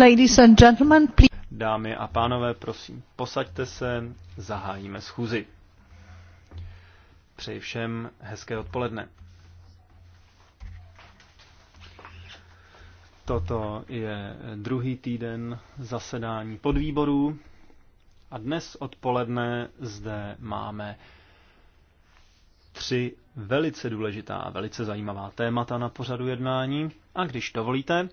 Ladies and gentlemen, please... Dámy a pánové, prosím, posaďte se, zahájíme schůzi. Přeji všem hezké odpoledne. Toto je druhý týden zasedání podvýborů a dnes odpoledne zde máme tři velice důležitá a velice zajímavá témata na pořadu jednání. A když dovolíte,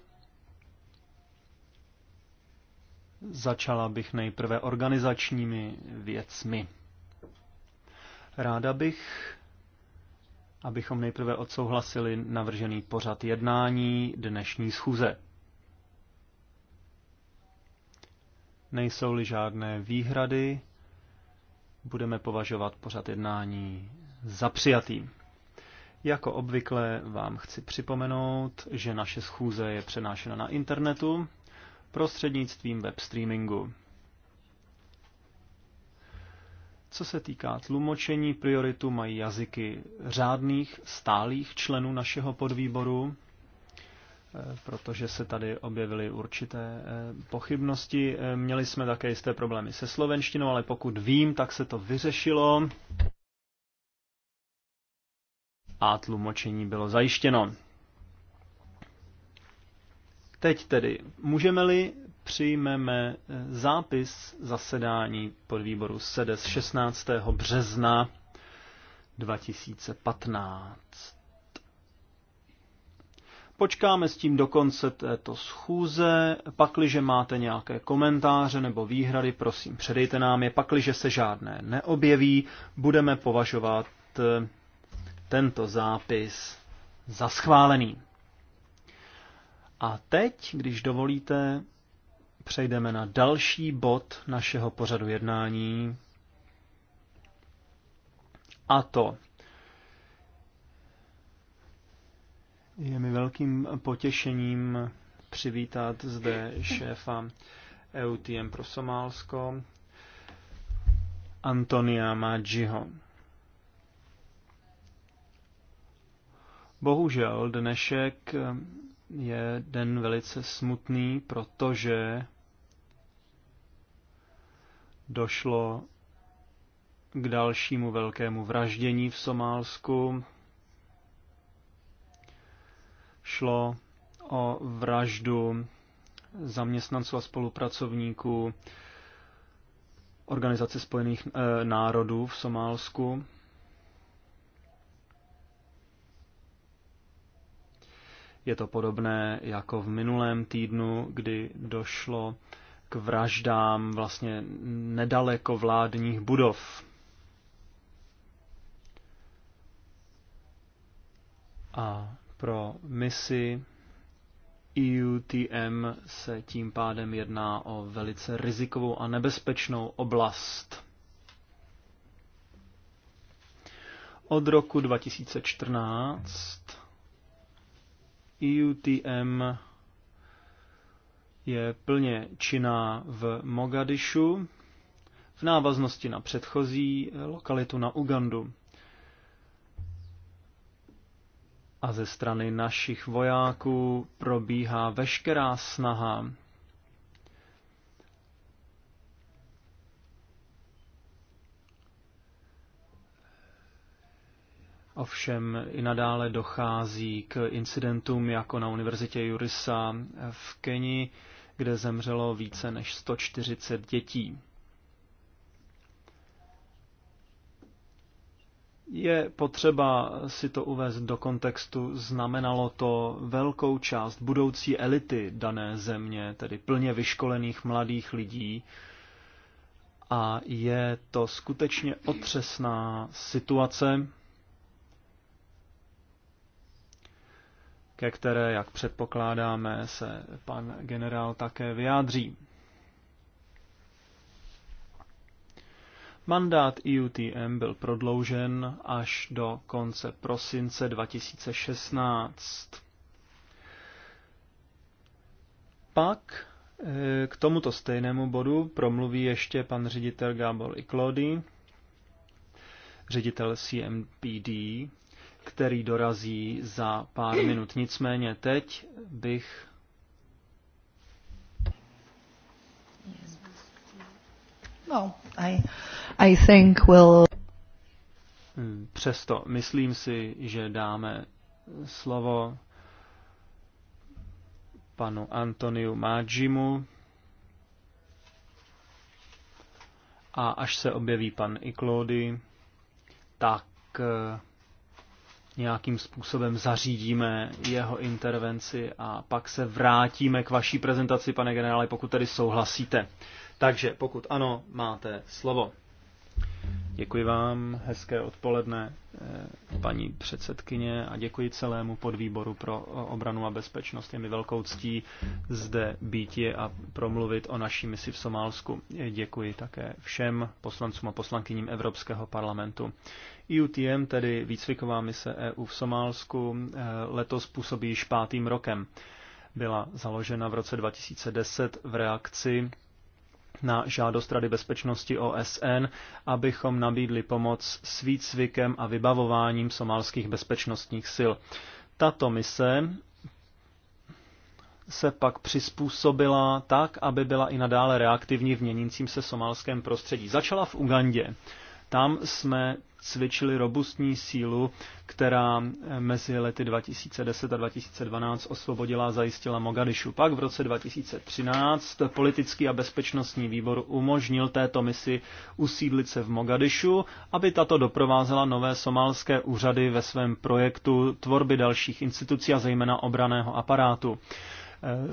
Začala bych nejprve organizačními věcmi. Ráda bych, abychom nejprve odsouhlasili navržený pořad jednání dnešní schůze. Nejsou-li žádné výhrady, budeme považovat pořad jednání za přijatý. Jako obvykle vám chci připomenout, že naše schůze je přenášena na internetu prostřednictvím web streamingu. Co se týká tlumočení, prioritu mají jazyky řádných, stálých členů našeho podvýboru, eh, protože se tady objevily určité eh, pochybnosti. Eh, měli jsme také jisté problémy se slovenštinou, ale pokud vím, tak se to vyřešilo a tlumočení bylo zajištěno. Teď tedy, můžeme-li přijmeme eh, zápis zasedání podvýboru výboru z 16. března 2015. Počkáme s tím do konce této schůze, pakliže máte nějaké komentáře nebo výhrady, prosím, předejte nám je, pakliže se žádné neobjeví, budeme považovat eh, tento zápis za schválený. A teď, když dovolíte, přejdeme na další bod našeho pořadu jednání. A to je mi velkým potěšením přivítat zde šéfa EUTM pro Somálsko, Antonia Maggiho. Bohužel dnešek je den velice smutný, protože došlo k dalšímu velkému vraždění v Somálsku. Šlo o vraždu zaměstnanců a spolupracovníků Organizace spojených eh, národů v Somálsku. Je to podobné jako v minulém týdnu, kdy došlo k vraždám vlastně nedaleko vládních budov. A pro misi EUTM se tím pádem jedná o velice rizikovou a nebezpečnou oblast. Od roku 2014 IUTM je plně činná v Mogadišu v návaznosti na předchozí eh, lokalitu na Ugandu. A ze strany našich vojáků probíhá veškerá snaha Ovšem i nadále dochází k incidentům jako na univerzitě Jurisa v Keni, kde zemřelo více než 140 dětí. Je potřeba si to uvést do kontextu, znamenalo to velkou část budoucí elity dané země, tedy plně vyškolených mladých lidí, a je to skutečně otřesná situace, ke které, jak předpokládáme, se pan generál také vyjádří. Mandát IUTM byl prodloužen až do konce prosince 2016. Pak eh, k tomuto stejnému bodu promluví ještě pan ředitel Gábor Iklody, ředitel CMPD, který dorazí za pár minut. Nicméně teď bych No, I, I think we'll... Přesto myslím si, že dáme slovo panu Antoniu Mádžimu a až se objeví pan Iklody, tak eh, nějakým způsobem zařídíme jeho intervenci a pak se vrátíme k vaší prezentaci, pane generále, pokud tady souhlasíte. Takže pokud ano, máte slovo. Děkuji vám, hezké odpoledne, eh, paní předsedkyně, a děkuji celému podvýboru pro eh, obranu a bezpečnost. Je mi velkou ctí zde být je a promluvit o naší misi v Somálsku. Eh, děkuji také všem poslancům a poslankyním Evropského parlamentu. IUTM, tedy výcviková mise EU v Somálsku, letos působí již pátým rokem. Byla založena v roce 2010 v reakci na žádost Rady bezpečnosti OSN, abychom nabídli pomoc s výcvikem a vybavováním somálských bezpečnostních sil. Tato mise se pak přizpůsobila tak, aby byla i nadále reaktivní v měnícím se somálském prostředí. Začala v Ugandě tam jsme cvičili robustní sílu, která mezi lety 2010 a 2012 osvobodila a zajistila Mogadišu. Pak v roce 2013 politický a bezpečnostní výbor umožnil této misi usídlit se v Mogadišu, aby tato doprovázela nové somálské úřady ve svém projektu tvorby dalších institucí a zejména obraného aparátu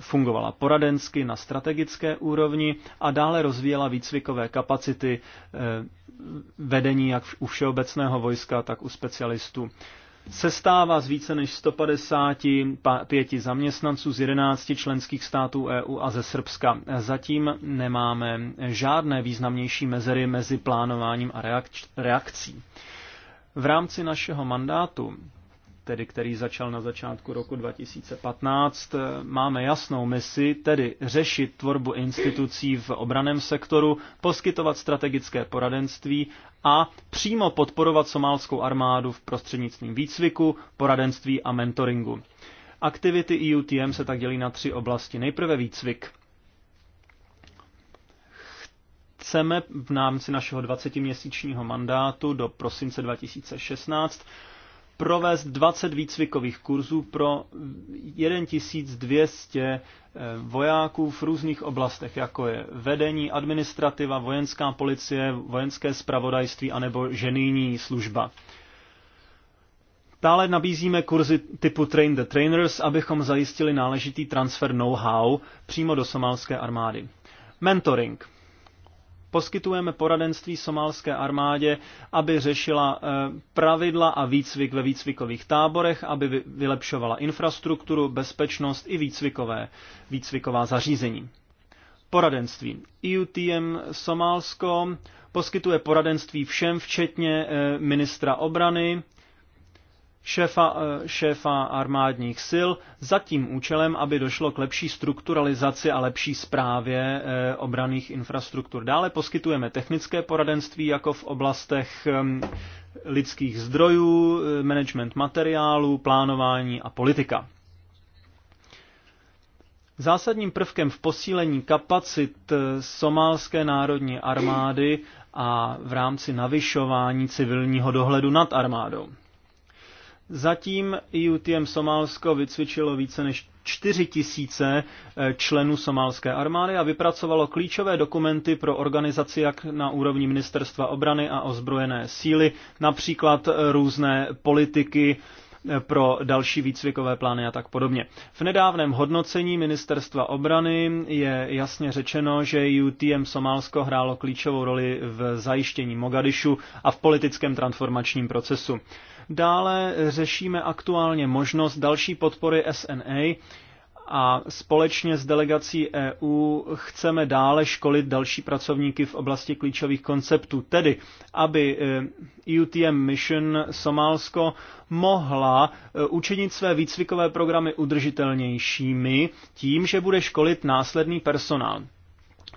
fungovala poradensky na strategické úrovni a dále rozvíjela výcvikové kapacity eh, vedení jak u všeobecného vojska, tak u specialistů. Sestává z více než 155 zaměstnanců z 11 členských států EU a ze Srbska. Zatím nemáme žádné významnější mezery mezi plánováním a reakcí. V rámci našeho mandátu tedy který začal na začátku roku 2015, máme jasnou misi, tedy řešit tvorbu institucí v obraném sektoru, poskytovat strategické poradenství a přímo podporovat somálskou armádu v prostřednictvím výcviku, poradenství a mentoringu. Aktivity EUTM se tak dělí na tři oblasti. Nejprve výcvik. Chceme v námci našeho 20-měsíčního mandátu do prosince 2016 provést 20 výcvikových kurzů pro 1200 eh, vojáků v různých oblastech, jako je vedení, administrativa, vojenská policie, vojenské spravodajství anebo ženýní služba. Dále nabízíme kurzy typu Train the Trainers, abychom zajistili náležitý transfer know-how přímo do somálské armády. Mentoring. Poskytujeme poradenství somálské armádě, aby řešila eh, pravidla a výcvik ve výcvikových táborech, aby vylepšovala infrastrukturu, bezpečnost i výcvikové, výcviková zařízení. Poradenství. IUTM e Somálsko poskytuje poradenství všem, včetně eh, ministra obrany, šéfa, eh, šéfa armádních sil za tím účelem, aby došlo k lepší strukturalizaci a lepší zprávě eh, obraných infrastruktur. Dále poskytujeme technické poradenství jako v oblastech ehm, lidských zdrojů, eh, management materiálu, plánování a politika. Zásadním prvkem v posílení kapacit somálské národní armády a v rámci navyšování civilního dohledu nad armádou. Zatím EUTM Somálsko vycvičilo více než 4 tisíce eh, členů somálské armády a vypracovalo klíčové dokumenty pro organizaci jak na úrovni ministerstva obrany a ozbrojené síly, například eh, různé politiky, eh, pro další výcvikové plány a tak podobně. V nedávném hodnocení ministerstva obrany je jasně řečeno, že UTM Somálsko hrálo klíčovou roli v zajištění Mogadišu a v politickém transformačním procesu. Dále řešíme aktuálně možnost další podpory SNA a společně s delegací EU chceme dále školit další pracovníky v oblasti klíčových konceptů, tedy aby eh, UTM Mission Somálsko mohla eh, učinit své výcvikové programy udržitelnějšími tím, že bude školit následný personál.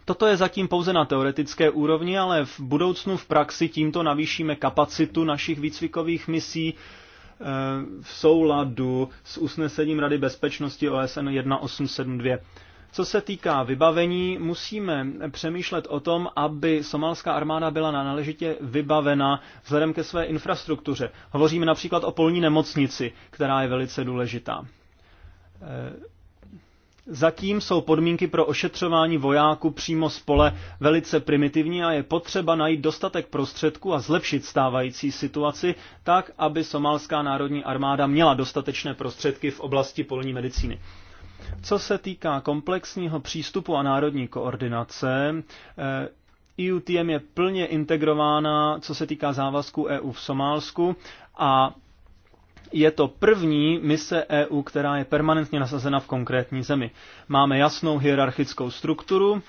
Toto je zatím pouze na teoretické úrovni, ale v budoucnu v praxi tímto navýšíme kapacitu našich výcvikových misí eh, v souladu s usnesením Rady bezpečnosti OSN 1872. Co se týká vybavení, musíme přemýšlet o tom, aby somalská armáda byla náležitě vybavena vzhledem ke své infrastruktuře. Hovoříme například o polní nemocnici, která je velice důležitá. Eh, Zatím jsou podmínky pro ošetřování vojáků přímo z pole velice primitivní a je potřeba najít dostatek prostředků a zlepšit stávající situaci tak, aby somálská národní armáda měla dostatečné prostředky v oblasti polní medicíny. Co se týká komplexního přístupu a národní koordinace, EUTM eh, e je plně integrována, co se týká závazků EU v Somálsku a je to první mise EU, která je permanentně nasazena v konkrétní zemi. Máme jasnou hierarchickou strukturu,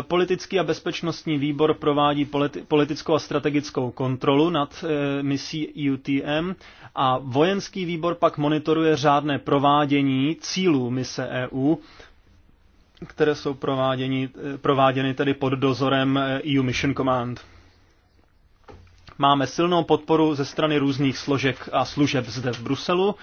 e, Politický a bezpečnostní výbor provádí politickou a strategickou kontrolu nad e, misí e UTM a vojenský výbor pak monitoruje řádné provádění cílů mise EU, které jsou prováděny tedy pod dozorem EU Mission Command. Máme silnou podporu ze strany různých složek a služeb zde v Bruselu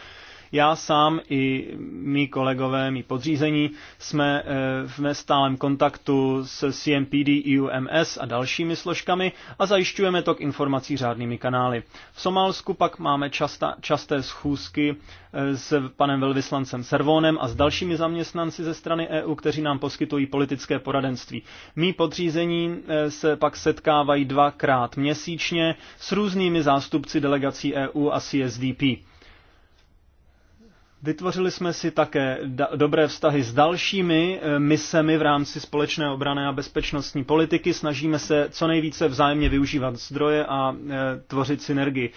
já sám i mý kolegové, mý podřízení, jsme eh, v stálem kontaktu e s CMPD, EUMS a dalšími složkami a zajišťujeme tok informací řádnými kanály. V Somálsku pak máme časta, časté schůzky eh, s panem velvyslancem Servonem a s dalšími zaměstnanci ze strany EU, kteří nám poskytují politické poradenství. Mí podřízení eh, se pak setkávají dvakrát měsíčně s různými zástupci delegací EU a CSDP. Vytvořili jsme si také dobré vztahy s dalšími eh, misemi v rámci společné obrané a bezpečnostní politiky. Snažíme se co nejvíce vzájemně využívat zdroje a eh, tvořit synergii.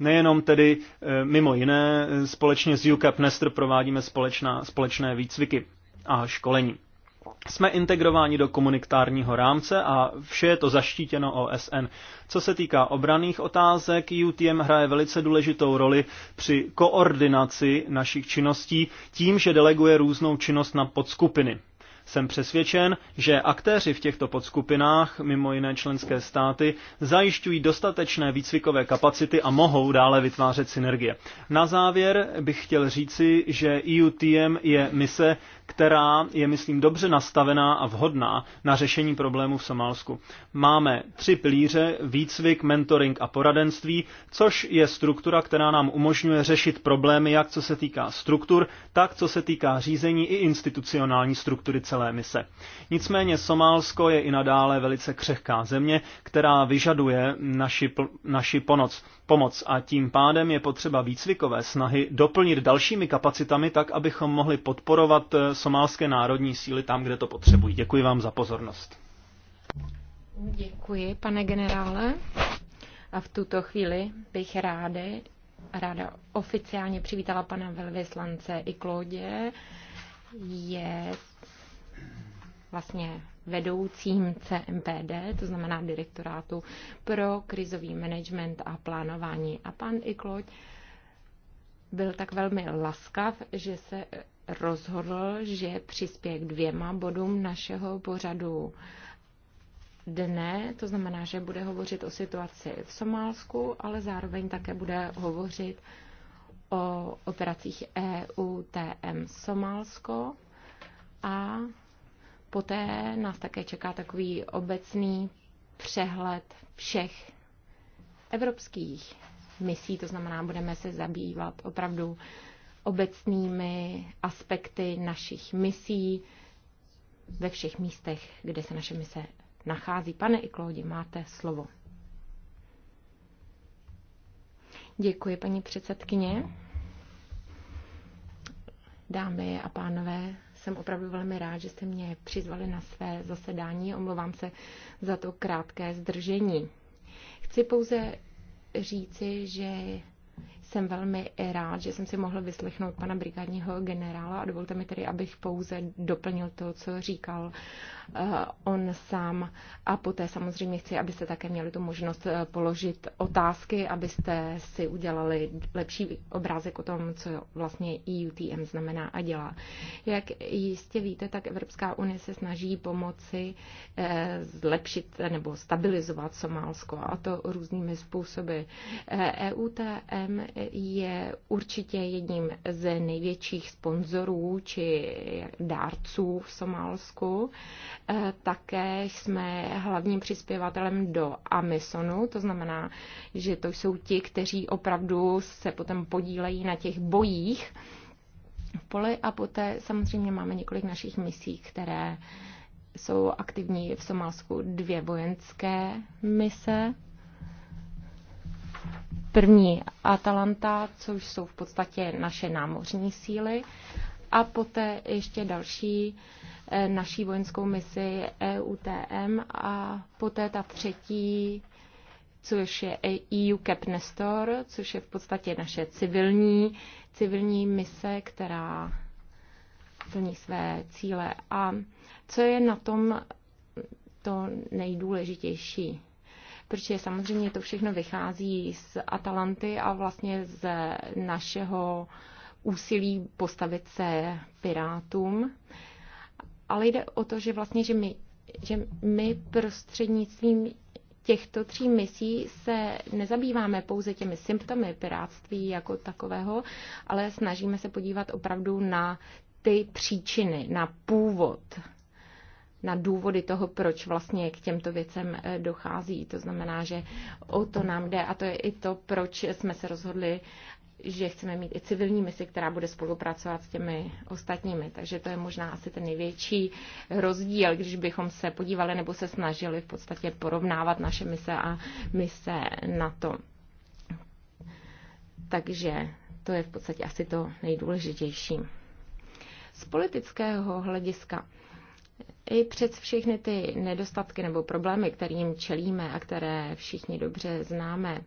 Nejenom tedy eh, mimo jiné, společně s UCAP Nestr provádíme společná, společné výcviky a školení jsme integrováni do komunitárního rámce a vše je to zaštítěno OSN. Co se týká obraných otázek, UTM hraje velice důležitou roli při koordinaci našich činností tím, že deleguje různou činnost na podskupiny. Jsem přesvědčen, že aktéři v těchto podskupinách, mimo jiné členské státy, zajišťují dostatečné výcvikové kapacity a mohou dále vytvářet synergie. Na závěr bych chtěl říci, že EUTM je mise, která je, myslím, dobře nastavená a vhodná na řešení problémů v Somálsku. Máme tři pilíře, výcvik, mentoring a poradenství, což je struktura, která nám umožňuje řešit problémy, jak co se týká struktur, tak co se týká řízení i institucionální struktury celé mise. Nicméně Somálsko je i nadále velice křehká země, která vyžaduje naši, naši ponoc pomoc a tím pádem je potřeba výcvikové snahy doplnit dalšími kapacitami tak, abychom mohli podporovat eh, somálské národní síly tam, kde to potřebují. Děkuji vám za pozornost. Děkuji, pane generále. A v tuto chvíli bych ráda, ráda oficiálně přivítala pana velvyslance i Klodě. Je vlastně vedoucím CMPD, to znamená direktorátu pro krizový management a plánování. A pan Ikloď byl tak velmi laskav, že se rozhodl, že přispěje k dvěma bodům našeho pořadu dne, to znamená, že bude hovořit o situaci v Somálsku, ale zároveň také bude hovořit o operacích EU TM Somálsko a Poté nás také čeká takový obecný přehled všech evropských misí, to znamená, budeme se zabývat opravdu obecnými aspekty našich misí ve všech místech, kde se naše mise nachází. Pane Iklódi, máte slovo. Děkuji, paní předsedkyně. Dámy a pánové, jsem opravdu velmi rád, že jste mě přizvali na své zasedání. Omlouvám se za to krátké zdržení. Chci pouze říci, že jsem velmi rád, že jsem si mohl vyslechnout pana brigádního generála a dovolte mi tedy, abych pouze doplnil to, co říkal eh, on sám. A poté samozřejmě chci, abyste také měli tu možnost eh, položit otázky, abyste si udělali lepší obrázek o tom, co vlastně EUTM znamená a dělá. Jak jistě víte, tak Evropská unie se snaží pomoci eh, zlepšit nebo stabilizovat Somálsko a to různými způsoby. EUTM e je určitě jedním z největších sponzorů či dárců v Somálsku. Eh, také jsme hlavním přispěvatelem do Amisonu, to znamená, že to jsou ti, kteří opravdu se potom podílejí na těch bojích v poli a poté samozřejmě máme několik našich misí, které jsou aktivní v Somálsku dvě vojenské mise První Atalanta, což jsou v podstatě naše námořní síly, a poté ještě další eh, naší vojenskou misi EUTM a poté ta třetí, což je EU Cap Nestor, což je v podstatě naše civilní, civilní mise, která plní své cíle. A co je na tom to nejdůležitější? protože samozřejmě to všechno vychází z Atalanty a vlastně z našeho úsilí postavit se pirátům. Ale jde o to, že vlastně, že my, že my prostřednictvím těchto tří misí se nezabýváme pouze těmi symptomy piráctví jako takového, ale snažíme se podívat opravdu na ty příčiny, na původ na důvody toho, proč vlastně k těmto věcem eh, dochází. To znamená, že o to nám jde a to je i to, proč jsme se rozhodli že chceme mít i civilní misi, která bude spolupracovat s těmi ostatními. Takže to je možná asi ten největší rozdíl, když bychom se podívali nebo se snažili v podstatě porovnávat naše mise a mise na to. Takže to je v podstatě asi to nejdůležitější. Z politického hlediska i přes všechny ty nedostatky nebo problémy, kterým čelíme a které všichni dobře známe,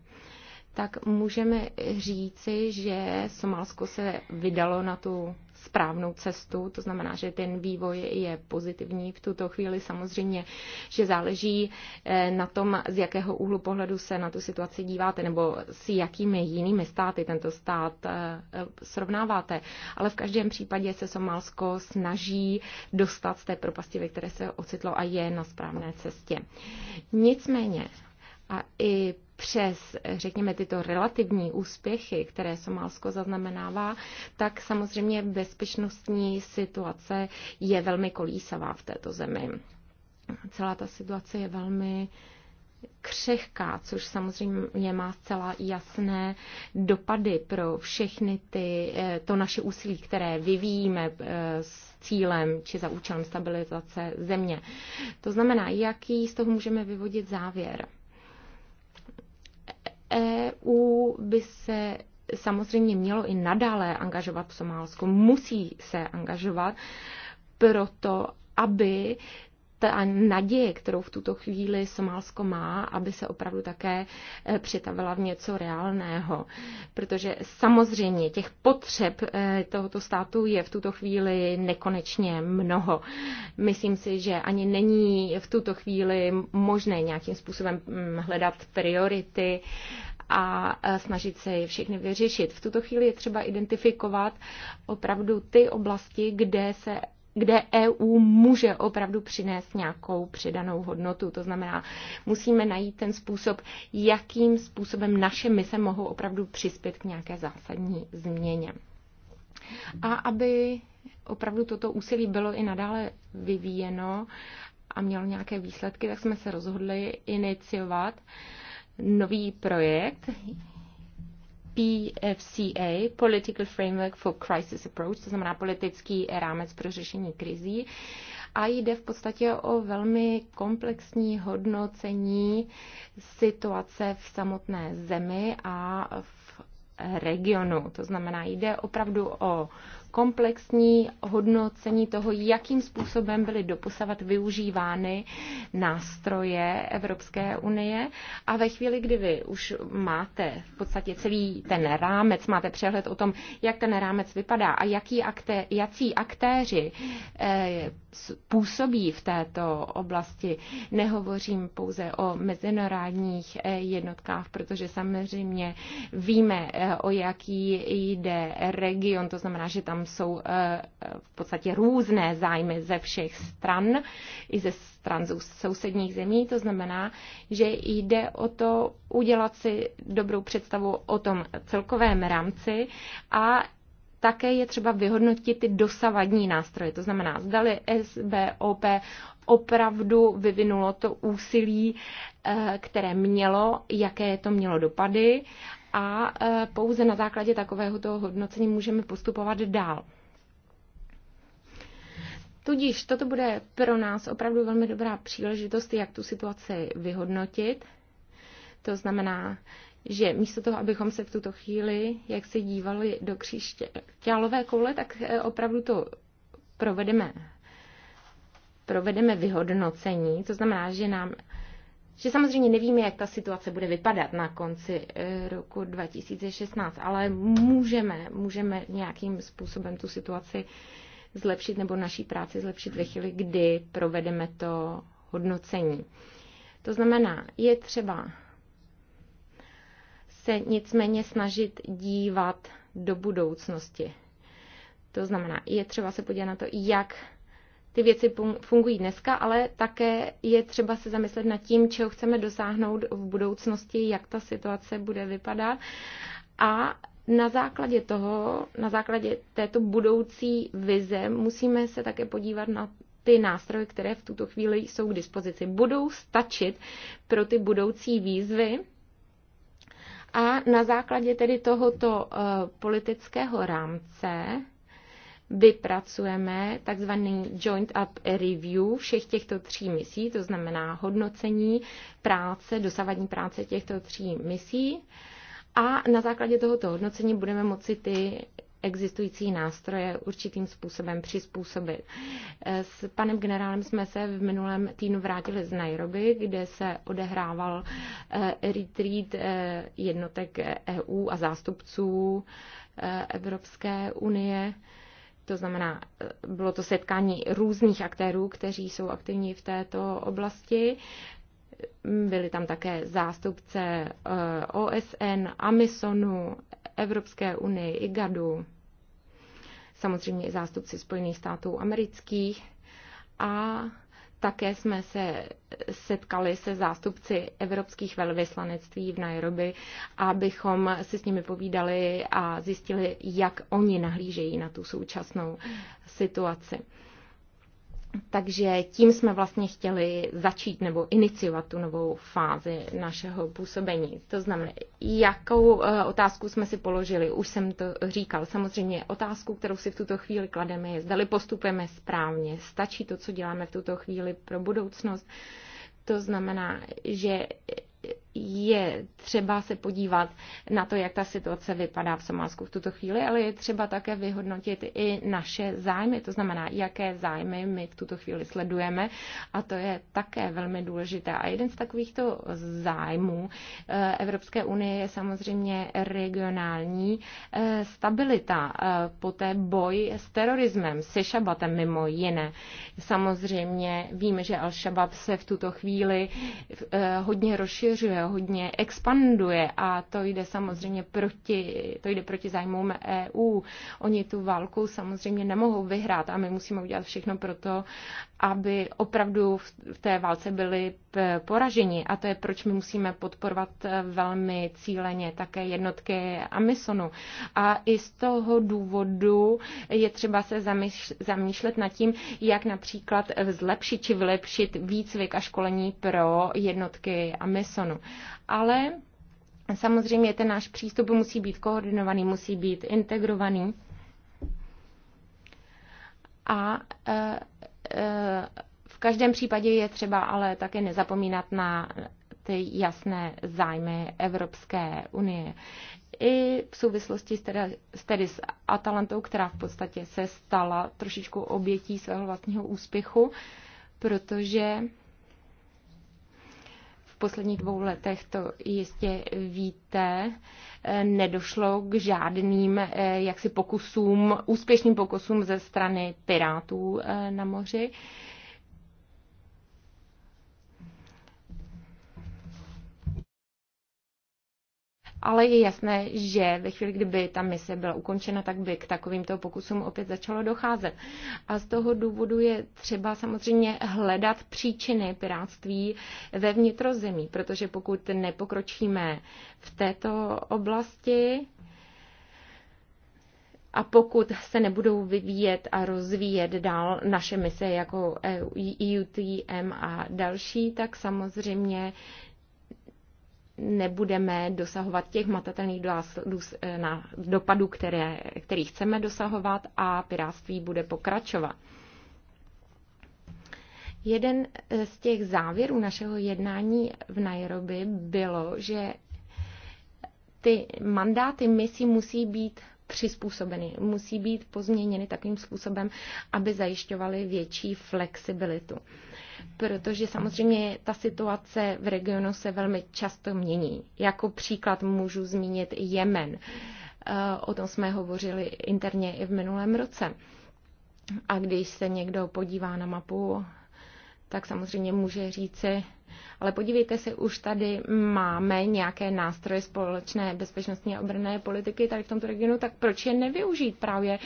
tak můžeme říci, že Somálsko se vydalo na tu správnou cestu, to znamená, že ten vývoj je pozitivní v tuto chvíli. Samozřejmě, že záleží eh, na tom, z jakého úhlu pohledu se na tu situaci díváte, nebo s jakými jinými státy tento stát eh, srovnáváte. Ale v každém případě se Somálsko snaží dostat z té propasti, ve které se ocitlo a je na správné cestě. Nicméně, a i přes, řekněme, tyto relativní úspěchy, které Somálsko zaznamenává, tak samozřejmě bezpečnostní situace je velmi kolísavá v této zemi. Celá ta situace je velmi křehká, což samozřejmě má zcela jasné dopady pro všechny ty, eh, to naše úsilí, které vyvíjíme eh, s cílem či za účelem stabilizace země. To znamená, jaký z toho můžeme vyvodit závěr? EU by se samozřejmě mělo i nadále angažovat v Somálsku, musí se angažovat proto, aby ta naděje, kterou v tuto chvíli Somálsko má, aby se opravdu také eh, přitavila v něco reálného. Protože samozřejmě těch potřeb eh, tohoto státu je v tuto chvíli nekonečně mnoho. Myslím si, že ani není v tuto chvíli možné nějakým způsobem mm, hledat priority a eh, snažit se je všechny vyřešit. V tuto chvíli je třeba identifikovat opravdu ty oblasti, kde se kde EU může opravdu přinést nějakou přidanou hodnotu. To znamená, musíme najít ten způsob, jakým způsobem naše mise mohou opravdu přispět k nějaké zásadní změně. A aby opravdu toto úsilí bylo i nadále vyvíjeno a mělo nějaké výsledky, tak jsme se rozhodli iniciovat nový projekt. PFCA, Political Framework for Crisis Approach, to znamená politický rámec pro řešení krizí. A jde v podstatě o velmi komplexní hodnocení situace v samotné zemi a v regionu. To znamená, jde opravdu o komplexní hodnocení toho, jakým způsobem byly doposavat využívány nástroje Evropské unie. A ve chvíli, kdy vy už máte v podstatě celý ten rámec, máte přehled o tom, jak ten rámec vypadá a jaký akté, jací aktéři eh, působí v této oblasti. Nehovořím pouze o mezinárodních eh, jednotkách, protože samozřejmě víme, eh, o jaký jde region, to znamená, že tam jsou eh, v podstatě různé zájmy ze všech stran, i ze stran sousedních zemí, to znamená, že jde o to udělat si dobrou představu o tom celkovém rámci a také je třeba vyhodnotit ty dosavadní nástroje. To znamená, zdali SBOP opravdu vyvinulo to úsilí, eh, které mělo, jaké to mělo dopady a eh, pouze na základě takového toho hodnocení můžeme postupovat dál. Tudíž toto bude pro nás opravdu velmi dobrá příležitost, jak tu situaci vyhodnotit. To znamená, že místo toho, abychom se v tuto chvíli, jak se dívali do křišťálové koule, tak eh, opravdu to provedeme, provedeme vyhodnocení. To znamená, že nám že samozřejmě nevíme, jak ta situace bude vypadat na konci eh, roku 2016, ale můžeme, můžeme nějakým způsobem tu situaci zlepšit nebo naší práci zlepšit ve chvíli, kdy provedeme to hodnocení. To znamená, je třeba se nicméně snažit dívat do budoucnosti. To znamená, je třeba se podívat na to, jak ty věci fungují dneska, ale také je třeba se zamyslet nad tím, čeho chceme dosáhnout v budoucnosti, jak ta situace bude vypadat. A na základě toho, na základě této budoucí vize, musíme se také podívat na ty nástroje, které v tuto chvíli jsou k dispozici. Budou stačit pro ty budoucí výzvy, a na základě tedy tohoto eh, politického rámce vypracujeme takzvaný joint up review všech těchto tří misí, to znamená hodnocení práce, dosavadní práce těchto tří misí. A na základě tohoto hodnocení budeme moci ty existující nástroje určitým způsobem přizpůsobit. Eh, s panem generálem jsme se v minulém týdnu vrátili z Nairobi, kde se odehrával eh, retreat eh, jednotek EU a zástupců Evropské unie. To znamená, bylo to setkání různých aktérů, kteří jsou aktivní v této oblasti. Byli tam také zástupce OSN, Amisonu, Evropské unii, IGADu, samozřejmě i zástupci Spojených států amerických a také jsme se setkali se zástupci evropských velvyslanectví v Nairobi, abychom si s nimi povídali a zjistili, jak oni nahlížejí na tu současnou situaci. Takže tím jsme vlastně chtěli začít nebo iniciovat tu novou fázi našeho působení. To znamená, jakou eh, otázku jsme si položili, už jsem to říkal. Samozřejmě otázku, kterou si v tuto chvíli klademe, je, zdali postupujeme správně, stačí to, co děláme v tuto chvíli pro budoucnost. To znamená, že je třeba se podívat na to, jak ta situace vypadá v Somálsku v tuto chvíli, ale je třeba také vyhodnotit i naše zájmy, to znamená, jaké zájmy my v tuto chvíli sledujeme a to je také velmi důležité. A jeden z takovýchto zájmů eh, Evropské unie je samozřejmě regionální eh, stabilita, eh, poté boj s terorismem, se šabatem mimo jiné. Samozřejmě víme, že Al-Shabaab se v tuto chvíli hodně rozšiřuje hodně expanduje a to jde samozřejmě proti, to jde proti zájmům EU. Oni tu válku samozřejmě nemohou vyhrát a my musíme udělat všechno pro to, aby opravdu v té válce byly poražení a to je, proč my musíme podporovat eh, velmi cíleně také jednotky Amisonu. A i z toho důvodu je třeba se zamýšlet nad tím, jak například zlepšit či vylepšit výcvik a školení pro jednotky Amisonu. Ale samozřejmě ten náš přístup musí být koordinovaný, musí být integrovaný. A e, e, každém případě je třeba ale také nezapomínat na ty jasné zájmy Evropské unie. I v souvislosti s tedy, s tedy s Atalantou, která v podstatě se stala trošičku obětí svého vlastního úspěchu, protože v posledních dvou letech, to jistě víte, eh, nedošlo k žádným eh, jaksi pokusům, úspěšným pokusům ze strany pirátů eh, na moři. ale je jasné, že ve chvíli, kdyby ta mise byla ukončena, tak by k takovýmto pokusům opět začalo docházet. A z toho důvodu je třeba samozřejmě hledat příčiny pirátství ve vnitrozemí, protože pokud nepokročíme v této oblasti, a pokud se nebudou vyvíjet a rozvíjet dál naše mise jako EUTM a další, tak samozřejmě nebudeme dosahovat těch matatelných eh, dopadů, které, který chceme dosahovat a piráctví bude pokračovat. Jeden eh, z těch závěrů našeho jednání v Nairobi bylo, že ty mandáty misí musí být přizpůsobeny, musí být pozměněny takovým způsobem, aby zajišťovaly větší flexibilitu. Protože samozřejmě ta situace v regionu se velmi často mění. Jako příklad můžu zmínit Jemen. Eh, o tom jsme hovořili interně i v minulém roce. A když se někdo podívá na mapu tak samozřejmě může říci, ale podívejte se, už tady máme nějaké nástroje společné bezpečnostní a obrné politiky tady v tomto regionu, tak proč je nevyužít právě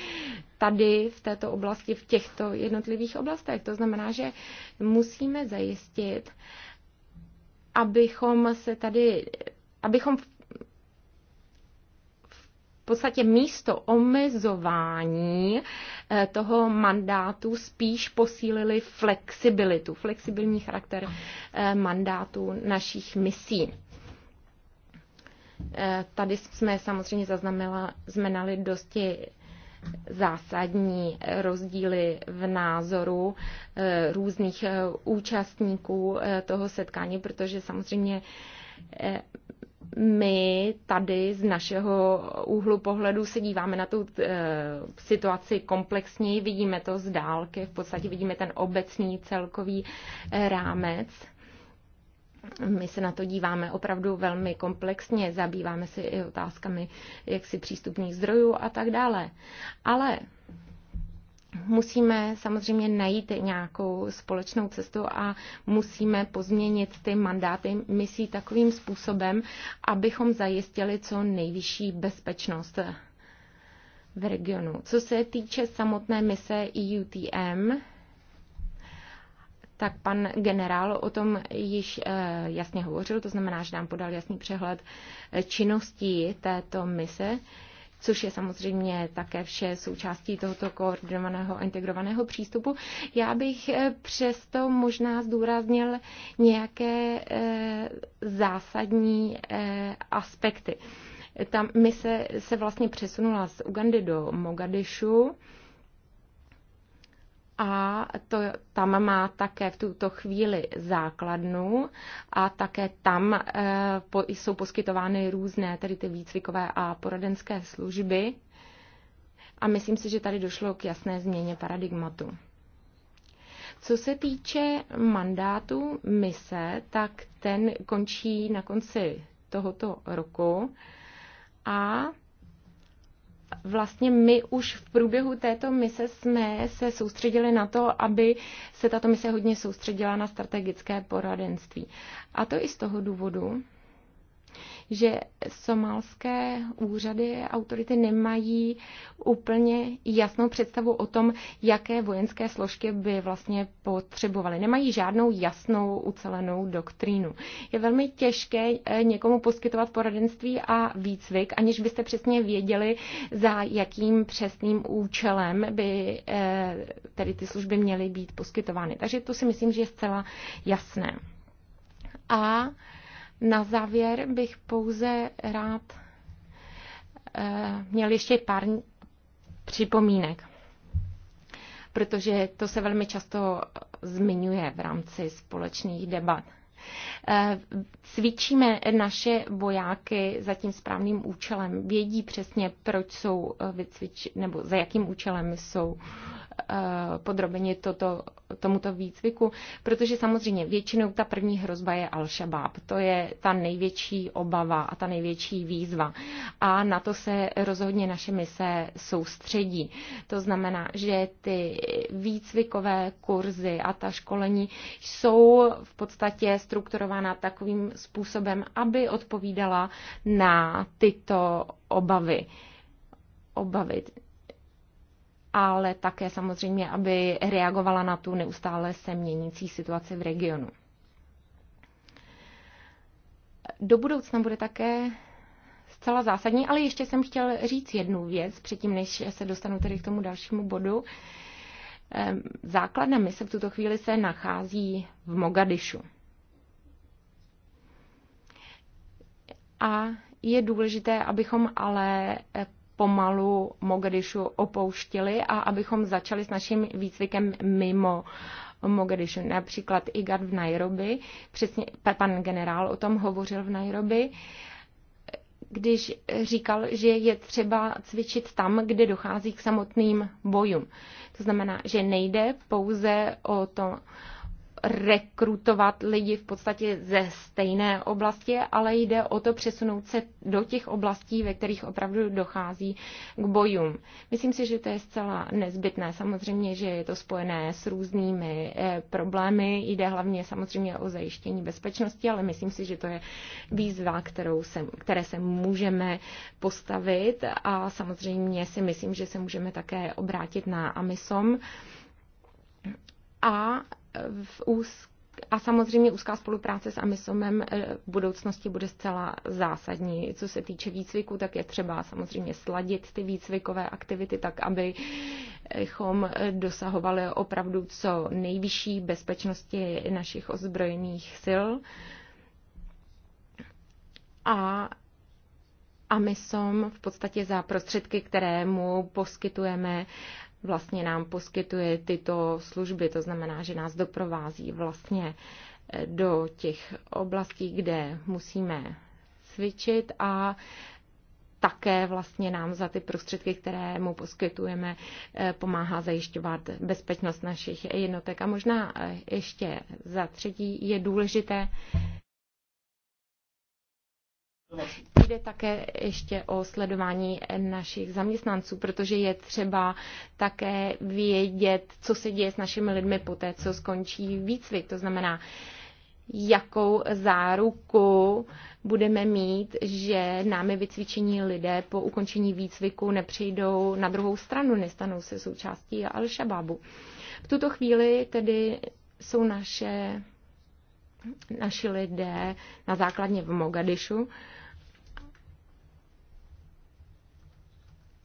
tady v této oblasti, v těchto jednotlivých oblastech? To znamená, že musíme zajistit, abychom se tady abychom v podstatě místo omezování eh, toho mandátu spíš posílili flexibilitu, flexibilní charakter eh, mandátu našich misí. Eh, tady jsme samozřejmě zaznamenali znamenali dosti zásadní rozdíly v názoru různých účastníků toho setkání, protože samozřejmě my tady z našeho úhlu pohledu se díváme na tu e, situaci komplexněji, vidíme to z dálky, v podstatě vidíme ten obecný celkový eh, rámec. My se na to díváme opravdu velmi komplexně, zabýváme se i otázkami jaksi přístupných zdrojů a tak dále. Ale musíme samozřejmě najít nějakou společnou cestu a musíme pozměnit ty mandáty misí takovým způsobem, abychom zajistili co nejvyšší bezpečnost v regionu. Co se týče samotné mise EUTM, tak pan generál o tom již eh, jasně hovořil, to znamená, že nám podal jasný přehled eh, činností této mise což je samozřejmě také vše součástí tohoto koordinovaného a integrovaného přístupu. Já bych eh, přesto možná zdůraznil nějaké eh, zásadní eh, aspekty. Tam my se, se vlastně přesunula z Ugandy do Mogadišu a to, tam má také v tuto chvíli základnu a také tam e, po, jsou poskytovány různé tedy ty výcvikové a poradenské služby. A myslím si, že tady došlo k jasné změně paradigmatu. Co se týče mandátu mise, tak ten končí na konci tohoto roku a vlastně my už v průběhu této mise jsme se soustředili na to, aby se tato mise hodně soustředila na strategické poradenství. A to i z toho důvodu, že somalské úřady a autority nemají úplně jasnou představu o tom, jaké vojenské složky by vlastně potřebovaly. Nemají žádnou jasnou ucelenou doktrínu. Je velmi těžké eh, někomu poskytovat poradenství a výcvik, aniž byste přesně věděli, za jakým přesným účelem by eh, tedy ty služby měly být poskytovány. Takže to si myslím, že je zcela jasné. A na závěr bych pouze rád eh, měl ještě pár připomínek, protože to se velmi často zmiňuje v rámci společných debat. Eh, cvičíme naše vojáky za tím správným účelem. Vědí přesně, proč jsou eh, vycvič, nebo za jakým účelem jsou Eh, podrobeni toto, tomuto výcviku, protože samozřejmě většinou ta první hrozba je Al-Shabaab. To je ta největší obava a ta největší výzva. A na to se rozhodně naše mise soustředí. To znamená, že ty výcvikové kurzy a ta školení jsou v podstatě strukturována takovým způsobem, aby odpovídala na tyto obavy obavit ale také samozřejmě, aby reagovala na tu neustále se měnící situaci v regionu. Do budoucna bude také zcela zásadní, ale ještě jsem chtěl říct jednu věc, předtím než se dostanu tedy k tomu dalšímu bodu. Ehm, základna mise v tuto chvíli se nachází v Mogadišu. A je důležité, abychom ale pomalu Mogadishu opouštili a abychom začali s naším výcvikem mimo Mogadishu. Například IGAD v Nairobi, přesně pan generál o tom hovořil v Nairobi, když říkal, že je třeba cvičit tam, kde dochází k samotným bojům. To znamená, že nejde pouze o to, rekrutovat lidi v podstatě ze stejné oblasti, ale jde o to přesunout se do těch oblastí, ve kterých opravdu dochází k bojům. Myslím si, že to je zcela nezbytné. Samozřejmě, že je to spojené s různými eh, problémy. Jde hlavně samozřejmě o zajištění bezpečnosti, ale myslím si, že to je výzva, kterou se, které se můžeme postavit a samozřejmě si myslím, že se můžeme také obrátit na AMISOM a v úz... a samozřejmě úzká spolupráce s Amisomem eh, v budoucnosti bude zcela zásadní. Co se týče výcviku, tak je třeba samozřejmě sladit ty výcvikové aktivity tak, aby chom eh, dosahovali opravdu co nejvyšší bezpečnosti našich ozbrojených sil. A a my jsme v podstatě za prostředky, které mu poskytujeme, vlastně nám poskytuje tyto služby, to znamená, že nás doprovází vlastně eh, do těch oblastí, kde musíme cvičit a také vlastně nám za ty prostředky, které mu poskytujeme, eh, pomáhá zajišťovat bezpečnost našich jednotek. A možná eh, ještě za třetí je důležité Jde také ještě o sledování našich zaměstnanců, protože je třeba také vědět, co se děje s našimi lidmi po té, co skončí výcvik. To znamená, jakou záruku budeme mít, že námi vycvičení lidé po ukončení výcviku nepřijdou na druhou stranu, nestanou se součástí al shabaabu V tuto chvíli tedy jsou naše naši lidé na základně v Mogadišu.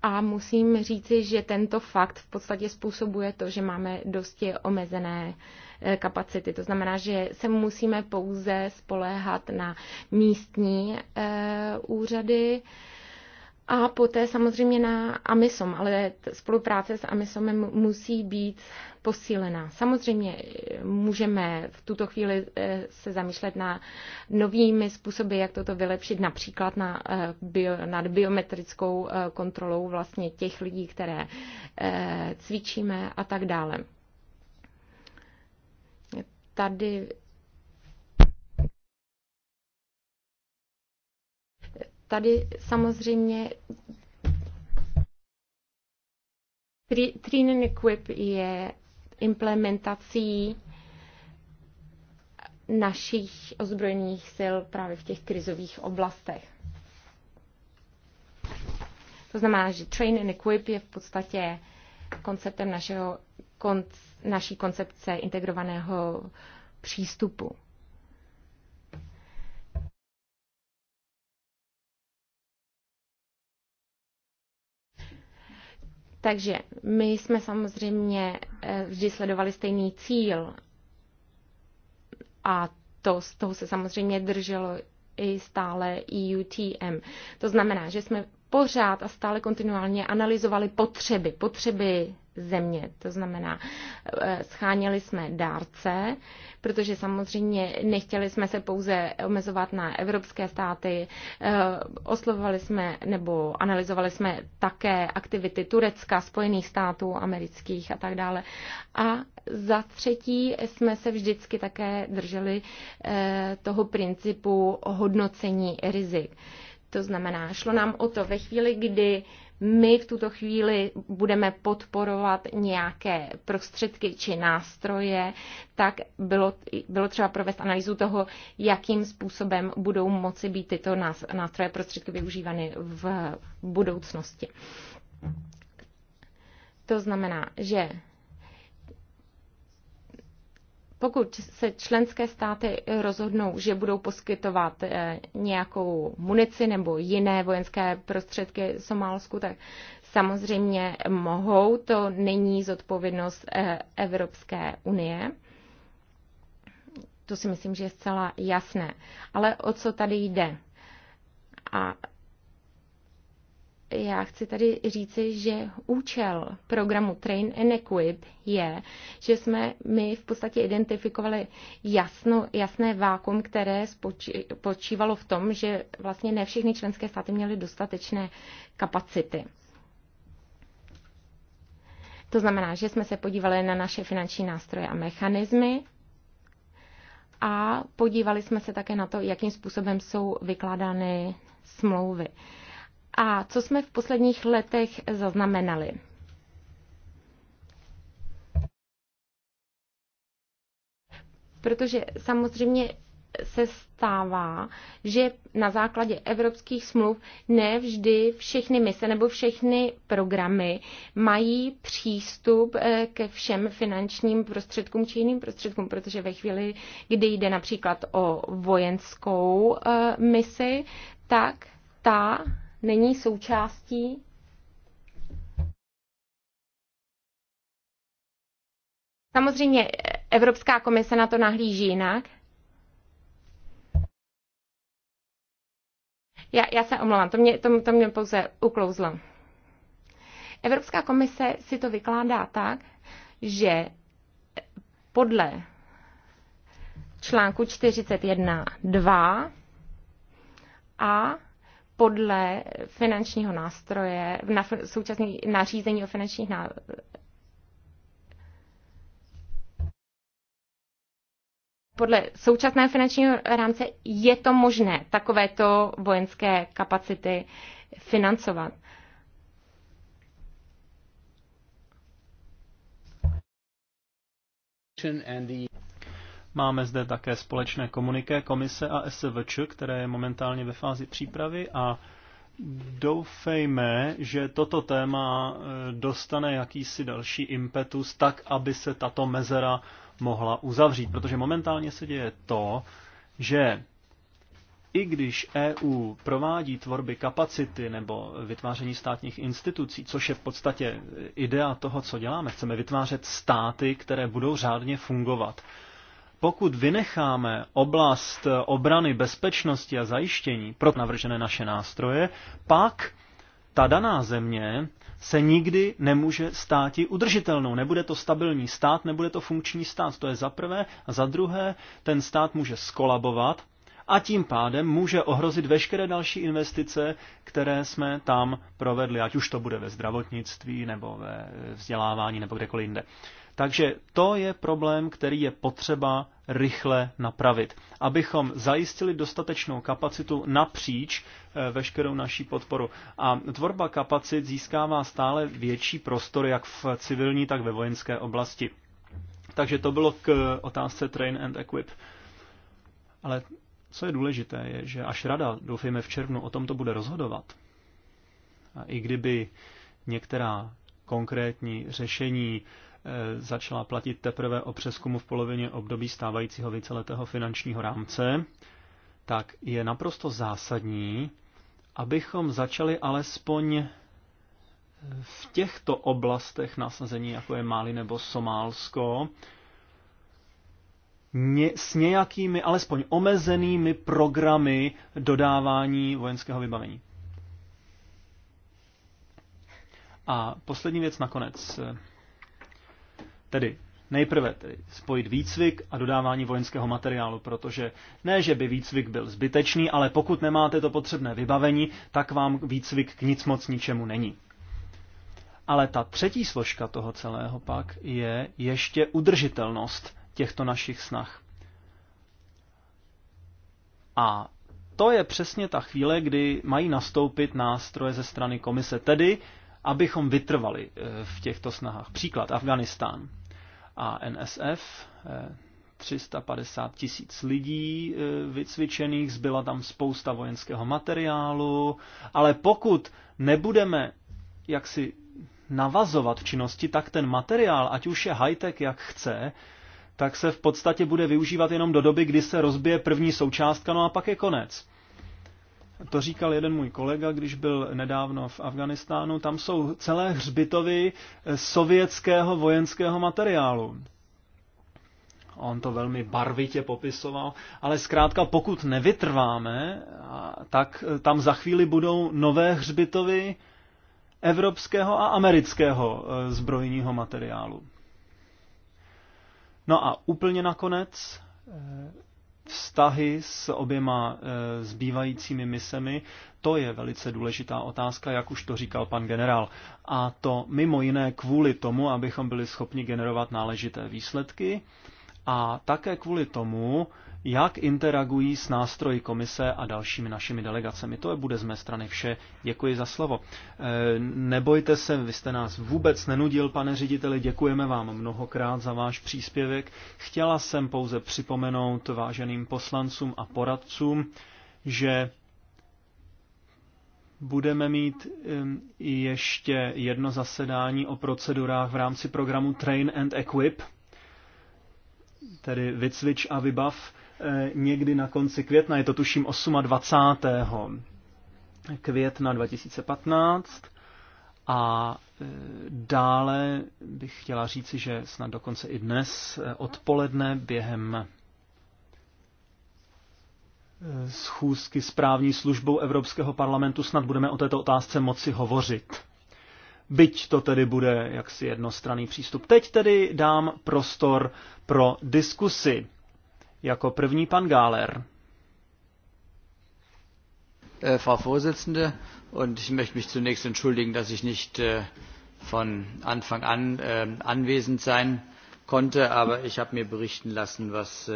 A musím říci, že tento fakt v podstatě způsobuje to, že máme dosti omezené eh, kapacity. To znamená, že se musíme pouze spoléhat na místní eh, úřady, a poté samozřejmě na Amisom, ale spolupráce s Amisomem musí být posílená. Samozřejmě eh, můžeme v tuto chvíli eh, se zamýšlet na novými způsoby, jak toto vylepšit, například na, eh, bio, nad biometrickou kontrolou vlastně těch lidí, které cvičíme a tak dále. Tady tady samozřejmě and Equip je implementací našich ozbrojených sil právě v těch krizových oblastech. To znamená, že Train and Equip je v podstatě konceptem našeho, konc, naší koncepce integrovaného přístupu. Takže my jsme samozřejmě eh, vždy sledovali stejný cíl a to, z toho se samozřejmě drželo i stále EUTM. To znamená, že jsme pořád a stále kontinuálně analyzovali potřeby, potřeby země. To znamená, eh, scháněli jsme dárce, protože samozřejmě nechtěli jsme se pouze omezovat na evropské státy. Eh, oslovovali jsme nebo analyzovali jsme také aktivity Turecka, Spojených států amerických a tak dále. A za třetí jsme se vždycky také drželi eh, toho principu hodnocení rizik. To znamená, šlo nám o to ve chvíli, kdy my v tuto chvíli budeme podporovat nějaké prostředky či nástroje, tak bylo, bylo třeba provést analýzu toho, jakým způsobem budou moci být tyto nástroje prostředky využívány v budoucnosti. To znamená, že pokud se členské státy rozhodnou, že budou poskytovat eh, nějakou munici nebo jiné vojenské prostředky Somálsku, tak samozřejmě mohou. To není zodpovědnost eh, Evropské unie. To si myslím, že je zcela jasné. Ale o co tady jde? A já chci tady říci, že účel programu Train and Equip je, že jsme my v podstatě identifikovali jasno, jasné vákum, které spočívalo v tom, že vlastně ne všechny členské státy měly dostatečné kapacity. To znamená, že jsme se podívali na naše finanční nástroje a mechanismy a podívali jsme se také na to, jakým způsobem jsou vykládány smlouvy. A co jsme v posledních letech zaznamenali? Protože samozřejmě se stává, že na základě evropských smluv ne vždy všechny mise nebo všechny programy mají přístup eh, ke všem finančním prostředkům či jiným prostředkům, protože ve chvíli, kdy jde například o vojenskou eh, misi, tak ta není součástí Samozřejmě e, Evropská komise na to nahlíží jinak. Já, já se omlouvám, to mě, to, to mě pouze uklouzlo. Evropská komise si to vykládá tak, že podle článku 41.2 a podle finančního nástroje, na současné nařízení o finančních ná... podle současného finančního rámce je to možné takovéto vojenské kapacity financovat. Máme zde také společné komuniké komise a SVČ, které je momentálně ve fázi přípravy a doufejme, že toto téma e, dostane jakýsi další impetus, tak aby se tato mezera mohla uzavřít. Protože momentálně se děje to, že i když EU provádí tvorby kapacity nebo vytváření státních institucí, což je v podstatě idea toho, co děláme, chceme vytvářet státy, které budou řádně fungovat, pokud vynecháme oblast eh, obrany, bezpečnosti a zajištění pro navržené naše nástroje, pak ta daná země se nikdy nemůže i udržitelnou. Nebude to stabilní stát, nebude to funkční stát. To je za prvé. A za druhé, ten stát může skolabovat a tím pádem může ohrozit veškeré další investice, které jsme tam provedli, ať už to bude ve zdravotnictví nebo ve vzdělávání nebo kdekoliv jinde. Takže to je problém, který je potřeba rychle napravit, abychom zajistili dostatečnou kapacitu napříč eh, veškerou naší podporu. A tvorba kapacit získává stále větší prostor jak v civilní, tak ve vojenské oblasti. Takže to bylo k otázce Train and Equip. Ale co je důležité, je, že až rada, doufejme v červnu, o tomto bude rozhodovat, a i kdyby některá konkrétní řešení Eh, začala platit teprve o přeskumu v polovině období stávajícího víceletého finančního rámce, tak je naprosto zásadní, abychom začali alespoň v těchto oblastech nasazení, jako je Mali nebo Somálsko, s nějakými alespoň omezenými programy dodávání vojenského vybavení. A poslední věc nakonec. Tedy nejprve tedy spojit výcvik a dodávání vojenského materiálu, protože ne, že by výcvik byl zbytečný, ale pokud nemáte to potřebné vybavení, tak vám výcvik k nic moc ničemu není. Ale ta třetí složka toho celého pak je ještě udržitelnost těchto našich snah. A to je přesně ta chvíle, kdy mají nastoupit nástroje ze strany komise, tedy abychom vytrvali eh, v těchto snahách. Příklad Afganistán a NSF, 350 eh, tisíc lidí eh, vycvičených, zbyla tam spousta vojenského materiálu, ale pokud nebudeme jaksi navazovat v činnosti, tak ten materiál, ať už je high-tech jak chce, tak se v podstatě bude využívat jenom do doby, kdy se rozbije první součástka, no a pak je konec. To říkal jeden můj kolega, když byl nedávno v Afganistánu. Tam jsou celé hřbitovy eh, sovětského vojenského materiálu. On to velmi barvitě popisoval, ale zkrátka pokud nevytrváme, tak eh, tam za chvíli budou nové hřbitovy evropského a amerického eh, zbrojního materiálu. No a úplně nakonec vztahy s oběma eh, zbývajícími misemi, to je velice důležitá otázka, jak už to říkal pan generál. A to mimo jiné kvůli tomu, abychom byli schopni generovat náležité výsledky a také kvůli tomu, jak interagují s nástroji komise a dalšími našimi delegacemi. To je bude z mé strany vše. Děkuji za slovo. E, nebojte se, vy jste nás vůbec nenudil, pane řediteli, děkujeme vám mnohokrát za váš příspěvek. Chtěla jsem pouze připomenout váženým poslancům a poradcům, že budeme mít ještě jedno zasedání o procedurách v rámci programu Train and Equip, tedy vycvič a vybav, Eh, někdy na konci května, je to tuším 28. května 2015. A eh, dále bych chtěla říci, že snad dokonce i dnes eh, odpoledne během schůzky s právní službou Evropského parlamentu snad budeme o této otázce moci hovořit. Byť to tedy bude jaksi jednostranný přístup. Teď tedy dám prostor pro diskusy. Jako první pan Gáler. Äh, Frau Vorsitzende, und ich möchte mich zunächst entschuldigen, dass ich nicht äh, von Anfang an äh, anwesend sein konnte, aber ich habe mir berichten lassen, was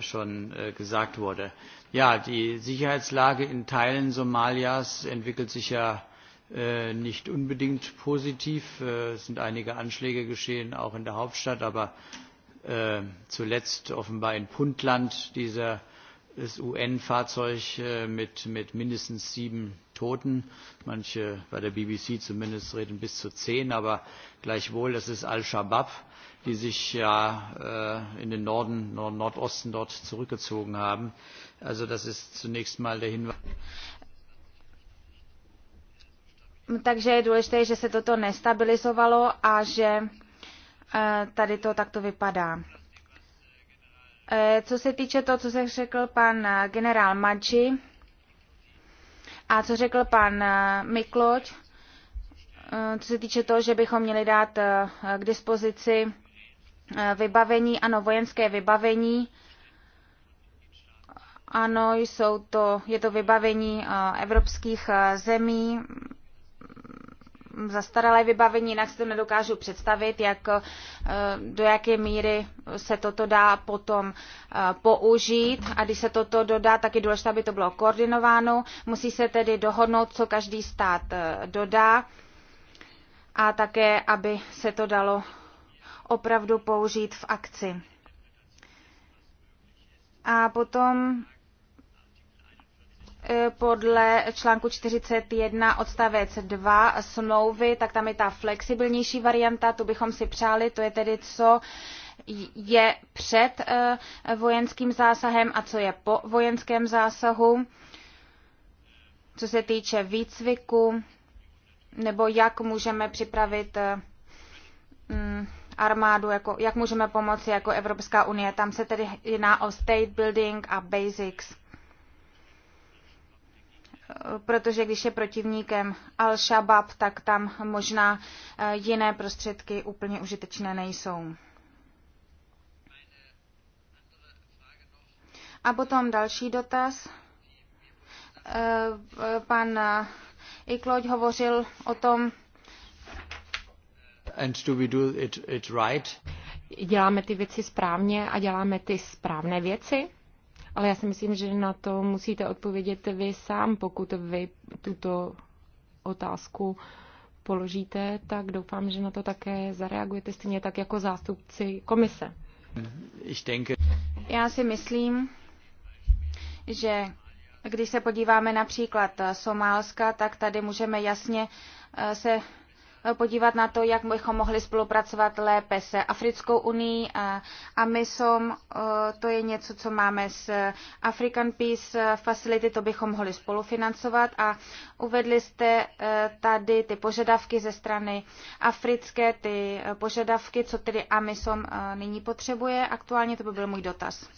schon gesagt wurde. Ja, die Sicherheitslage in Teilen Somalias entwickelt sich ja nicht unbedingt positiv. Es sind einige Anschläge geschehen, auch in der Hauptstadt, aber Äh, zuletzt offenbar in Puntland dieses UN-Fahrzeug äh, mit, mindestens sieben Toten. Manche bei der BBC zumindest reden bis zu zehn, aber gleichwohl, das ist Al-Shabaab, die sich ja äh, in den Norden, Nord Nordosten dort zurückgezogen haben. Also das ist zunächst mal der Hinweis. Takže je důležité, že se toto nestabilizovalo a že Eh, tady to takto vypadá. Eh, co se týče toho, co se řekl pan eh, generál Maggi a co řekl pan Mikloč, co se týče toho, že bychom měli dát k dispozici vybavení, ano, vojenské vybavení, ano, jsou to, je to vybavení evropských zemí, zastaralé vybavení, jinak si to nedokážu představit, jak, eh, do jaké míry se toto dá potom eh, použít. A když se toto dodá, tak je důležité, aby to bylo koordinováno. Musí se tedy dohodnout, co každý stát eh, dodá a také, aby se to dalo opravdu použít v akci. A potom podle článku 41 odstavec 2 smlouvy, tak tam je ta flexibilnější varianta, tu bychom si přáli, to je tedy co je před eh, vojenským zásahem a co je po vojenském zásahu, co se týče výcviku, nebo jak můžeme připravit eh, mm, armádu, jako, jak můžeme pomoci jako Evropská unie. Tam se tedy jedná o state building a basics protože když je protivníkem Al-Shabaab, tak tam možná eh, jiné prostředky úplně užitečné nejsou. A potom další dotaz. Eh, pan eh, Ikloď hovořil o tom, And do we do it, it right? Děláme ty věci správně a děláme ty správné věci? ale já si myslím, že na to musíte odpovědět vy sám, pokud vy tuto otázku položíte, tak doufám, že na to také zareagujete stejně tak jako zástupci komise. Já si myslím, že když se podíváme například Somálska, tak tady můžeme jasně eh, se podívat na to, jak bychom mohli spolupracovat lépe s Africkou unii a MISOM. Eh, to je něco, co máme s African Peace Facility, to bychom mohli spolufinancovat a uvedli jste eh, tady ty požadavky ze strany africké, ty eh, požadavky, co tedy AMISOM nyní potřebuje. Aktuálně to by byl můj dotaz.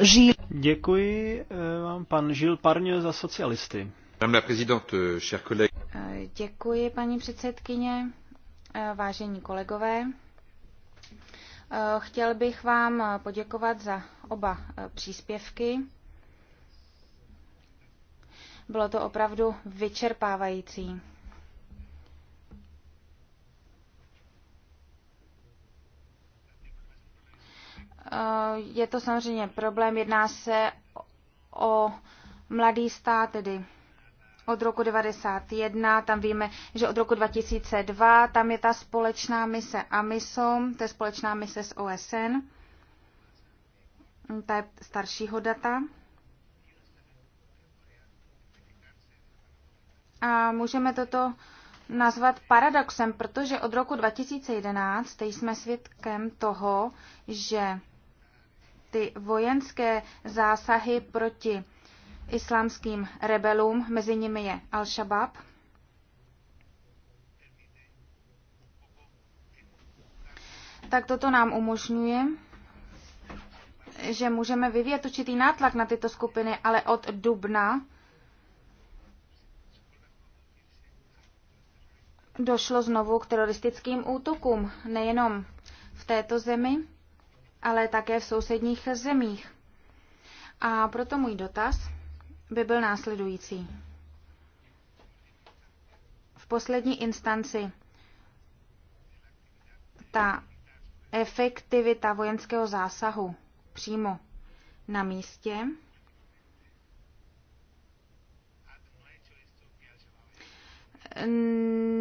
Žil. Děkuji vám pan Žil Parně za socialisty. Euh, eh, děkuji, paní předsedkyně, eh, vážení kolegové. Eh, chtěl bych vám poděkovat za oba příspěvky. Bylo to opravdu vyčerpávající. Je to samozřejmě problém, jedná se o mladý stát, tedy od roku 1991, tam víme, že od roku 2002, tam je ta společná mise AMISOM, to je společná mise s OSN, ta je staršího data. A můžeme toto nazvat paradoxem, protože od roku 2011 jsme svědkem toho, že ty vojenské zásahy proti islámským rebelům, mezi nimi je Al-Shabaab. Tak toto nám umožňuje, že můžeme vyvíjet určitý nátlak na tyto skupiny, ale od dubna došlo znovu k teroristickým útokům, nejenom v této zemi, ale také v sousedních zemích. A proto můj dotaz by byl následující. V poslední instanci ta efektivita vojenského zásahu přímo na místě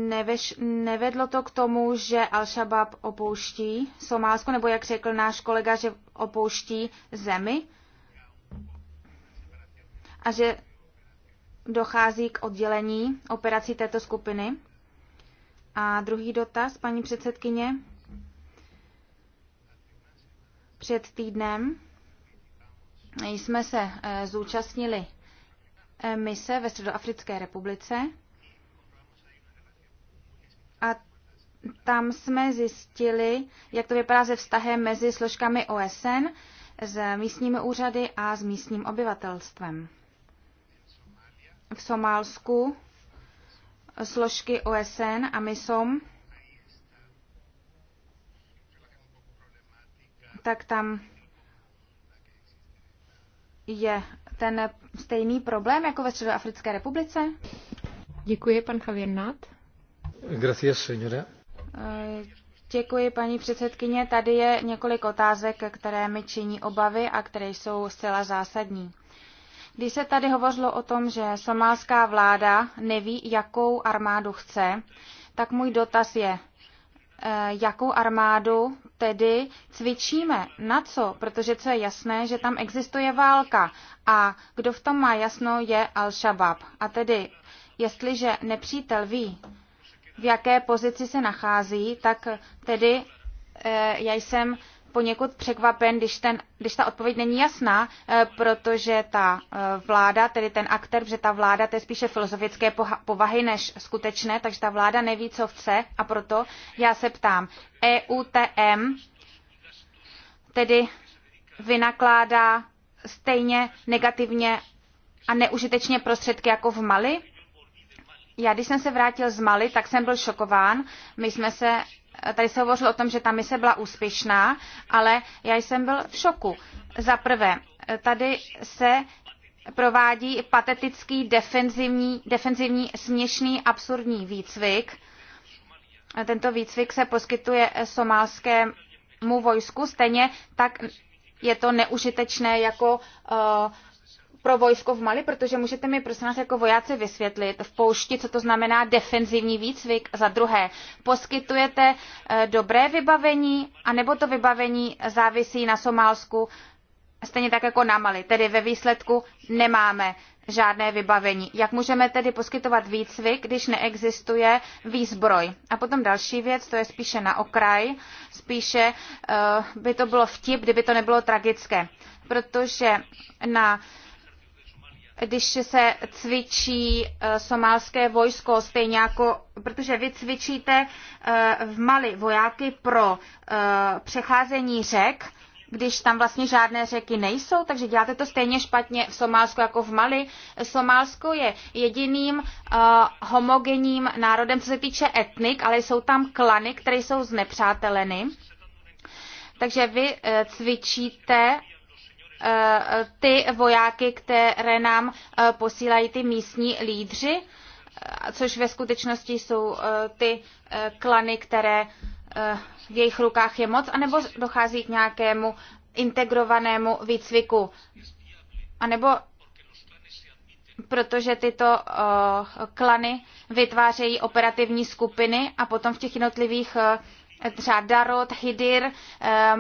neveš, nevedlo to k tomu, že Al-Shabaab opouští Somálsko, nebo jak řekl náš kolega, že opouští zemi? a že dochází k oddělení operací této skupiny. A druhý dotaz, paní předsedkyně. Před týdnem jsme se eh, zúčastnili eh, mise ve Středoafrické republice a tam jsme zjistili, jak to vypadá se vztahem mezi složkami OSN, s místními úřady a s místním obyvatelstvem v Somálsku složky OSN a MISOM, tak tam je ten stejný problém jako ve Středoafrické republice? Děkuji, pan Javier Gracias, señora. Děkuji, paní předsedkyně. Tady je několik otázek, které mi činí obavy a které jsou zcela zásadní. Když se tady hovořilo o tom, že somálská vláda neví, jakou armádu chce, tak můj dotaz je, eh, jakou armádu tedy cvičíme, na co, protože co je jasné, že tam existuje válka a kdo v tom má jasno je Al-Shabaab. A tedy, jestliže nepřítel ví, v jaké pozici se nachází, tak tedy eh, já jsem poněkud překvapen, když, ten, když ta odpověď není jasná, eh, protože ta eh, vláda, tedy ten aktér, že ta vláda to je spíše filozofické povahy než skutečné, takže ta vláda neví, co chce a proto já se ptám. EUTM tedy vynakládá stejně negativně a neužitečně prostředky jako v Mali? Já, když jsem se vrátil z Mali, tak jsem byl šokován. My jsme se tady se hovořilo o tom, že ta mise byla úspěšná, ale já jsem byl v šoku. Za prvé, tady se provádí patetický, defenzivní, defenzivní směšný, absurdní výcvik. Tento výcvik se poskytuje somálskému vojsku, stejně tak je to neužitečné jako uh, pro vojsko v Mali, protože můžete mi prosím vás jako vojáci vysvětlit v poušti, co to znamená defenzivní výcvik. Za druhé, poskytujete eh, dobré vybavení, anebo to vybavení závisí na Somálsku, stejně tak jako na Mali. Tedy ve výsledku nemáme žádné vybavení. Jak můžeme tedy poskytovat výcvik, když neexistuje výzbroj? A potom další věc, to je spíše na okraj, spíše uh, by to bylo vtip, kdyby to nebylo tragické. Protože na uh, když se cvičí eh, somálské vojsko, stejně jako, protože vy cvičíte eh, v Mali vojáky pro eh, přecházení řek, když tam vlastně žádné řeky nejsou, takže děláte to stejně špatně v Somálsku jako v Mali. Somálsko je jediným uh, homogenním národem, co se týče etnik, ale jsou tam klany, které jsou znepřáteleny. Takže vy uh, cvičíte ty vojáky, které nám eh, posílají ty místní lídři, eh, což ve skutečnosti jsou eh, ty klany, které v jejich rukách je moc, anebo dochází k nějakému integrovanému výcviku. A nebo protože tyto klany vytvářejí operativní skupiny a potom v těch jednotlivých třeba darot, Hidir, eh,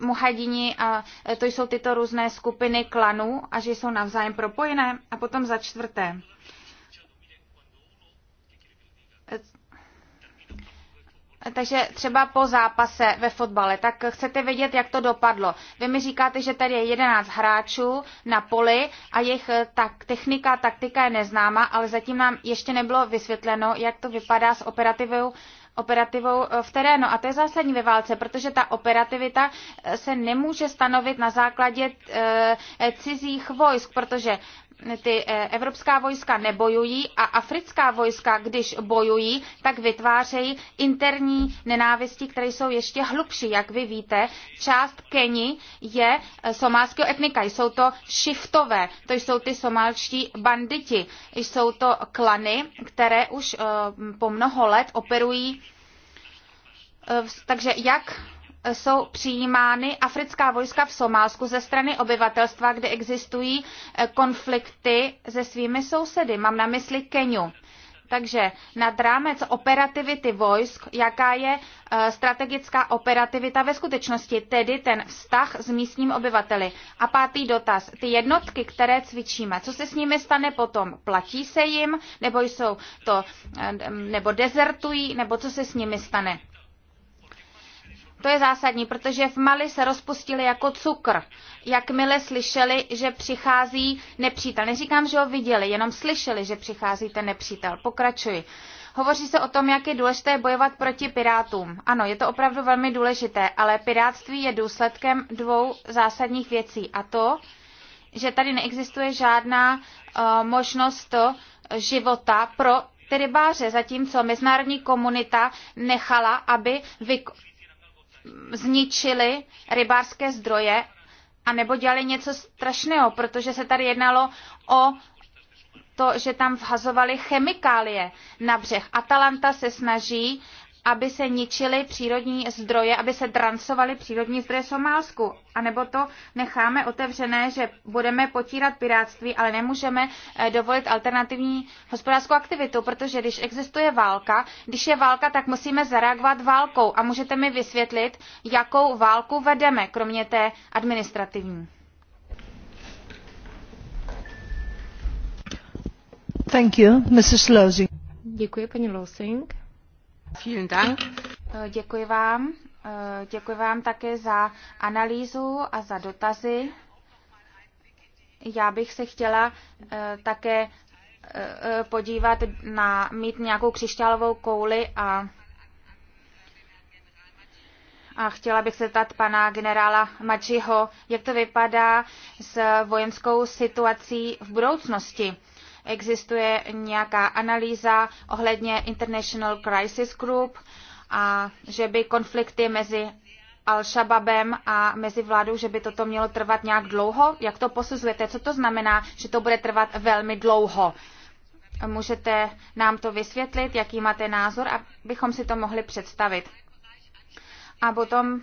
Muhadini, a eh, to jsou tyto různé skupiny klanů a že jsou navzájem propojené. A potom za čtvrté, eh, takže třeba po zápase ve fotbale, tak chcete vědět, jak to dopadlo. Vy mi říkáte, že tady je 11 hráčů na poli a jejich tak, technika, taktika je neznáma, ale zatím nám ještě nebylo vysvětleno, jak to vypadá s operativou operativou eh, v terénu. A to je zásadní ve válce, protože ta operativita eh, se nemůže stanovit na základě eh, cizích vojsk, protože ty eh, evropská vojska nebojují a africká vojska, když bojují, tak vytvářejí interní nenávisti, které jsou ještě hlubší. Jak vy víte, část Keni je eh, somálského etnika. Jsou to šiftové, to jsou ty somálští banditi. Jsou to klany, které už eh, po mnoho let operují. Takže jak jsou přijímány africká vojska v Somálsku ze strany obyvatelstva, kde existují eh, konflikty se svými sousedy. Mám na mysli Keniu. Takže nad rámec operativity vojsk, jaká je eh, strategická operativita ve skutečnosti, tedy ten vztah s místním obyvateli. A pátý dotaz, ty jednotky, které cvičíme, co se s nimi stane potom? Platí se jim, nebo jsou to, eh, nebo dezertují, nebo co se s nimi stane? To je zásadní, protože v Mali se rozpustili jako cukr, jakmile slyšeli, že přichází nepřítel. Neříkám, že ho viděli, jenom slyšeli, že přichází ten nepřítel. Pokračuji. Hovoří se o tom, jak je důležité bojovat proti pirátům. Ano, je to opravdu velmi důležité, ale pirátství je důsledkem dvou zásadních věcí. A to, že tady neexistuje žádná uh, možnost života pro ty rybáře, zatímco mezinárodní komunita nechala, aby vyk- zničili rybářské zdroje a nebo dělali něco strašného, protože se tady jednalo o to, že tam vhazovali chemikálie na břeh. Atalanta se snaží aby se ničily přírodní zdroje, aby se drancovaly přírodní zdroje Somálsku. A nebo to necháme otevřené, že budeme potírat piráctví, ale nemůžeme eh, dovolit alternativní hospodářskou aktivitu, protože když existuje válka, když je válka, tak musíme zareagovat válkou. A můžete mi vysvětlit, jakou válku vedeme, kromě té administrativní. Thank you, Mrs. Losing. Děkuji, paní Losing. Vielen Dank. Eh, děkuji vám. Eh, děkuji vám také za analýzu a za dotazy. Já bych se chtěla eh, také podívat na mít nějakou křišťálovou kouli a a chtěla bych se zeptat pana generála Mačiho, jak to vypadá s vojenskou situací v budoucnosti existuje nějaká analýza ohledně International Crisis Group a že by konflikty mezi Al-Shababem a mezi vládou, že by toto mělo trvat nějak dlouho? Jak to posuzujete? Co to znamená, že to bude trvat velmi dlouho? Můžete nám to vysvětlit, jaký máte názor, abychom si to mohli představit? A potom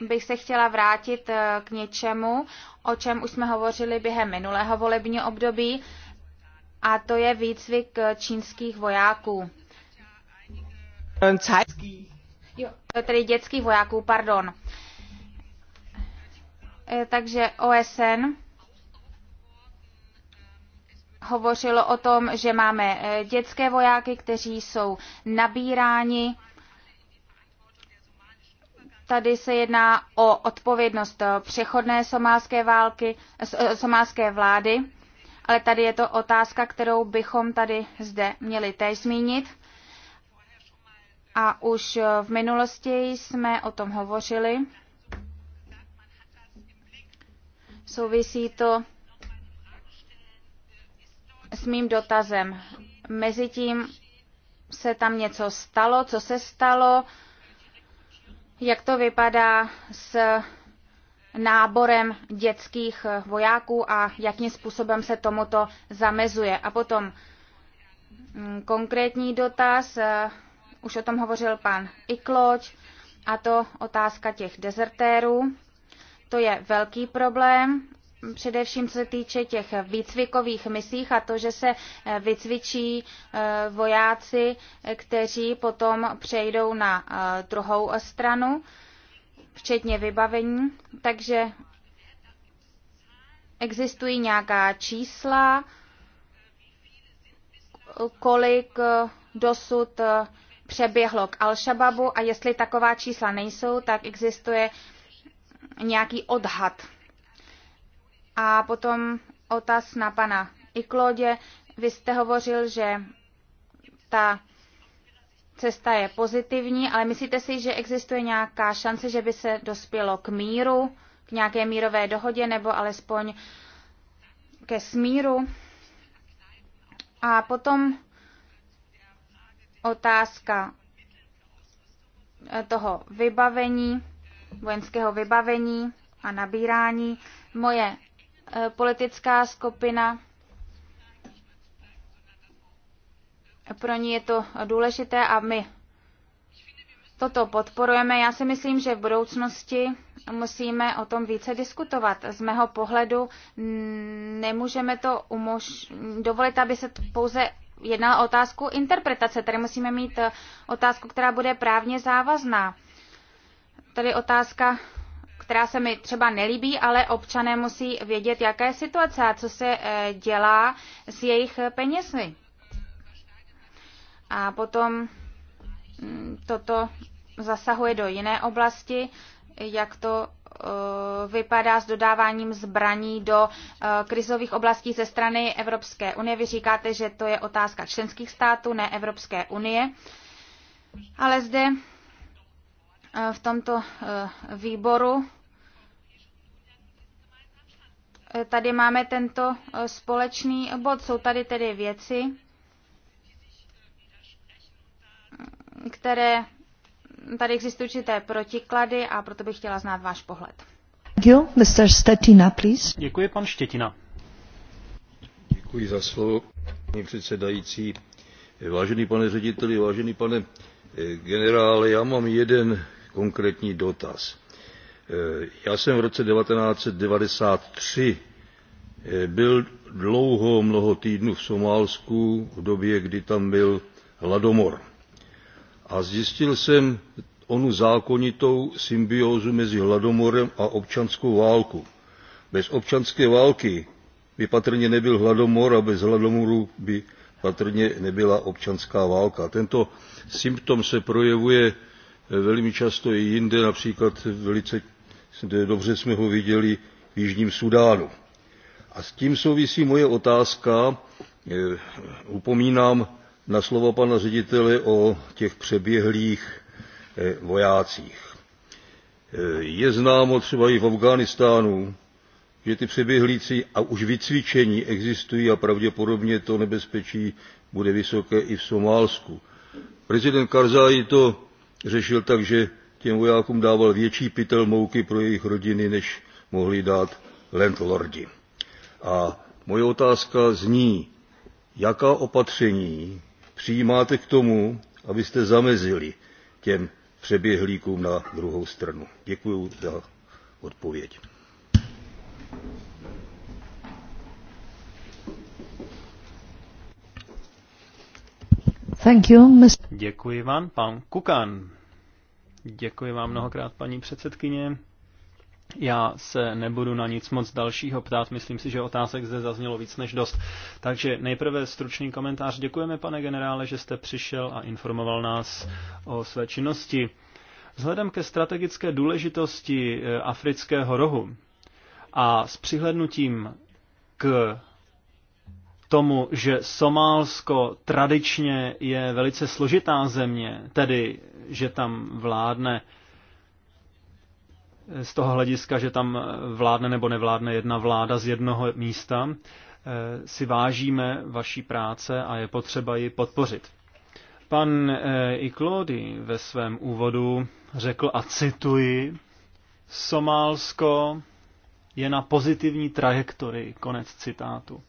bych se chtěla vrátit eh, k něčemu, o čem už jsme hovořili během minulého volebního období, a to je výcvik eh, čínských vojáků. Jo, eh, tedy dětských vojáků, pardon. Takže OSN hovořilo o tom, že máme dětské vojáky, kteří jsou nabíráni Tady se jedná o odpovědnost eh, přechodné somálské, války, eh, eh, somálské vlády, ale tady je to otázka, kterou bychom tady zde měli též zmínit. A už v minulosti jsme o tom hovořili. Souvisí to s mým dotazem. Mezitím se tam něco stalo, co se stalo, jak to vypadá s náborem dětských vojáků a jakým způsobem se tomuto zamezuje. A potom mm, konkrétní dotaz, eh, už o tom hovořil pan Ikloč, a to otázka těch dezertérů. To je velký problém především co se týče těch výcvikových misích a to, že se eh, vycvičí eh, vojáci, eh, kteří potom přejdou na druhou stranu, včetně vybavení. Takže existují nějaká čísla, kolik dosud přeběhlo k Al-Shababu a jestli taková čísla nejsou, tak existuje nějaký odhad a potom otaz na pana Iklodě. Vy jste hovořil, že ta cesta je pozitivní, ale myslíte si, že existuje nějaká šance, že by se dospělo k míru, k nějaké mírové dohodě nebo alespoň ke smíru? A potom otázka toho vybavení, vojenského vybavení a nabírání. Moje Eh, politická skupina. Pro ní je to důležité a my toto podporujeme. Já si myslím, že v budoucnosti musíme o tom více diskutovat. Z mého pohledu nemůžeme to umož- dovolit, aby se pouze jednala o otázku interpretace. Tady musíme mít otázku, která bude právně závazná. Tady otázka která se mi třeba nelíbí, ale občané musí vědět, jaká je situace a co se eh, dělá s jejich penězmi. A potom mm, toto zasahuje do jiné oblasti, jak to eh, vypadá s dodáváním zbraní do eh, krizových oblastí ze strany Evropské unie. Vy říkáte, že to je otázka členských států, ne Evropské unie. Ale zde v tomto e, výboru. E, tady máme tento e, společný bod. Jsou tady tedy věci, které tady existují určité protiklady a proto bych chtěla znát váš pohled. Děkuji, pan Štětina. Děkuji za slovo, paní předsedající. Vážený pane řediteli, vážený pane generále, já mám jeden konkrétní dotaz. E, já jsem v roce 1993 e, byl dlouho mnoho týdnů v Somálsku v době, kdy tam byl hladomor. A zjistil jsem onu zákonitou symbiózu mezi hladomorem a občanskou válkou. Bez občanské války by patrně nebyl hladomor a bez hladomoru by patrně nebyla občanská válka. Tento symptom se projevuje velmi často i jinde, například velice dobře jsme ho viděli v Jižním Sudánu. A s tím souvisí moje otázka, eh, upomínám na slova pana ředitele o těch přeběhlých eh, vojácích. Eh, je známo třeba i v Afghánistánu, že ty přeběhlíci a už vycvičení existují a pravděpodobně to nebezpečí bude vysoké i v Somálsku. Prezident Karzai to řešil tak, že těm vojákům dával větší pytel mouky pro jejich rodiny, než mohli dát landlordi. A moje otázka zní, jaká opatření přijímáte k tomu, abyste zamezili těm přeběhlíkům na druhou stranu. Děkuji za odpověď. Thank you, Mr. Děkuji vám, pan Kukan. Děkuji vám mnohokrát, paní předsedkyně. Já se nebudu na nic moc dalšího ptát, myslím si, že otázek zde zaznělo víc než dost. Takže nejprve stručný komentář. Děkujeme, pane generále, že jste přišel a informoval nás o své činnosti. Vzhledem ke strategické důležitosti eh, afrického rohu a s přihlednutím k tomu, že Somálsko tradičně je velice složitá země, tedy že tam vládne z toho hlediska, že tam vládne nebo nevládne jedna vláda z jednoho místa, eh, si vážíme vaší práce a je potřeba ji podpořit. Pan eh, Iklody ve svém úvodu řekl, a cituji, Somálsko je na pozitivní trajektorii, konec citátu.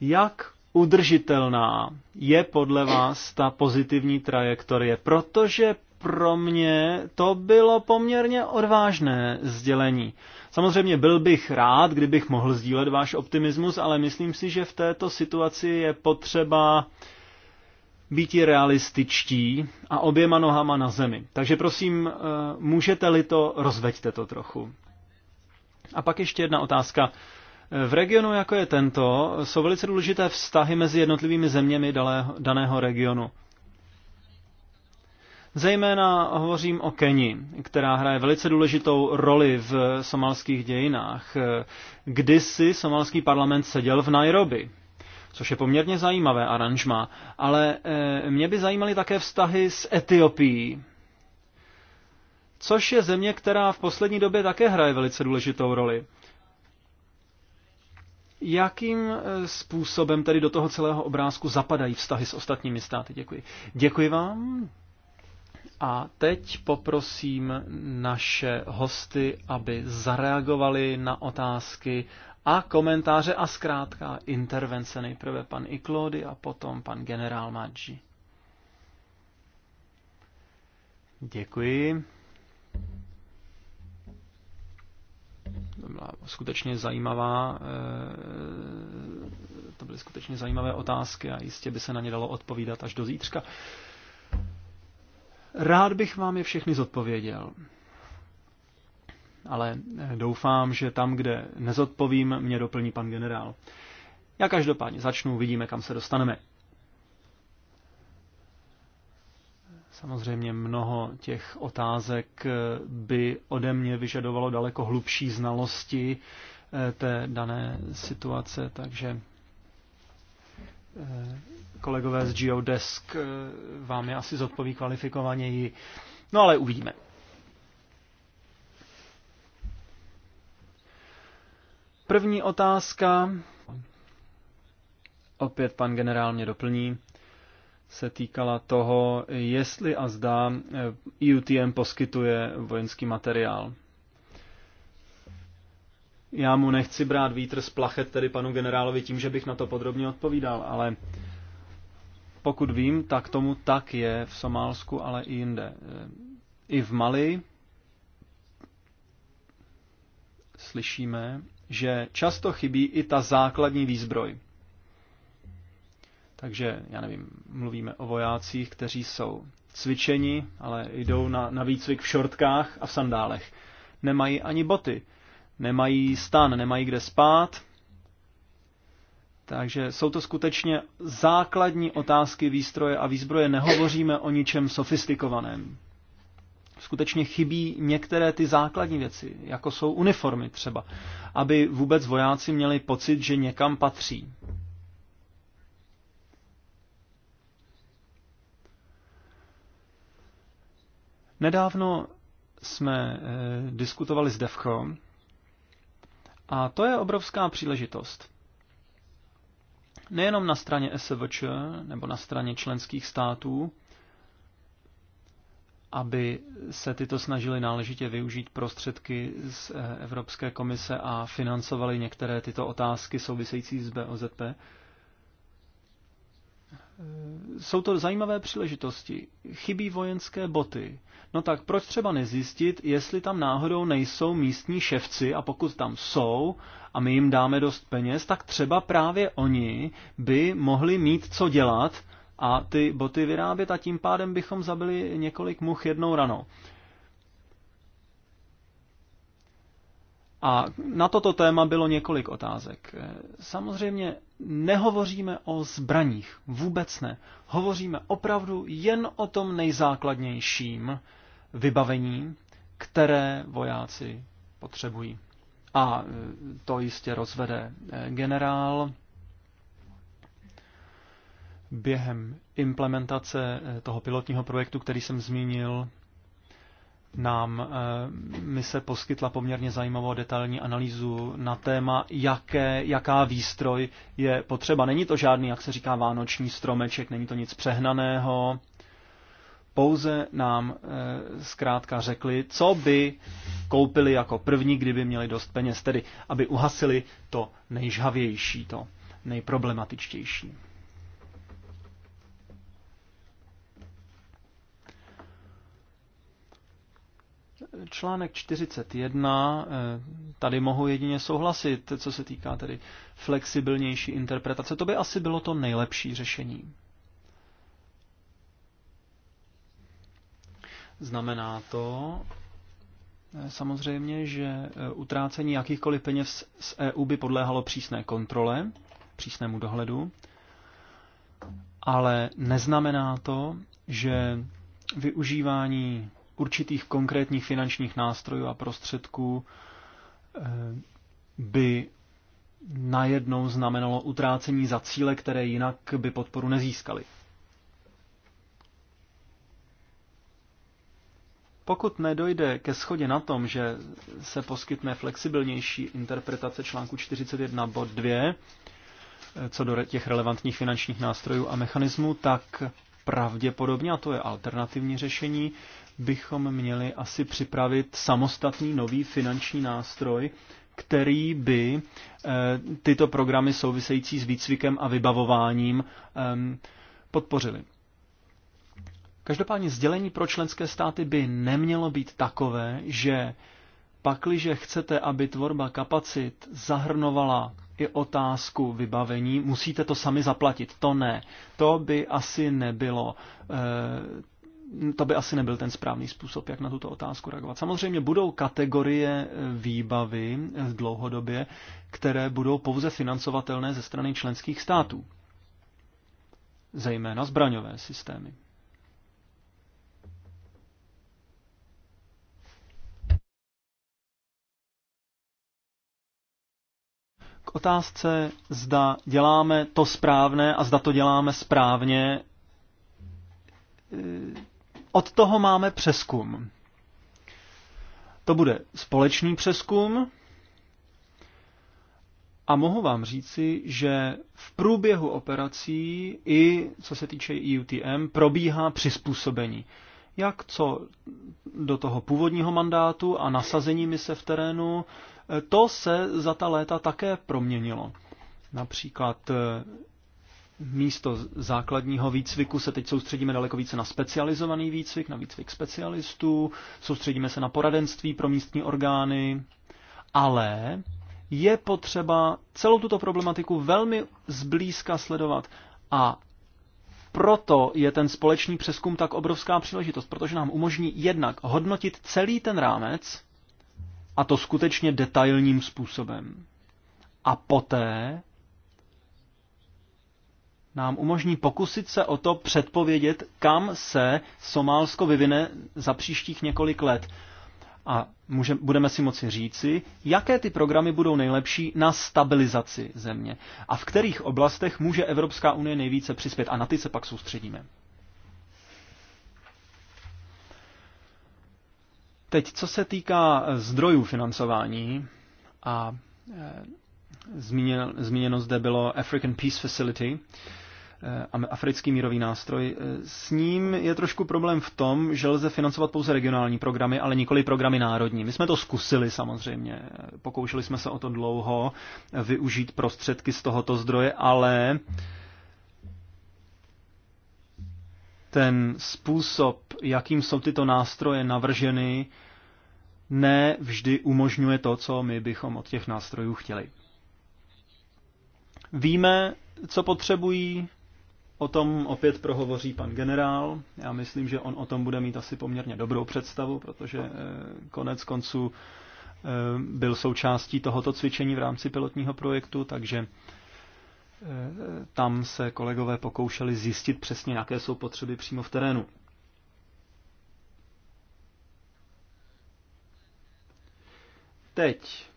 Jak udržitelná je podle vás ta pozitivní trajektorie? Protože pro mě to bylo poměrně odvážné sdělení. Samozřejmě byl bych rád, kdybych mohl sdílet váš optimismus, ale myslím si, že v této situaci je potřeba být realističtí a oběma nohama na zemi. Takže prosím, eh, můžete-li to, rozveďte to trochu. A pak ještě jedna otázka. V regionu, jako je tento, jsou velice důležité vztahy mezi jednotlivými zeměmi daného regionu. Zejména hovořím o Keni, která hraje velice důležitou roli v somalských dějinách. Kdysi somalský parlament seděl v Nairobi, což je poměrně zajímavé aranžma, ale eh, mě by zajímaly také vztahy s Etiopií, což je země, která v poslední době také hraje velice důležitou roli. Jakým eh, způsobem tedy do toho celého obrázku zapadají vztahy s ostatními státy? Děkuji. Děkuji vám. A teď poprosím naše hosty, aby zareagovali na otázky a komentáře a zkrátka intervence. Nejprve pan Iklody a potom pan generál Maggi. Děkuji. skutečně zajímavá, eh, to byly skutečně zajímavé otázky a jistě by se na ně dalo odpovídat až do zítřka. Rád bych vám je všechny zodpověděl. Ale doufám, že tam, kde nezodpovím, mě doplní pan generál. Já každopádně začnu, vidíme, kam se dostaneme. Samozřejmě mnoho těch otázek by ode mě vyžadovalo daleko hlubší znalosti eh, té dané situace, takže eh, kolegové z Geodesk eh, vám je asi zodpoví kvalifikovaněji. No ale uvidíme. První otázka. Opět pan generál mě doplní se týkala toho, jestli a zda EUTM eh, e poskytuje vojenský materiál. Já mu nechci brát vítr z plachet tedy panu generálovi tím, že bych na to podrobně odpovídal, ale pokud vím, tak tomu tak je v Somálsku, ale i jinde. Eh, I v Mali slyšíme, že často chybí i ta základní výzbroj. Takže, já nevím, mluvíme o vojácích, kteří jsou cvičeni, ale jdou na, na výcvik v šortkách a v sandálech. Nemají ani boty, nemají stan, nemají kde spát. Takže jsou to skutečně základní otázky výstroje a výzbroje. Nehovoříme o ničem sofistikovaném. Skutečně chybí některé ty základní věci, jako jsou uniformy třeba, aby vůbec vojáci měli pocit, že někam patří. Nedávno jsme eh, diskutovali s Devko a to je obrovská příležitost. Nejenom na straně SVČ nebo na straně členských států, aby se tyto snažili náležitě využít prostředky z eh, Evropské komise a financovali některé tyto otázky související s BOZP. Eh, jsou to zajímavé příležitosti. Chybí vojenské boty. No tak proč třeba nezjistit, jestli tam náhodou nejsou místní ševci a pokud tam jsou a my jim dáme dost peněz, tak třeba právě oni by mohli mít co dělat a ty boty vyrábět a tím pádem bychom zabili několik much jednou ranou. A na toto téma bylo několik otázek. Samozřejmě nehovoříme o zbraních, vůbec ne. Hovoříme opravdu jen o tom nejzákladnějším, vybavení, které vojáci potřebují. A e, to jistě rozvede e, generál. Během implementace e, toho pilotního projektu, který jsem zmínil, nám se poskytla poměrně zajímavou detailní analýzu na téma, jaké, jaká výstroj je potřeba. Není to žádný, jak se říká, vánoční stromeček, není to nic přehnaného, pouze nám eh, zkrátka řekli, co by koupili jako první, kdyby měli dost peněz, tedy aby uhasili to nejžhavější, to nejproblematičtější. článek 41, eh, tady mohu jedině souhlasit, co se týká tedy flexibilnější interpretace. To by asi bylo to nejlepší řešení. Znamená to eh, samozřejmě, že eh, utrácení jakýchkoliv peněz z EU by podléhalo přísné kontrole, přísnému dohledu, ale neznamená to, že využívání určitých konkrétních finančních nástrojů a prostředků eh, by najednou znamenalo utrácení za cíle, které jinak by podporu nezískaly. Pokud nedojde ke schodě na tom, že se poskytne flexibilnější interpretace článku 41 bod 2, co do těch relevantních finančních nástrojů a mechanismů, tak pravděpodobně, a to je alternativní řešení, bychom měli asi připravit samostatný nový finanční nástroj, který by eh, tyto programy související s výcvikem a vybavováním ehm, podpořili. Každopádně sdělení pro členské státy by nemělo být takové, že pakliže chcete, aby tvorba kapacit zahrnovala i otázku vybavení, musíte to sami zaplatit. To ne. To by asi nebylo. Eh, to by asi nebyl ten správný způsob, jak na tuto otázku reagovat. Samozřejmě budou kategorie eh, výbavy eh, dlouhodobě, které budou pouze financovatelné ze strany členských států. Zejména zbraňové systémy. K otázce, zda děláme to správné a zda to děláme správně, e, od toho máme přeskum. To bude společný přeskum a mohu vám říci, že v průběhu operací i co se týče EUTM probíhá přizpůsobení. Jak co do toho původního mandátu a nasazení mise v terénu, to se za ta léta také proměnilo. Například eh, místo základního výcviku se teď soustředíme daleko více na specializovaný výcvik, na výcvik specialistů, soustředíme se na poradenství pro místní orgány, ale je potřeba celou tuto problematiku velmi zblízka sledovat a proto je ten společný přeskum tak obrovská příležitost, protože nám umožní jednak hodnotit celý ten rámec, a to skutečně detailním způsobem. A poté nám umožní pokusit se o to předpovědět, kam se Somálsko vyvine za příštích několik let. A může, budeme si moci říci, jaké ty programy budou nejlepší na stabilizaci země a v kterých oblastech může Evropská unie nejvíce přispět. A na ty se pak soustředíme. Teď, co se týká eh, zdrojů financování a eh, zmíněno, zmíněno zde bylo African Peace Facility, eh, africký mírový nástroj. S ním je trošku problém v tom, že lze financovat pouze regionální programy, ale nikoli programy národní. My jsme to zkusili samozřejmě, pokoušeli jsme se o to dlouho využít prostředky z tohoto zdroje, ale eh, ten způsob, jakým jsou tyto nástroje navrženy, ne vždy umožňuje to, co my bychom od těch nástrojů chtěli. Víme, co potřebují, o tom opět prohovoří pan generál. Já myslím, že on o tom bude mít asi poměrně dobrou představu, protože eh, konec konců eh, byl součástí tohoto cvičení v rámci pilotního projektu, takže tam se kolegové pokoušeli zjistit přesně, jaké jsou potřeby přímo v terénu. Teď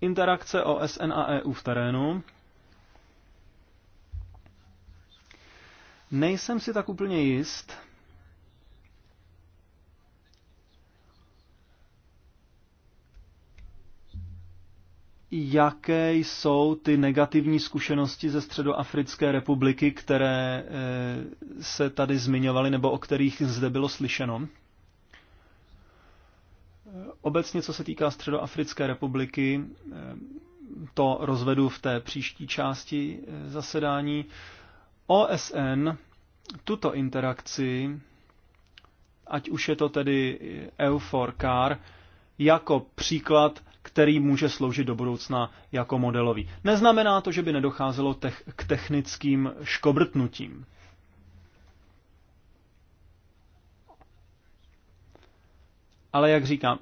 interakce OSN a EU v terénu. Nejsem si tak úplně jist, jaké jsou ty negativní zkušenosti ze Středoafrické republiky, které eh, se tady zmiňovaly nebo o kterých zde bylo slyšeno. Obecně, co se týká Středoafrické republiky, eh, to rozvedu v té příští části eh, zasedání. OSN tuto interakci, ať už je to tedy EUFOR CAR, jako příklad který může sloužit do budoucna jako modelový. Neznamená to, že by nedocházelo tech- k technickým škobrtnutím. Ale jak říkám,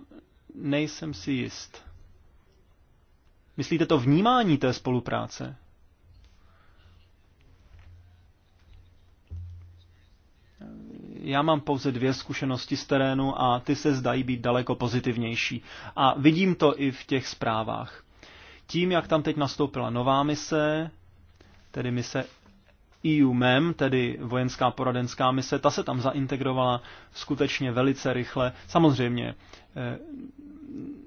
nejsem si jist. Myslíte to vnímání té spolupráce? Já mám pouze dvě zkušenosti z terénu a ty se zdají být daleko pozitivnější. A vidím to i v těch zprávách. Tím, jak tam teď nastoupila nová mise, tedy mise MEM, e tedy vojenská poradenská mise, ta se tam zaintegrovala skutečně velice rychle. Samozřejmě eh,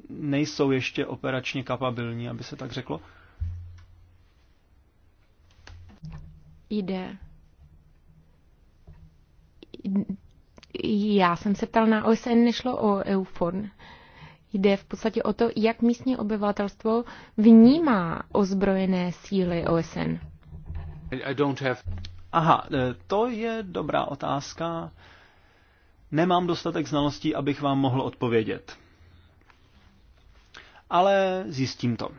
nejsou ještě operačně kapabilní, aby se tak řeklo. Jde já jsem se ptal na OSN, nešlo o EUFON. Jde v podstatě o to, jak místní obyvatelstvo vnímá ozbrojené síly OSN. I don't have... Aha, e, to je dobrá otázka. Nemám dostatek znalostí, abych vám mohl odpovědět. Ale zjistím to.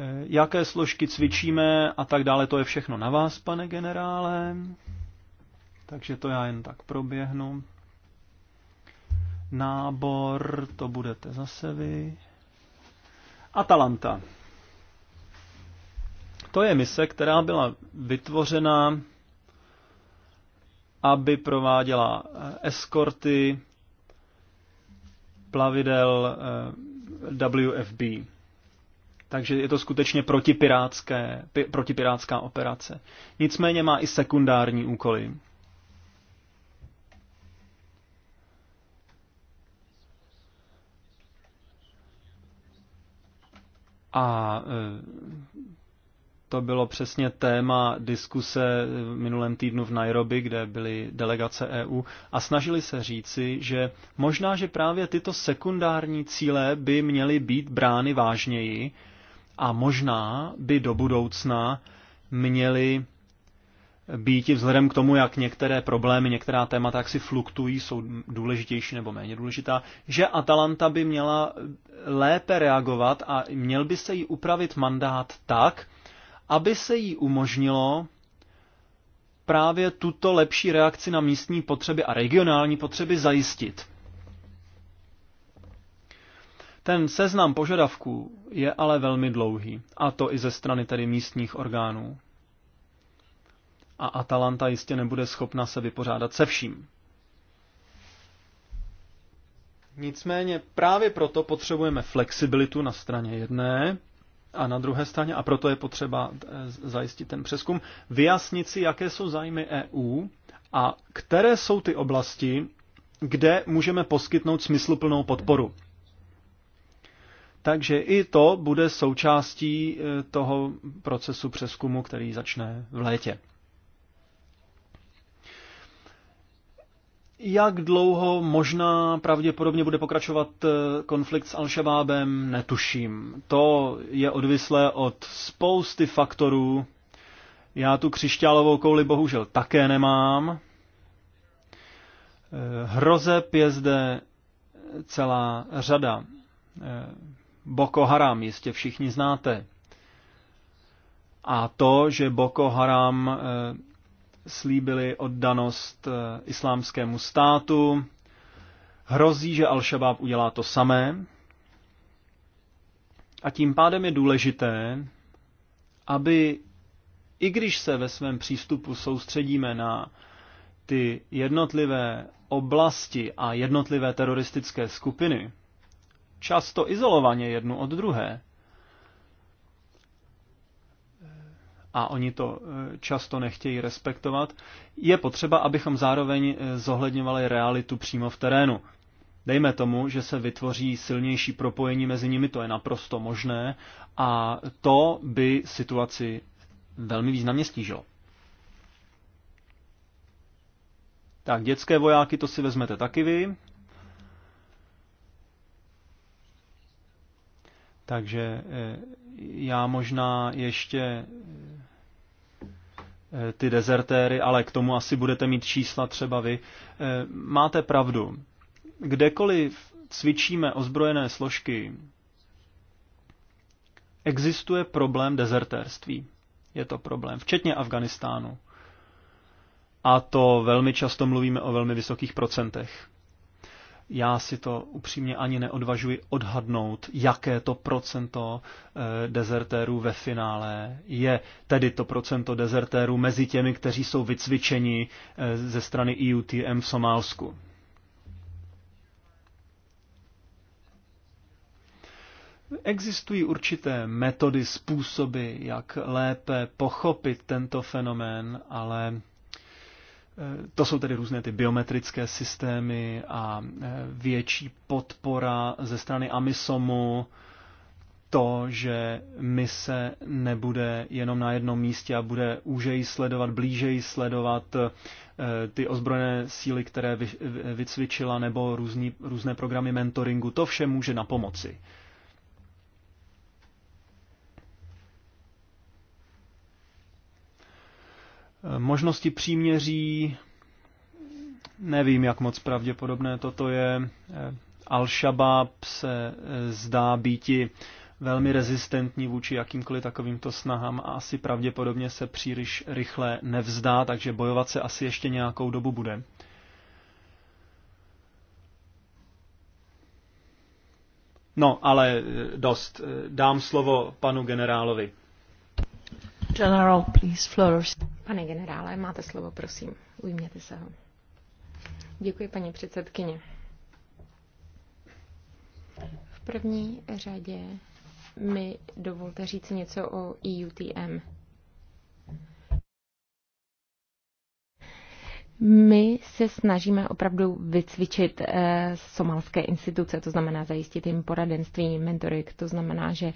Eh, jaké složky cvičíme a tak dále. To je všechno na vás, pane generále. Takže to já jen tak proběhnu. Nábor, to budete zase vy. Atalanta. To je mise, která byla vytvořena, aby prováděla eh, eskorty plavidel eh, WFB. Takže je to skutečně protipirátské, pi, protipirátská operace. Nicméně má i sekundární úkoly. A e, to bylo přesně téma diskuse v minulém týdnu v Nairobi, kde byly delegace EU a snažili se říci, že možná, že právě tyto sekundární cíle by měly být brány vážněji a možná by do budoucna měly být i vzhledem k tomu, jak některé problémy, některá témata jak si fluktují, jsou důležitější nebo méně důležitá, že Atalanta by měla lépe reagovat a měl by se jí upravit mandát tak, aby se jí umožnilo právě tuto lepší reakci na místní potřeby a regionální potřeby zajistit. Ten seznam požadavků je ale velmi dlouhý, a to i ze strany tedy místních orgánů. A Atalanta jistě nebude schopna se vypořádat se vším. Nicméně právě proto potřebujeme flexibilitu na straně jedné a na druhé straně, a proto je potřeba eh, zajistit ten přeskum, vyjasnit si, jaké jsou zájmy EU a které jsou ty oblasti, kde můžeme poskytnout smysluplnou podporu. Takže i to bude součástí eh, toho procesu přeskumu, který začne v létě. Jak dlouho možná pravděpodobně bude pokračovat eh, konflikt s Al-Shabaabem, netuším. To je odvislé od spousty faktorů. Já tu křišťálovou kouli bohužel také nemám. Eh, hrozeb je zde celá řada Boko Haram jistě všichni znáte. A to, že Boko Haram eh, slíbili oddanost eh, islámskému státu, hrozí, že Al-Shabaab udělá to samé. A tím pádem je důležité, aby i když se ve svém přístupu soustředíme na ty jednotlivé oblasti a jednotlivé teroristické skupiny, často izolovaně jednu od druhé. a oni to eh, často nechtějí respektovat, je potřeba, abychom zároveň eh, zohledňovali realitu přímo v terénu. Dejme tomu, že se vytvoří silnější propojení mezi nimi, to je naprosto možné a to by situaci velmi významně stížilo. Tak, dětské vojáky, to si vezmete taky vy. Takže eh, já možná ještě eh, ty dezertéry, ale k tomu asi budete mít čísla třeba vy. Eh, máte pravdu. Kdekoliv cvičíme ozbrojené složky, existuje problém dezertérství. Je to problém, včetně Afganistánu. A to velmi často mluvíme o velmi vysokých procentech. Já si to upřímně ani neodvažuji odhadnout, jaké to procento eh, dezertérů ve finále je. Tedy to procento dezertérů mezi těmi, kteří jsou vycvičeni eh, ze strany EUTM v Somálsku. Existují určité metody, způsoby, jak lépe pochopit tento fenomén, ale Eh, to jsou tedy různé ty biometrické systémy a eh, větší podpora ze strany Amisomu, to, že mise nebude jenom na jednom místě a bude úžeji sledovat, blížeji sledovat eh, ty ozbrojené síly, které vycvičila, nebo různý, různé programy mentoringu, to vše může na pomoci. možnosti příměří, nevím, jak moc pravděpodobné toto je. Al-Shabaab se eh, zdá býti velmi rezistentní vůči jakýmkoliv takovýmto snahám a asi pravděpodobně se příliš rychle nevzdá, takže bojovat se asi ještě nějakou dobu bude. No, ale eh, dost. Eh, dám slovo panu generálovi. General, please, flourish. Pane generále, máte slovo, prosím. Ujměte se ho. Děkuji, paní předsedkyně. V první řadě mi dovolte říct něco o EUTM. My se snažíme opravdu vycvičit eh, somalské instituce, to znamená zajistit jim poradenství, mentoring, to znamená, že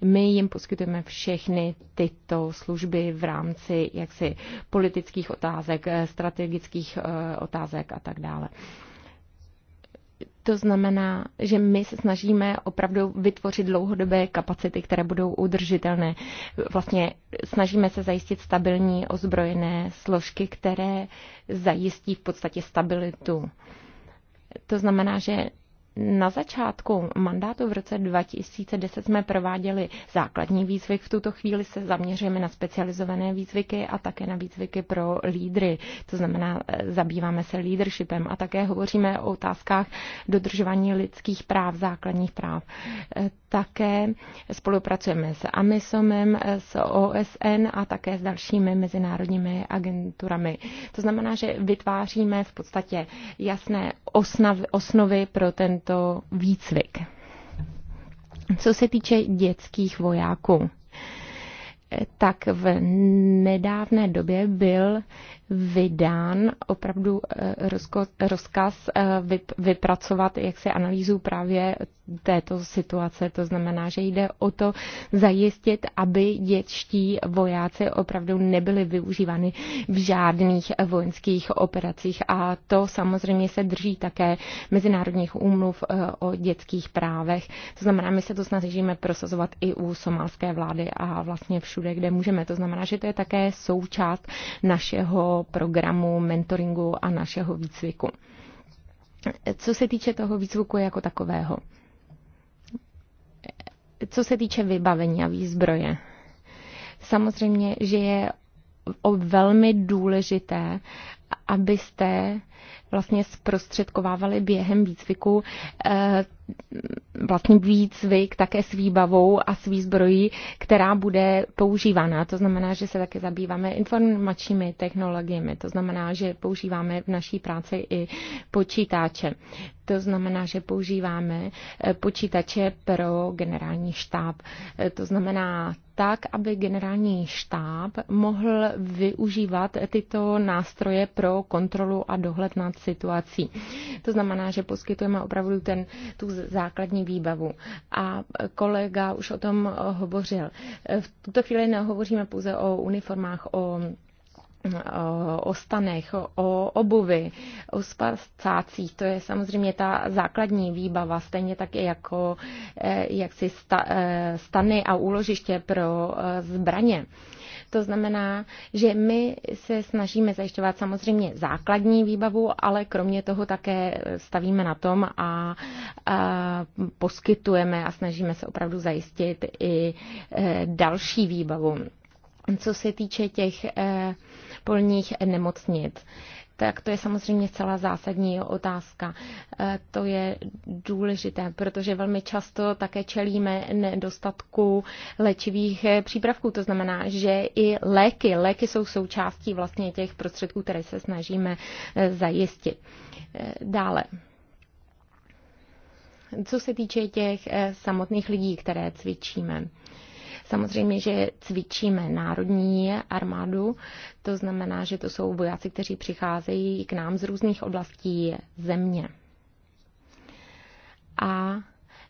my jim poskytujeme všechny tyto služby v rámci jaksi politických otázek, eh, strategických eh, otázek a tak dále. To znamená, že my se snažíme opravdu vytvořit dlouhodobé kapacity, které budou udržitelné. Vlastně snažíme se zajistit stabilní ozbrojené složky, které zajistí v podstatě stabilitu. To znamená, že na začátku mandátu v roce 2010 jsme prováděli základní výzvyk. V tuto chvíli se zaměřujeme na specializované výzvyky a také na výzvyky pro lídry. To znamená, e, zabýváme se leadershipem a také hovoříme o otázkách dodržování lidských práv, základních práv. E, také spolupracujeme s AMISOMem, s OSN a také s dalšími mezinárodními agenturami. To znamená, že vytváříme v podstatě jasné osnav, osnovy pro tento výcvik. Co se týče dětských vojáků, tak v nedávné době byl vydán opravdu eh, rozkaz eh, vypracovat jaksi analýzu právě této situace. To znamená, že jde o to zajistit, aby dětští vojáci opravdu nebyli využívány v žádných vojenských operacích. A to samozřejmě se drží také mezinárodních úmluv eh, o dětských právech. To znamená, my se to snažíme prosazovat i u somálské vlády a vlastně všude všude, kde můžeme. To znamená, že to je také součást našeho programu mentoringu a našeho výcviku. Co se týče toho výcviku jako takového, co se týče vybavení a výzbroje, samozřejmě, že je velmi důležité, abyste vlastně zprostředkovávali během výcviku eh, vlastní výcvik také s výbavou a s výzbrojí, která bude používána. To znamená, že se také zabýváme informačními technologiemi. To znamená, že používáme v naší práci i počítače. To znamená, že používáme eh, počítače pro generální štáb. Eh, to znamená tak, aby generální štáb mohl využívat tyto nástroje pro kontrolu a dohled nad situací. To znamená, že poskytujeme opravdu ten, tu základní výbavu. A kolega už o tom hovořil. V tuto chvíli nehovoříme pouze o uniformách, o o stanech, o obuvi, o spacácích. To je samozřejmě ta základní výbava, stejně tak i jako eh, jaksi eh, stany a úložiště pro eh, zbraně. To znamená, že my se snažíme zajišťovat samozřejmě základní výbavu, ale kromě toho také stavíme na tom a, a poskytujeme a snažíme se opravdu zajistit i e, další výbavu. Co se týče těch e, polních nemocnic tak to je samozřejmě celá zásadní otázka. E, to je důležité, protože velmi často také čelíme nedostatku léčivých e, přípravků. To znamená, že i léky, léky jsou součástí vlastně těch prostředků, které se snažíme e, zajistit. Dále co se týče těch samotných lidí, které cvičíme. Samozřejmě, že cvičíme národní armádu, to znamená, že to jsou vojáci, kteří přicházejí k nám z různých oblastí země. A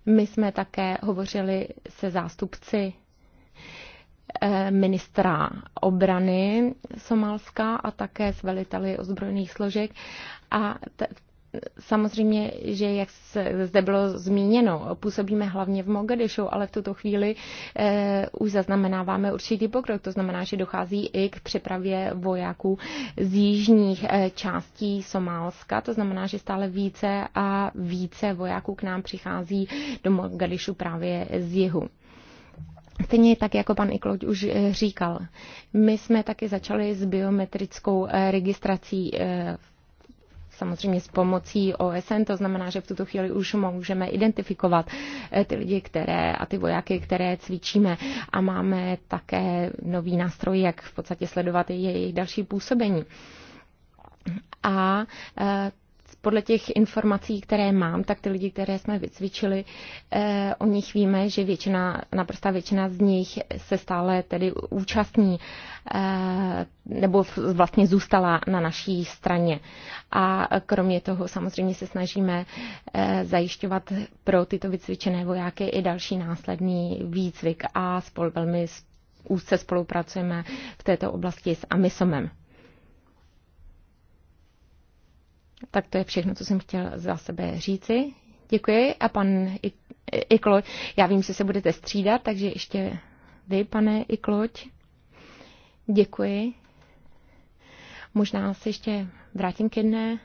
my jsme také hovořili se zástupci eh, ministra obrany Somálska a také s veliteli ozbrojených složek. A Samozřejmě, že jak se zde bylo zmíněno, působíme hlavně v Mogadishu, ale v tuto chvíli eh, už zaznamenáváme určitý pokrok. To znamená, že dochází i k přepravě vojáků z jižních eh, částí Somálska. To znamená, že stále více a více vojáků k nám přichází do Mogadishu právě z jihu. Stejně tak, jako pan Ikloď už eh, říkal, my jsme taky začali s biometrickou eh, registrací v eh, samozřejmě s pomocí OSN, to znamená, že v tuto chvíli už můžeme identifikovat eh, ty lidi které, a ty vojáky, které cvičíme a máme také nový nástroj, jak v podstatě sledovat jejich další působení. A eh, podle těch informací, které mám, tak ty lidi, které jsme vycvičili, eh, o nich víme, že většina, naprostá většina z nich se stále tedy účastní eh, nebo vlastně zůstala na naší straně. A kromě toho samozřejmě se snažíme eh, zajišťovat pro tyto vycvičené vojáky i další následný výcvik a spol, velmi úzce spolupracujeme v této oblasti s AMISOMem. Tak to je všechno, co jsem chtěl za sebe říci. Děkuji. A pan Ikloď, já vím, že se budete střídat, takže ještě vy, pane Ikloď. Děkuji. Možná se ještě vrátím k jedné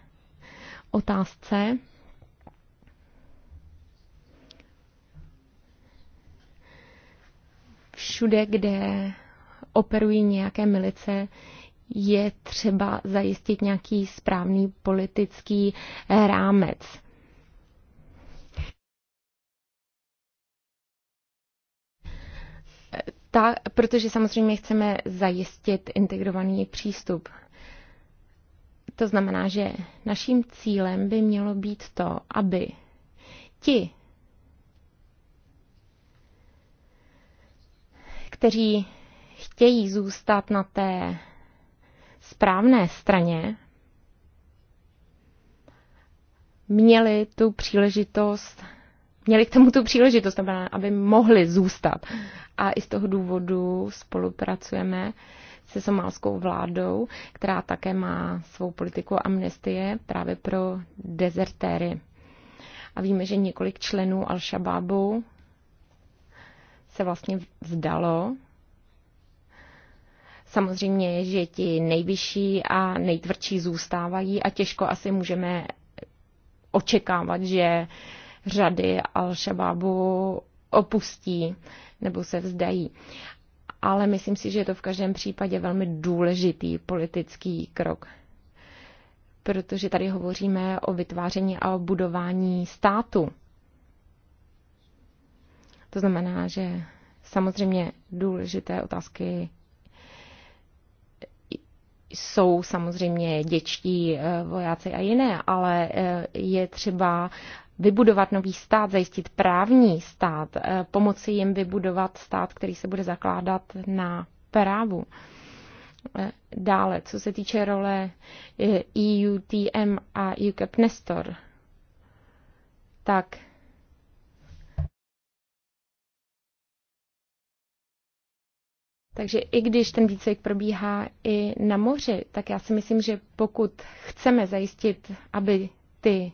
otázce. Všude, kde operují nějaké milice, je třeba zajistit nějaký správný politický eh, rámec. Eh, ta, protože samozřejmě chceme zajistit integrovaný přístup. To znamená, že naším cílem by mělo být to, aby ti, kteří chtějí zůstat na té správné straně měli tu příležitost, měli k tomu tu příležitost, aby mohli zůstat. A i z toho důvodu spolupracujeme se somálskou vládou, která také má svou politiku amnestie právě pro dezertéry. A víme, že několik členů Al-Shabaabu se vlastně vzdalo Samozřejmě, že ti nejvyšší a nejtvrdší zůstávají a těžko asi můžeme očekávat, že řady Al-Shababu opustí nebo se vzdají. Ale myslím si, že je to v každém případě velmi důležitý politický krok protože tady hovoříme o vytváření a o budování státu. To znamená, že samozřejmě důležité otázky jsou samozřejmě děčtí eh, vojáci a jiné, ale eh, je třeba vybudovat nový stát, zajistit právní stát, eh, pomoci jim vybudovat stát, který se bude zakládat na právu. Dále, co se týče role EUTM e a UCAP Nestor, tak Takže i když ten výcvik probíhá i na moři, tak já si myslím, že pokud chceme zajistit, aby ty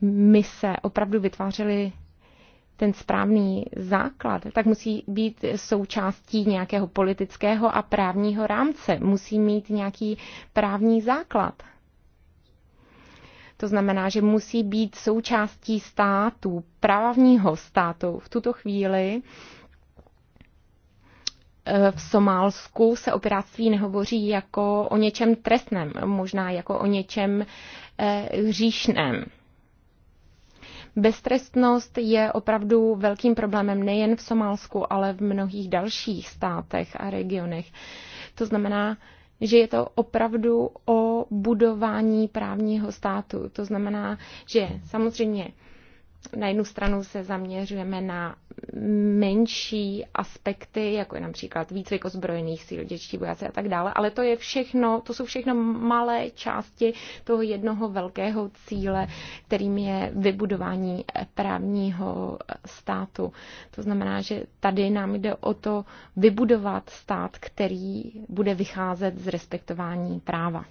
mise opravdu vytvářely ten správný základ, tak musí být součástí nějakého politického a právního rámce. Musí mít nějaký právní základ. To znamená, že musí být součástí státu, právního státu. V tuto chvíli Eh, v Somálsku se o pirátství nehovoří jako o něčem trestném, možná jako o něčem eh, hříšném. Beztrestnost je opravdu velkým problémem nejen v Somálsku, ale v mnohých dalších státech a regionech. To znamená, že je to opravdu o budování právního státu. To znamená, že samozřejmě na jednu stranu se zaměřujeme na menší aspekty, jako je například výcvik ozbrojených síl, dětští vojáci a tak dále, ale to je všechno, to jsou všechno malé části toho jednoho velkého cíle, kterým je vybudování právního státu. To znamená, že tady nám jde o to vybudovat stát, který bude vycházet z respektování práva.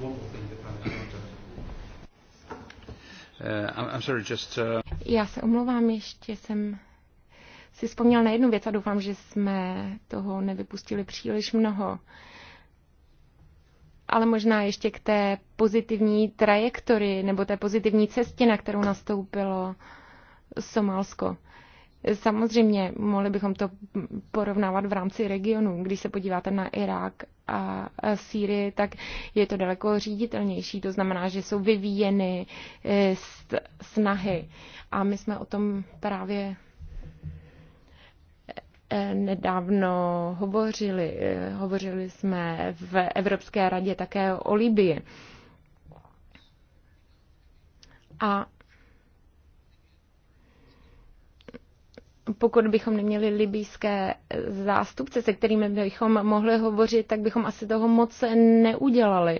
Uh, uh, Já se omlouvám, ještě jsem si vzpomněl na jednu věc a doufám, že jsme toho nevypustili příliš mnoho. Ale možná ještě k té pozitivní trajektory nebo té pozitivní cestě, na kterou nastoupilo Somálsko. Samozřejmě mohli bychom to porovnávat v rámci regionu. Když se podíváte na Irák a Sýrii, tak je to daleko říditelnější. To znamená, že jsou vyvíjeny e, snahy. A my jsme o tom právě e, nedávno hovořili. E, hovořili jsme v Evropské radě také o Libii. A pokud bychom neměli libijské zástupce, se kterými bychom mohli hovořit, tak bychom asi toho moc neudělali.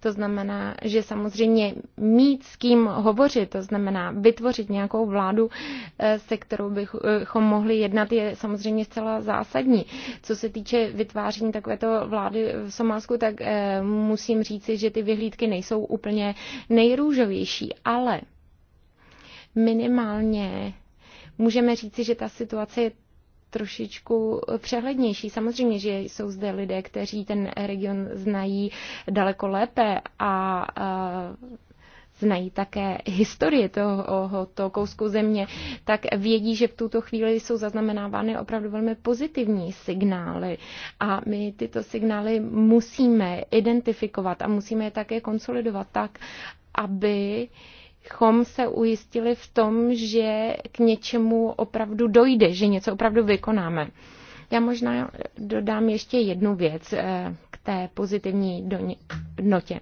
To znamená, že samozřejmě mít s kým hovořit, to znamená vytvořit nějakou vládu, eh, se kterou bychom mohli jednat, je samozřejmě zcela zásadní. Co se týče vytváření takovéto vlády v Somálsku, tak eh, musím říci, že ty vyhlídky nejsou úplně nejrůžovější, ale minimálně můžeme říci, že ta situace je trošičku přehlednější. Samozřejmě, že jsou zde lidé, kteří ten region znají daleko lépe a znají také historii tohoto kousku země, tak vědí, že v tuto chvíli jsou zaznamenávány opravdu velmi pozitivní signály. A my tyto signály musíme identifikovat a musíme je také konsolidovat tak, aby uh, chom se ujistili v tom, že k něčemu opravdu dojde, že něco opravdu vykonáme. Já možná dodám ještě jednu věc eh, k té pozitivní notě.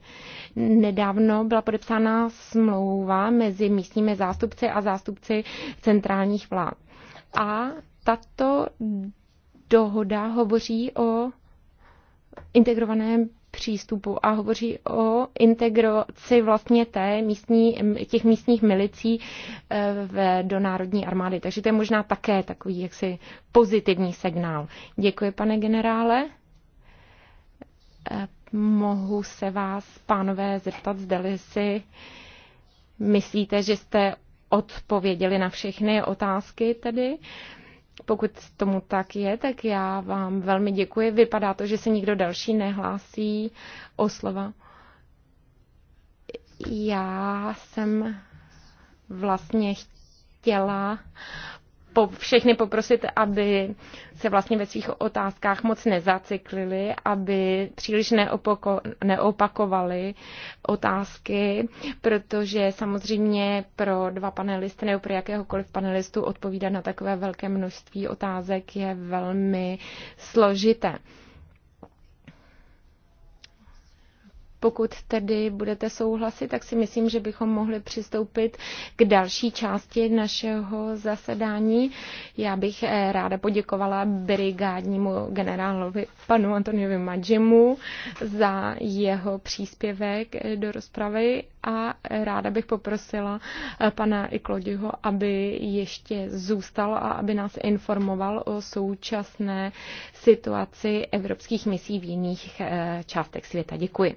Nedávno byla podepsána smlouva mezi místními zástupci a zástupci centrálních vlád. A tato dohoda hovoří o integrovaném přístupu a hovoří o integraci vlastně té místní, těch místních milicí eh, v, do národní armády. Takže to je možná také takový jaksi pozitivní signál. Děkuji, pane generále. Eh, mohu se vás, pánové, zeptat, zdali si myslíte, že jste odpověděli na všechny otázky tedy. Pokud tomu tak je, tak já vám velmi děkuji. Vypadá to, že se nikdo další nehlásí o slova. Já jsem vlastně chtěla po, všechny poprosit, aby se vlastně ve svých otázkách moc nezacyklili, aby příliš neopoko, neopakovali otázky, protože samozřejmě pro dva panelisty nebo pro jakéhokoliv panelistu odpovídat na takové velké množství otázek je velmi složité. Pokud tedy budete souhlasit, tak si myslím, že bychom mohli přistoupit k další části našeho zasedání. Já bych eh, ráda poděkovala brigádnímu generálovi panu Antoniovi Madžimu za jeho příspěvek eh, do rozpravy a ráda bych poprosila eh, pana Iklodiho, aby ještě zůstal a aby nás informoval o současné situaci evropských misí v jiných částech světa. Děkuji.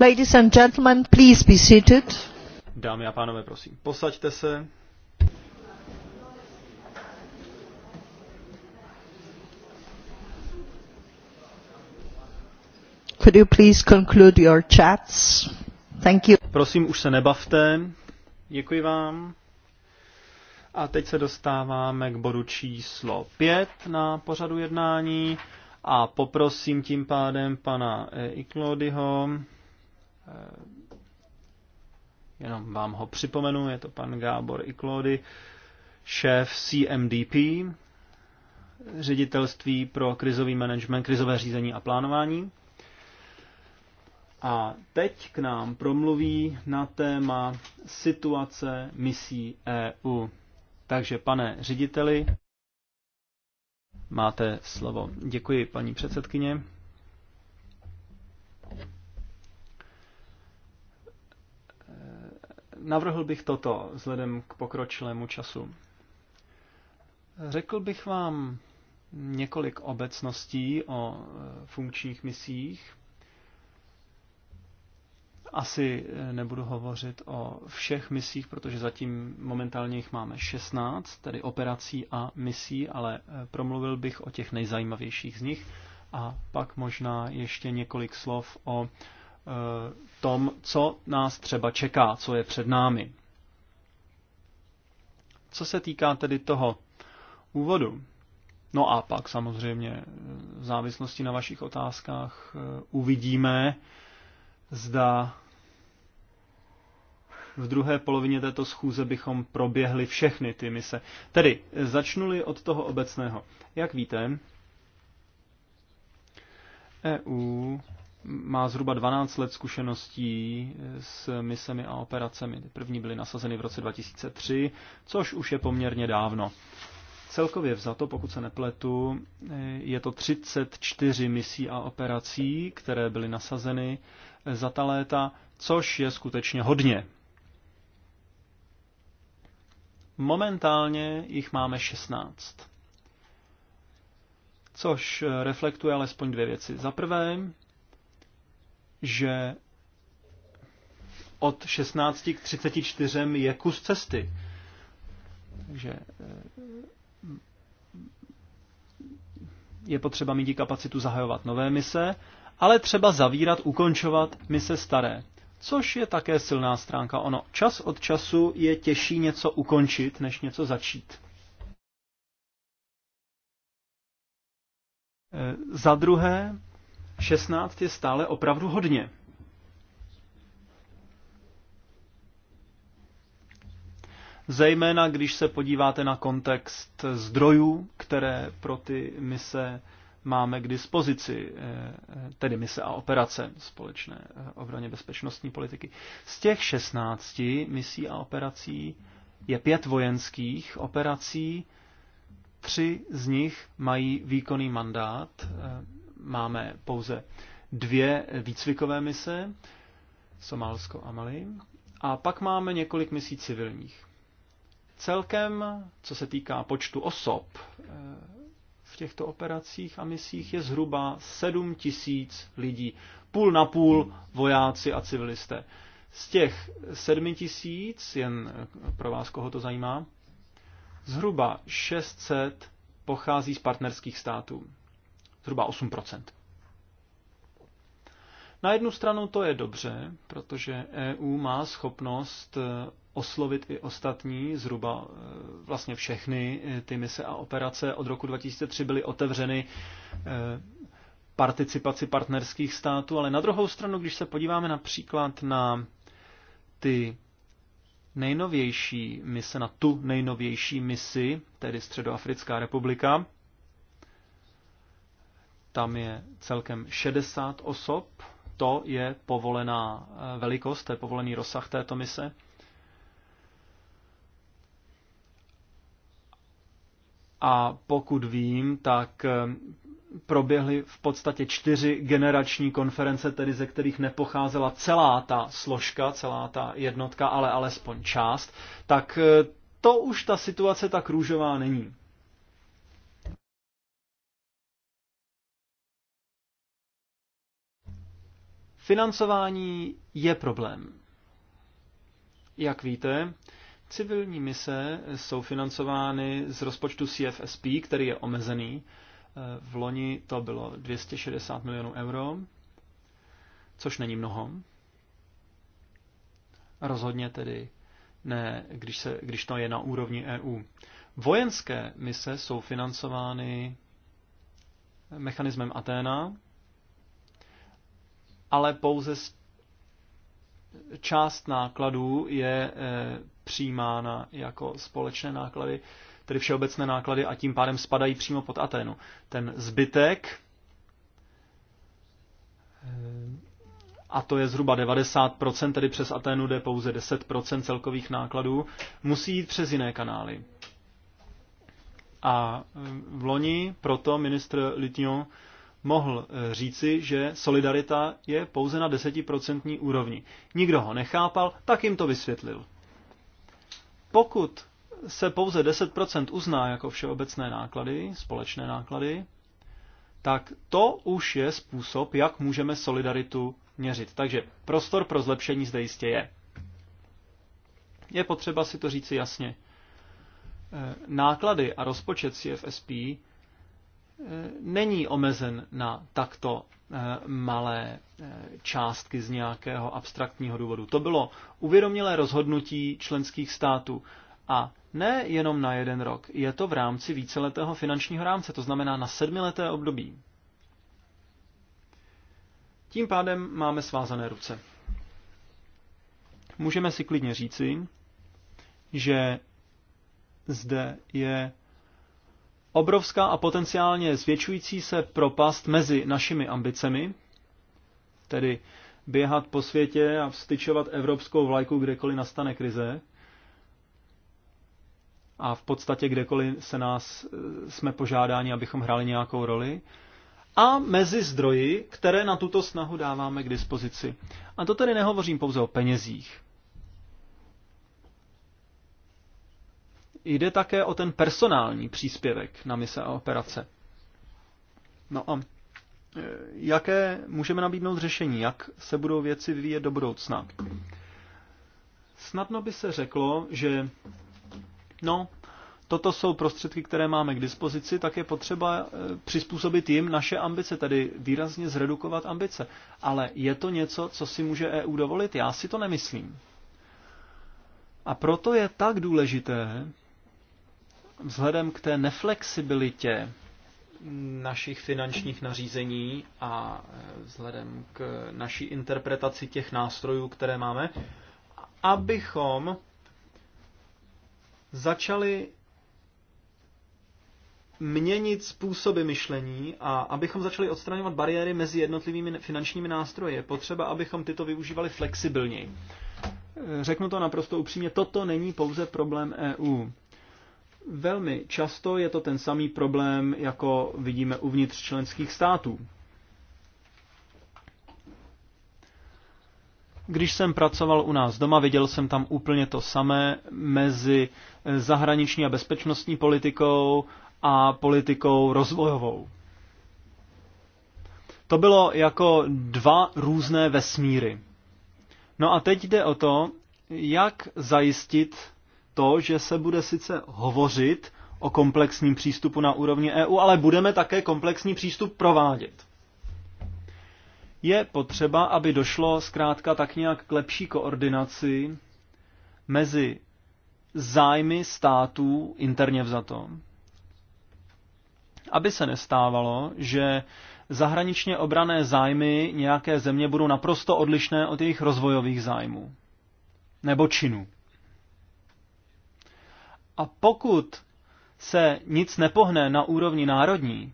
Ladies and gentlemen, please be seated. Dámy a pánové, prosím, posaďte se. Could you please conclude your chats? Thank you. Prosím, už se nebavte. Děkuji vám. A teď se dostáváme k bodu číslo 5 na pořadu jednání a poprosím tím pádem pana eh, Iklodyho, Eh, jenom vám ho připomenu, je to pan Gábor Iklody, šéf CMDP, ředitelství pro krizový management, krizové řízení a plánování. A teď k nám promluví na téma situace misí EU. Takže pane řediteli, máte slovo. Děkuji, paní předsedkyně. navrhl bych toto vzhledem k pokročilému času. Řekl bych vám několik obecností o e, funkčních misích. Asi e, nebudu hovořit o všech misích, protože zatím momentálně jich máme 16, tedy operací a misí, ale e, promluvil bych o těch nejzajímavějších z nich a pak možná ještě několik slov o Eh, tom, co nás třeba čeká, co je před námi. Co se týká tedy toho úvodu, no a pak samozřejmě v závislosti na vašich otázkách eh, uvidíme, zda v druhé polovině této schůze bychom proběhli všechny ty mise. Tedy začnuli od toho obecného. Jak víte, EU má zhruba 12 let zkušeností s misemi a operacemi. První byly nasazeny v roce 2003, což už je poměrně dávno. Celkově vzato, pokud se nepletu, je to 34 misí a operací, které byly nasazeny za ta léta, což je skutečně hodně. Momentálně jich máme 16. Což reflektuje alespoň dvě věci. Za prvé, že od 16 k 34 je kus cesty. Takže eh, je potřeba mít kapacitu zahajovat nové mise, ale třeba zavírat, ukončovat mise staré. Což je také silná stránka. Ono, čas od času je těžší něco ukončit, než něco začít. Eh, za druhé, 16 je stále opravdu hodně. Zejména když se podíváte na kontext zdrojů, které pro ty mise máme k dispozici, eh, eh, tedy mise a operace společné eh, obraně bezpečnostní politiky. Z těch 16 misí a operací je pět vojenských operací, tři z nich mají výkonný mandát máme pouze dvě výcvikové mise, Somálsko a Mali, a pak máme několik misí civilních. Celkem, co se týká počtu osob eh, v těchto operacích a misích, je zhruba 7 tisíc lidí. Půl na půl vojáci a civilisté. Z těch 7 tisíc, jen pro vás, koho to zajímá, zhruba 600 pochází z partnerských států zhruba 8 Na jednu stranu to je dobře, protože EU má schopnost e, oslovit i ostatní, zhruba e, vlastně všechny e, ty mise a operace od roku 2003 byly otevřeny participaci partnerských států, ale na druhou stranu, když se podíváme například na ty nejnovější mise, na tu nejnovější misi, tedy Středoafrická republika, tam je celkem 60 osob, to je povolená eh, velikost, to je povolený rozsah této mise. A pokud vím, tak eh, proběhly v podstatě čtyři generační konference, tedy ze kterých nepocházela celá ta složka, celá ta jednotka, ale alespoň část, tak eh, to už ta situace tak růžová není. Financování je problém. Jak víte, civilní mise jsou financovány z rozpočtu CFSP, který je omezený. Eh, v loni to bylo 260 milionů euro, což není mnoho. Rozhodně tedy ne, když, se, když to je na úrovni EU. Vojenské mise jsou financovány mechanismem Athena ale pouze část nákladů je eh, přijímána jako společné náklady, tedy všeobecné náklady a tím pádem spadají přímo pod Aténu. Ten zbytek, eh, a to je zhruba 90%, tedy přes Aténu jde pouze 10% celkových nákladů, musí jít přes jiné kanály. A eh, v loni proto ministr Litňo mohl eh, říci, že solidarita je pouze na desetiprocentní úrovni. Nikdo ho nechápal, tak jim to vysvětlil. Pokud se pouze 10% uzná jako všeobecné náklady, společné náklady, tak to už je způsob, jak můžeme solidaritu měřit. Takže prostor pro zlepšení zde jistě je. Je potřeba si to říci jasně. Eh, náklady a rozpočet CFSP není omezen na takto eh, malé eh, částky z nějakého abstraktního důvodu. To bylo uvědomělé rozhodnutí členských států a ne jenom na jeden rok. Je to v rámci víceletého finančního rámce, to znamená na sedmileté období. Tím pádem máme svázané ruce. Můžeme si klidně říci, že zde je obrovská a potenciálně zvětšující se propast mezi našimi ambicemi, tedy běhat po světě a vstyčovat evropskou vlajku kdekoliv nastane krize, a v podstatě kdekoliv se nás eh, jsme požádáni, abychom hráli nějakou roli, a mezi zdroji, které na tuto snahu dáváme k dispozici. A to tedy nehovořím pouze o penězích. Jde také o ten personální příspěvek na mise a operace. No a e, jaké můžeme nabídnout řešení, jak se budou věci vyvíjet do budoucna? Snadno by se řeklo, že no, toto jsou prostředky, které máme k dispozici, tak je potřeba e, přizpůsobit jim naše ambice, tedy výrazně zredukovat ambice. Ale je to něco, co si může EU dovolit? Já si to nemyslím. A proto je tak důležité, vzhledem k té neflexibilitě našich finančních nařízení a e, vzhledem k naší interpretaci těch nástrojů, které máme, abychom začali měnit způsoby myšlení a abychom začali odstraňovat bariéry mezi jednotlivými finančními nástroji. Je potřeba, abychom tyto využívali flexibilněji. E, řeknu to naprosto upřímně, toto není pouze problém EU. Velmi často je to ten samý problém, jako vidíme uvnitř členských států. Když jsem pracoval u nás doma, viděl jsem tam úplně to samé mezi zahraniční a bezpečnostní politikou a politikou rozvojovou. To bylo jako dva různé vesmíry. No a teď jde o to, jak zajistit to, že se bude sice hovořit o komplexním přístupu na úrovni EU, ale budeme také komplexní přístup provádět. Je potřeba, aby došlo zkrátka tak nějak k lepší koordinaci mezi zájmy států interně vzato. Aby se nestávalo, že zahraničně obrané zájmy nějaké země budou naprosto odlišné od jejich rozvojových zájmů nebo činů. A pokud se nic nepohne na úrovni národní,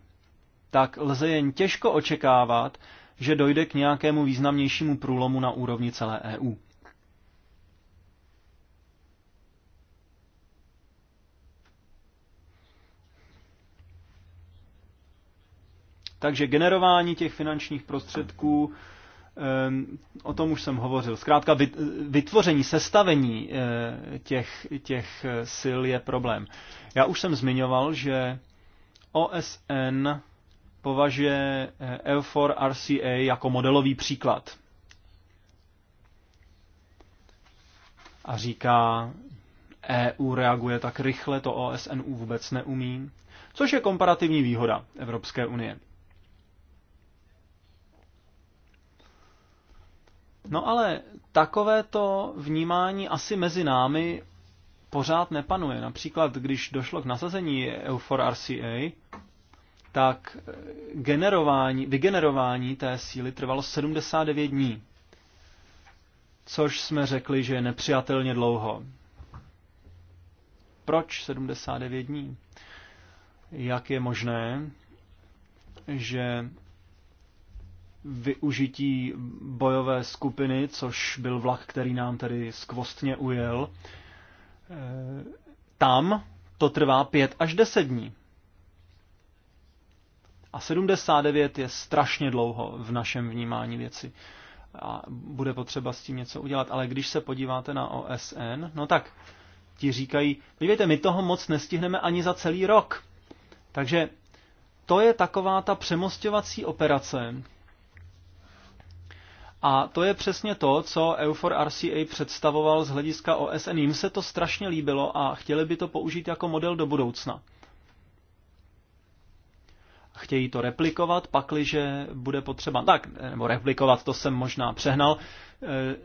tak lze jen těžko očekávat, že dojde k nějakému významnějšímu průlomu na úrovni celé EU. Takže generování těch finančních prostředků Ehm, o tom už jsem hovořil. Zkrátka vytvoření, sestavení eh, těch, těch eh, sil je problém. Já už jsem zmiňoval, že OSN považuje EUFOR eh, RCA jako modelový příklad. A říká, EU reaguje tak rychle, to OSN vůbec neumí, což je komparativní výhoda Evropské unie. No ale takové to vnímání asi mezi námi pořád nepanuje. Například, když došlo k nasazení EUFOR RCA, tak eh, generování, vygenerování té síly trvalo 79 dní, což jsme řekli, že je nepřijatelně dlouho. Proč 79 dní? Jak je možné, že využití bojové skupiny, což byl vlak, který nám tedy skvostně ujel, e, tam to trvá 5 až 10 dní. A 79 je strašně dlouho v našem vnímání věci. A bude potřeba s tím něco udělat. Ale když se podíváte na OSN, no tak ti říkají, podívejte, my toho moc nestihneme ani za celý rok. Takže to je taková ta přemostovací operace, a to je přesně to, co EUFOR RCA představoval z hlediska OSN. Jim se to strašně líbilo a chtěli by to použít jako model do budoucna. Chtějí to replikovat, pakliže bude potřeba. Tak, nebo replikovat, to jsem možná přehnal. E,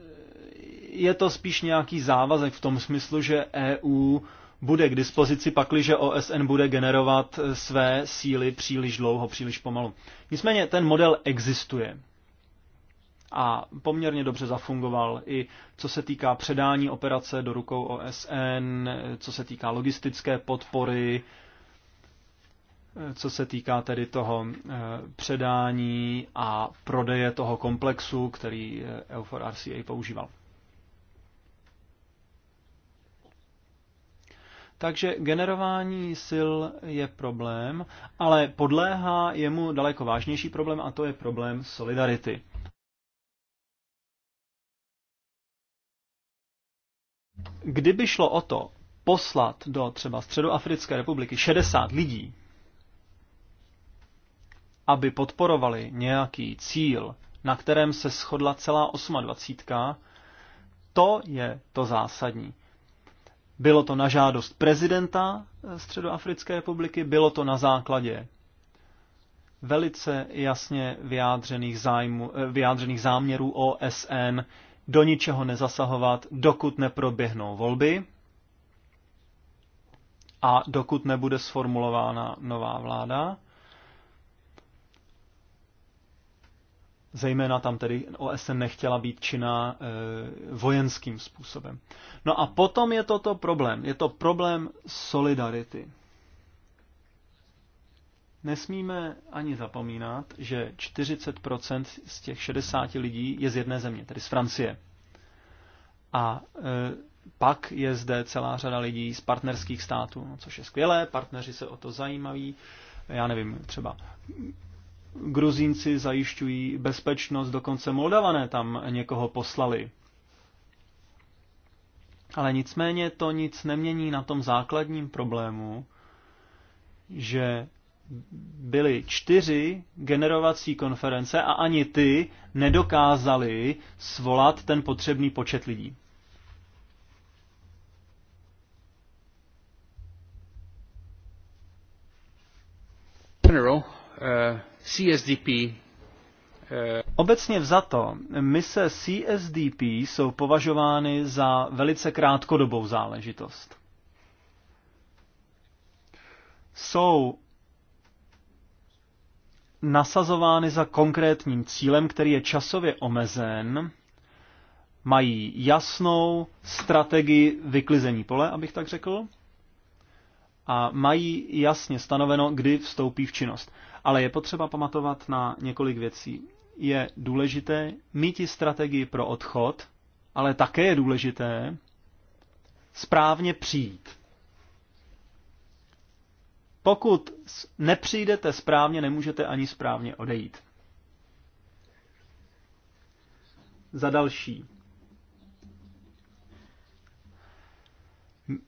je to spíš nějaký závazek v tom smyslu, že EU bude k dispozici, pakliže OSN bude generovat své síly příliš dlouho, příliš pomalu. Nicméně ten model existuje a poměrně dobře zafungoval i co se týká předání operace do rukou OSN, co se týká logistické podpory, co se týká tedy toho eh, předání a prodeje toho komplexu, který eh, EUFOR RCA používal. Takže generování sil je problém, ale podléhá jemu daleko vážnější problém a to je problém solidarity. Kdyby šlo o to poslat do třeba Středoafrické republiky 60 lidí, aby podporovali nějaký cíl, na kterém se shodla celá 28, to je to zásadní. Bylo to na žádost prezidenta Středoafrické republiky, bylo to na základě velice jasně vyjádřených, zájmu, eh, vyjádřených záměrů OSN, do ničeho nezasahovat, dokud neproběhnou volby a dokud nebude sformulována nová vláda. Zejména tam tedy OSN nechtěla být činná e, vojenským způsobem. No a potom je toto problém. Je to problém solidarity. Nesmíme ani zapomínat, že 40% z těch 60 lidí je z jedné země, tedy z Francie. A e, pak je zde celá řada lidí z partnerských států, no, což je skvělé, partneři se o to zajímaví. Já nevím, třeba Gruzínci zajišťují bezpečnost, dokonce Moldavané tam někoho poslali. Ale nicméně to nic nemění na tom základním problému, že byly čtyři generovací konference a ani ty nedokázali svolat ten potřebný počet lidí. General, uh, CSDP, uh... Obecně vzato, mise CSDP jsou považovány za velice krátkodobou záležitost. Jsou nasazovány za konkrétním cílem, který je časově omezen, mají jasnou strategii vyklizení pole, abych tak řekl, a mají jasně stanoveno, kdy vstoupí v činnost. Ale je potřeba pamatovat na několik věcí. Je důležité mít i strategii pro odchod, ale také je důležité správně přijít. Pokud nepřijdete správně, nemůžete ani správně odejít. Za další.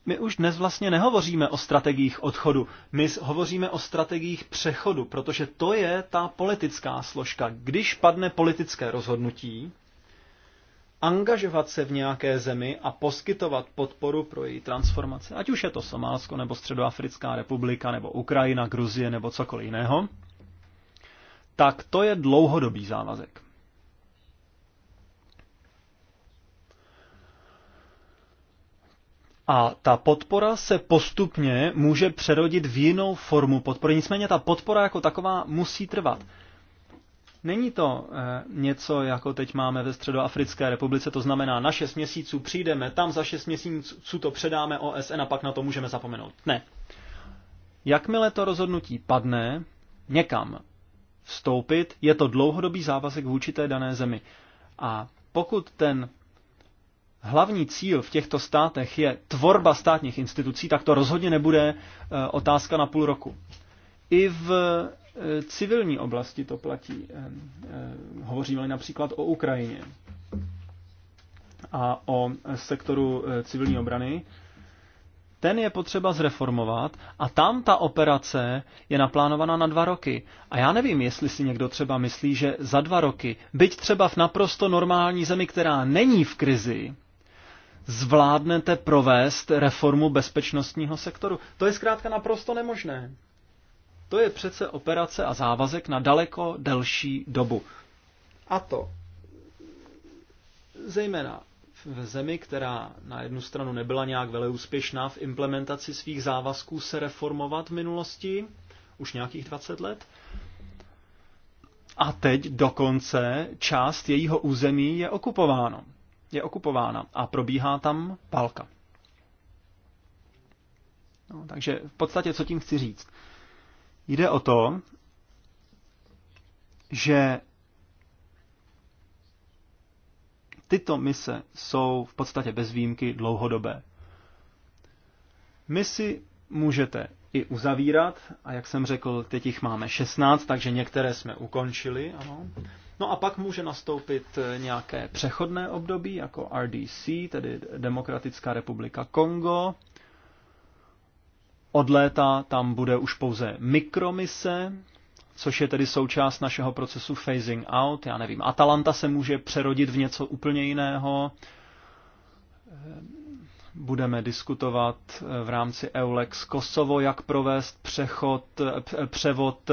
My už dnes vlastně nehovoříme o strategiích odchodu, my hovoříme o strategiích přechodu, protože to je ta politická složka. Když padne politické rozhodnutí, angažovat se v nějaké zemi a poskytovat podporu pro její transformaci, ať už je to Somálsko, nebo Středoafrická republika, nebo Ukrajina, Gruzie, nebo cokoliv jiného, tak to je dlouhodobý závazek. A ta podpora se postupně může přerodit v jinou formu podpory. Nicméně ta podpora jako taková musí trvat. Není to eh, něco, jako teď máme ve Středoafrické republice, to znamená, na 6 měsíců přijdeme, tam za 6 měsíců to předáme OSN a pak na to můžeme zapomenout. Ne. Jakmile to rozhodnutí padne, někam vstoupit, je to dlouhodobý závazek vůči té dané zemi. A pokud ten hlavní cíl v těchto státech je tvorba státních institucí, tak to rozhodně nebude eh, otázka na půl roku. I v Eh, civilní oblasti to platí. Eh, eh, Hovoříme například o Ukrajině a o sektoru civilní obrany, ten je potřeba zreformovat a tam ta operace je naplánovaná na dva roky. A já nevím, jestli si někdo třeba myslí, že za dva roky, byť třeba v naprosto normální zemi, která není v krizi, zvládnete provést reformu bezpečnostního sektoru. To je zkrátka naprosto nemožné. To je přece operace a závazek na daleko delší dobu. A to zejména v zemi, která na jednu stranu nebyla nějak veleúspěšná v implementaci svých závazků se reformovat v minulosti, už nějakých 20 let, a teď dokonce část jejího území je okupováno. Je okupována a probíhá tam válka. No, takže v podstatě, co tím chci říct? Jde o to, že tyto mise jsou v podstatě bez výjimky dlouhodobé. Misi můžete i uzavírat, a jak jsem řekl, teď jich máme 16, takže některé jsme ukončili, ano. No a pak může nastoupit eh, nějaké přechodné období, jako RDC, tedy Demokratická republika Kongo, od léta tam bude už pouze mikromise, což je tedy součást našeho procesu phasing out. Já nevím, Atalanta se může přerodit v něco úplně jiného. Budeme diskutovat v rámci EULEX Kosovo, jak provést přechod, převod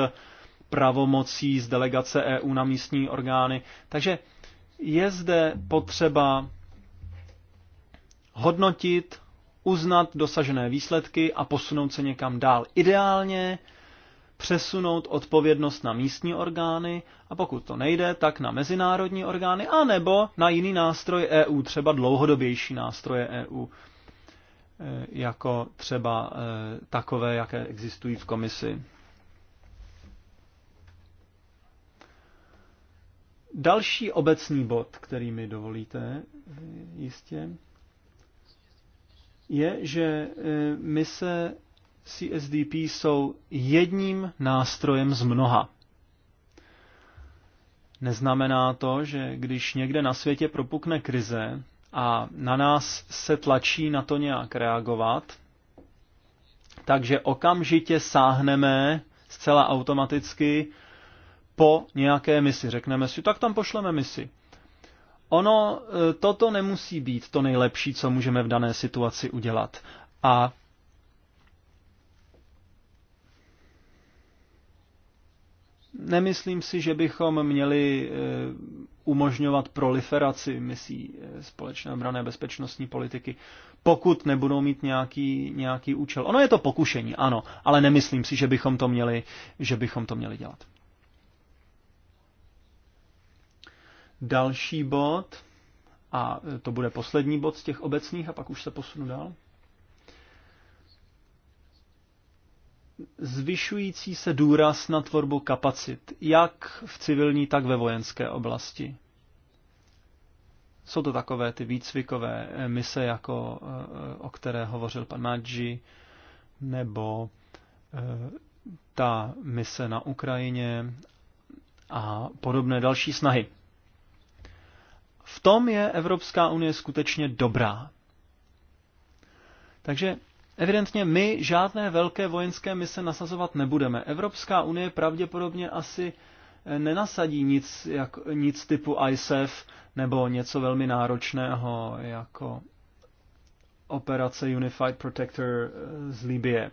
pravomocí z delegace EU na místní orgány. Takže je zde potřeba hodnotit, uznat dosažené výsledky a posunout se někam dál. Ideálně přesunout odpovědnost na místní orgány a pokud to nejde, tak na mezinárodní orgány a nebo na jiný nástroj EU, třeba dlouhodobější nástroje EU, e, jako třeba e, takové, jaké existují v komisi. Další obecný bod, který mi dovolíte, e, jistě, je, že e, mise CSDP jsou jedním nástrojem z mnoha. Neznamená to, že když někde na světě propukne krize a na nás se tlačí na to nějak reagovat, takže okamžitě sáhneme zcela automaticky po nějaké misi. Řekneme si, tak tam pošleme misi ono e, toto nemusí být to nejlepší, co můžeme v dané situaci udělat. A nemyslím si, že bychom měli e, umožňovat proliferaci misí e, společné obrané bezpečnostní politiky, pokud nebudou mít nějaký, nějaký účel. Ono je to pokušení, ano, ale nemyslím si, že bychom to měli, že bychom to měli dělat. Další bod, a to bude poslední bod z těch obecných, a pak už se posunu dál. Zvyšující se důraz na tvorbu kapacit, jak v civilní, tak ve vojenské oblasti. Jsou to takové ty výcvikové eh, mise, jako eh, o které hovořil pan Madži, nebo eh, ta mise na Ukrajině a podobné další snahy. V tom je Evropská unie skutečně dobrá. Takže evidentně my žádné velké vojenské mise nasazovat nebudeme. Evropská unie pravděpodobně asi eh, nenasadí nic, jak, nic typu ISAF e nebo něco velmi náročného jako operace Unified Protector eh, z Libie.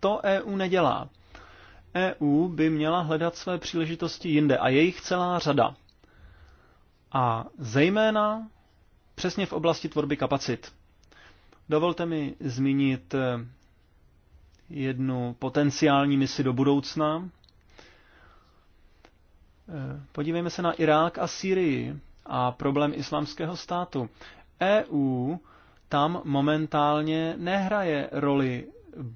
To EU nedělá. EU by měla hledat své příležitosti jinde a jejich celá řada. A zejména přesně v oblasti tvorby kapacit. Dovolte mi zmínit eh, jednu potenciální misi do budoucna. Eh, podívejme se na Irák a Sýrii a problém islámského státu. EU tam momentálně nehraje roli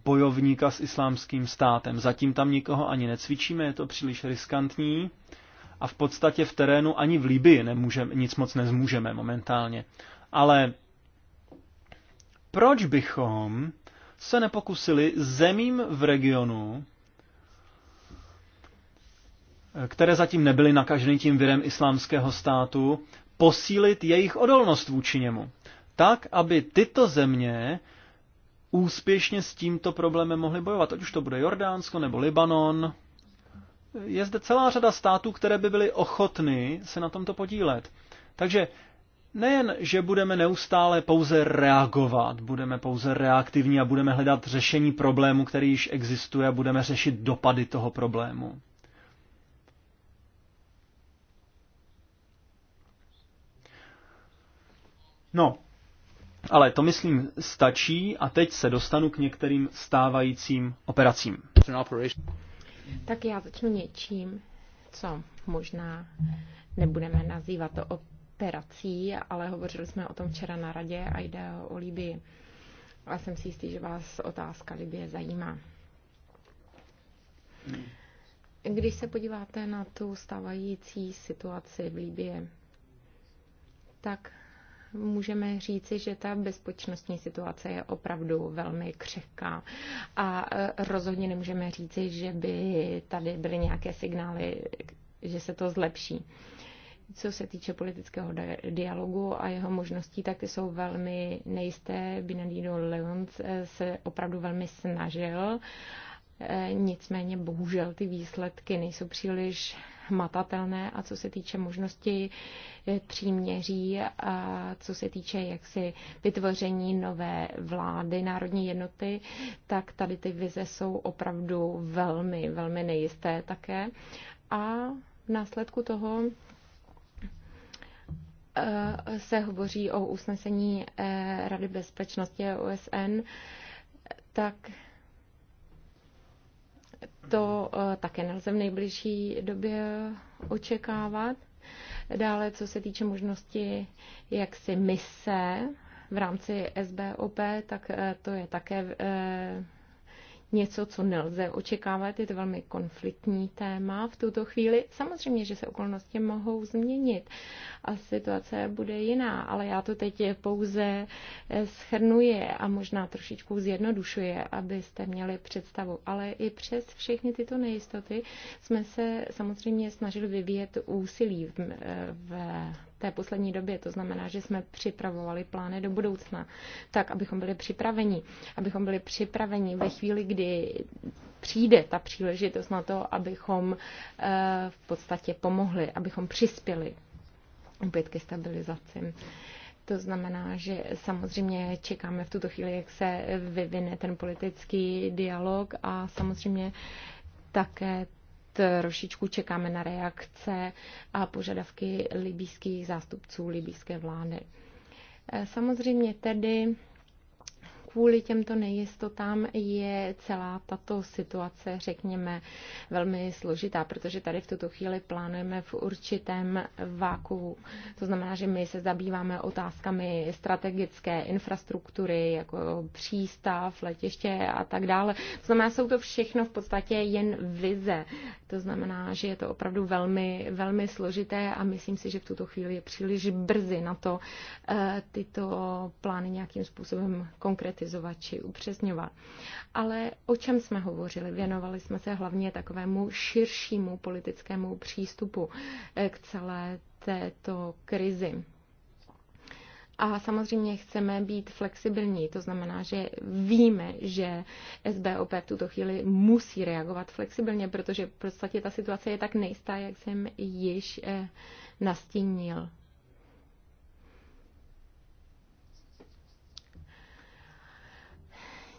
bojovníka s islámským státem. Zatím tam nikoho ani necvičíme, je to příliš riskantní a v podstatě v terénu ani v Libii nemůžeme, nic moc nezmůžeme momentálně. Ale proč bychom se nepokusili zemím v regionu, které zatím nebyly nakaženy tím virem islámského státu, posílit jejich odolnost vůči němu. Tak, aby tyto země úspěšně s tímto problémem mohly bojovat, ať už to bude Jordánsko nebo Libanon, je zde celá řada států, které by byly ochotny se na tomto podílet. Takže nejen, že budeme neustále pouze reagovat, budeme pouze reaktivní a budeme hledat řešení problému, který již existuje a budeme řešit dopady toho problému. No, ale to myslím stačí a teď se dostanu k některým stávajícím operacím. Tak já začnu něčím, co možná nebudeme nazývat to operací, ale hovořili jsme o tom včera na radě a jde o Libii. A jsem si jistý, že vás otázka Libie zajímá. Když se podíváte na tu stávající situaci v Libie, tak můžeme říci, že ta bezpečnostní situace je opravdu velmi křehká a e, rozhodně nemůžeme říci, že by tady byly nějaké signály, že se to zlepší co se týče politického dialogu a jeho možností, tak ty jsou velmi nejisté. Binadino Leons e, se opravdu velmi snažil Eh, nicméně bohužel ty výsledky nejsou příliš matatelné a co se týče možnosti eh, příměří a co se týče jaksi vytvoření nové vlády národní jednoty, tak tady ty vize jsou opravdu velmi, velmi nejisté také. A v následku toho eh, se hovoří o usnesení Rady bezpečnosti OSN, tak to eh, také nelze v nejbližší době očekávat. Dále, co se týče možnosti jaksi mise v rámci SBOP, tak eh, to je také eh, něco, co nelze očekávat. Je to velmi konfliktní téma v tuto chvíli. Samozřejmě, že se okolnosti mohou změnit a situace bude jiná, ale já to teď pouze eh, schrnuje a možná trošičku zjednodušuje, abyste měli představu. Ale i přes všechny tyto nejistoty jsme se samozřejmě snažili vyvíjet úsilí v, eh, v té poslední době. To znamená, že jsme připravovali plány do budoucna, tak abychom byli připraveni, abychom byli připraveni ve chvíli, kdy přijde ta příležitost na to, abychom eh, v podstatě pomohli, abychom přispěli opět ke stabilizaci. To znamená, že samozřejmě čekáme v tuto chvíli, jak se vyvine ten politický dialog a samozřejmě také trošičku čekáme na reakce a požadavky libýských zástupců libýské vlády. E, samozřejmě tedy kvůli těmto nejistotám je celá tato situace, řekněme, velmi složitá, protože tady v tuto chvíli plánujeme v určitém váku. To znamená, že my se zabýváme otázkami strategické infrastruktury, jako přístav, letiště a tak dále. To znamená, jsou to všechno v podstatě jen vize. To znamená, že je to opravdu velmi, velmi složité a myslím si, že v tuto chvíli je příliš brzy na to eh, tyto plány nějakým způsobem konkrétně konkretizovat či upřesňovat. Ale o čem jsme hovořili? Věnovali jsme se hlavně takovému širšímu politickému přístupu eh, k celé této krizi. A samozřejmě chceme být flexibilní, to znamená, že víme, že SBOP v tuto chvíli musí reagovat flexibilně, protože v podstatě ta situace je tak nejistá, jak jsem již eh, nastínil.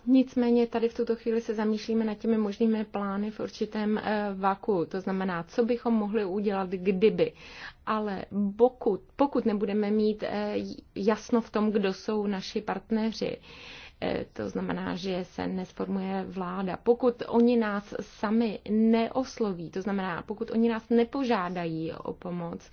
Nicméně tady v tuto chvíli se zamýšlíme nad těmi možnými plány v určitém eh, vaku. To znamená, co bychom mohli udělat, kdyby. Ale pokud, pokud nebudeme mít eh, jasno v tom, kdo jsou naši partneři, eh, to znamená, že se nesformuje vláda. Pokud oni nás sami neosloví, to znamená, pokud oni nás nepožádají o pomoc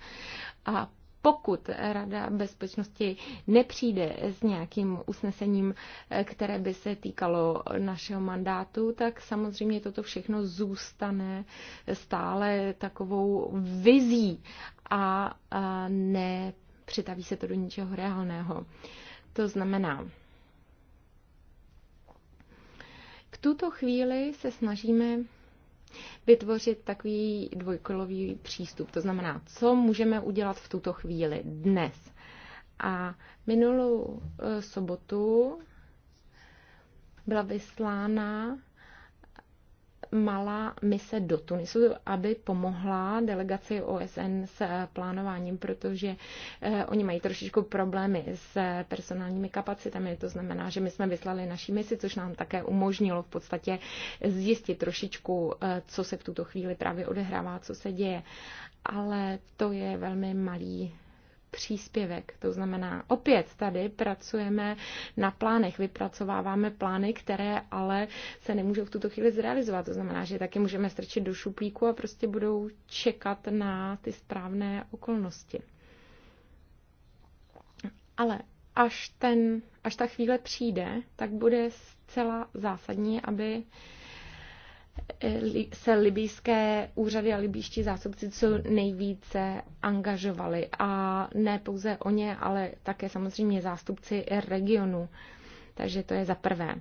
a pokud Rada bezpečnosti nepřijde s nějakým usnesením, eh, které by se týkalo našeho mandátu, tak samozřejmě toto všechno zůstane stále takovou vizí a ne se to do ničeho reálného. To znamená, v tuto chvíli se snažíme vytvořit takový dvojkolový přístup. To znamená, co můžeme udělat v tuto chvíli, dnes. A minulou eh, sobotu byla vyslána malá mise do Tunisu, aby pomohla delegaci OSN s eh, plánováním, protože eh, oni mají trošičku problémy s eh, personálními kapacitami. To znamená, že my jsme vyslali naší misi, což nám také umožnilo v podstatě zjistit trošičku, co se v tuto chvíli právě odehrává, co se děje. Ale to je velmi malý příspěvek. To znamená, opět tady pracujeme na plánech, vypracováváme plány, které ale se nemůžou v tuto chvíli zrealizovat. To znamená, že taky můžeme strčit do šuplíku a prostě budou čekat na ty správné okolnosti. Ale až, ten, až ta chvíle přijde, tak bude zcela zásadní, aby se libýské úřady a libýští zástupci co nejvíce angažovali. A ne pouze o ně, ale také samozřejmě zástupci regionu. Takže to je za prvé.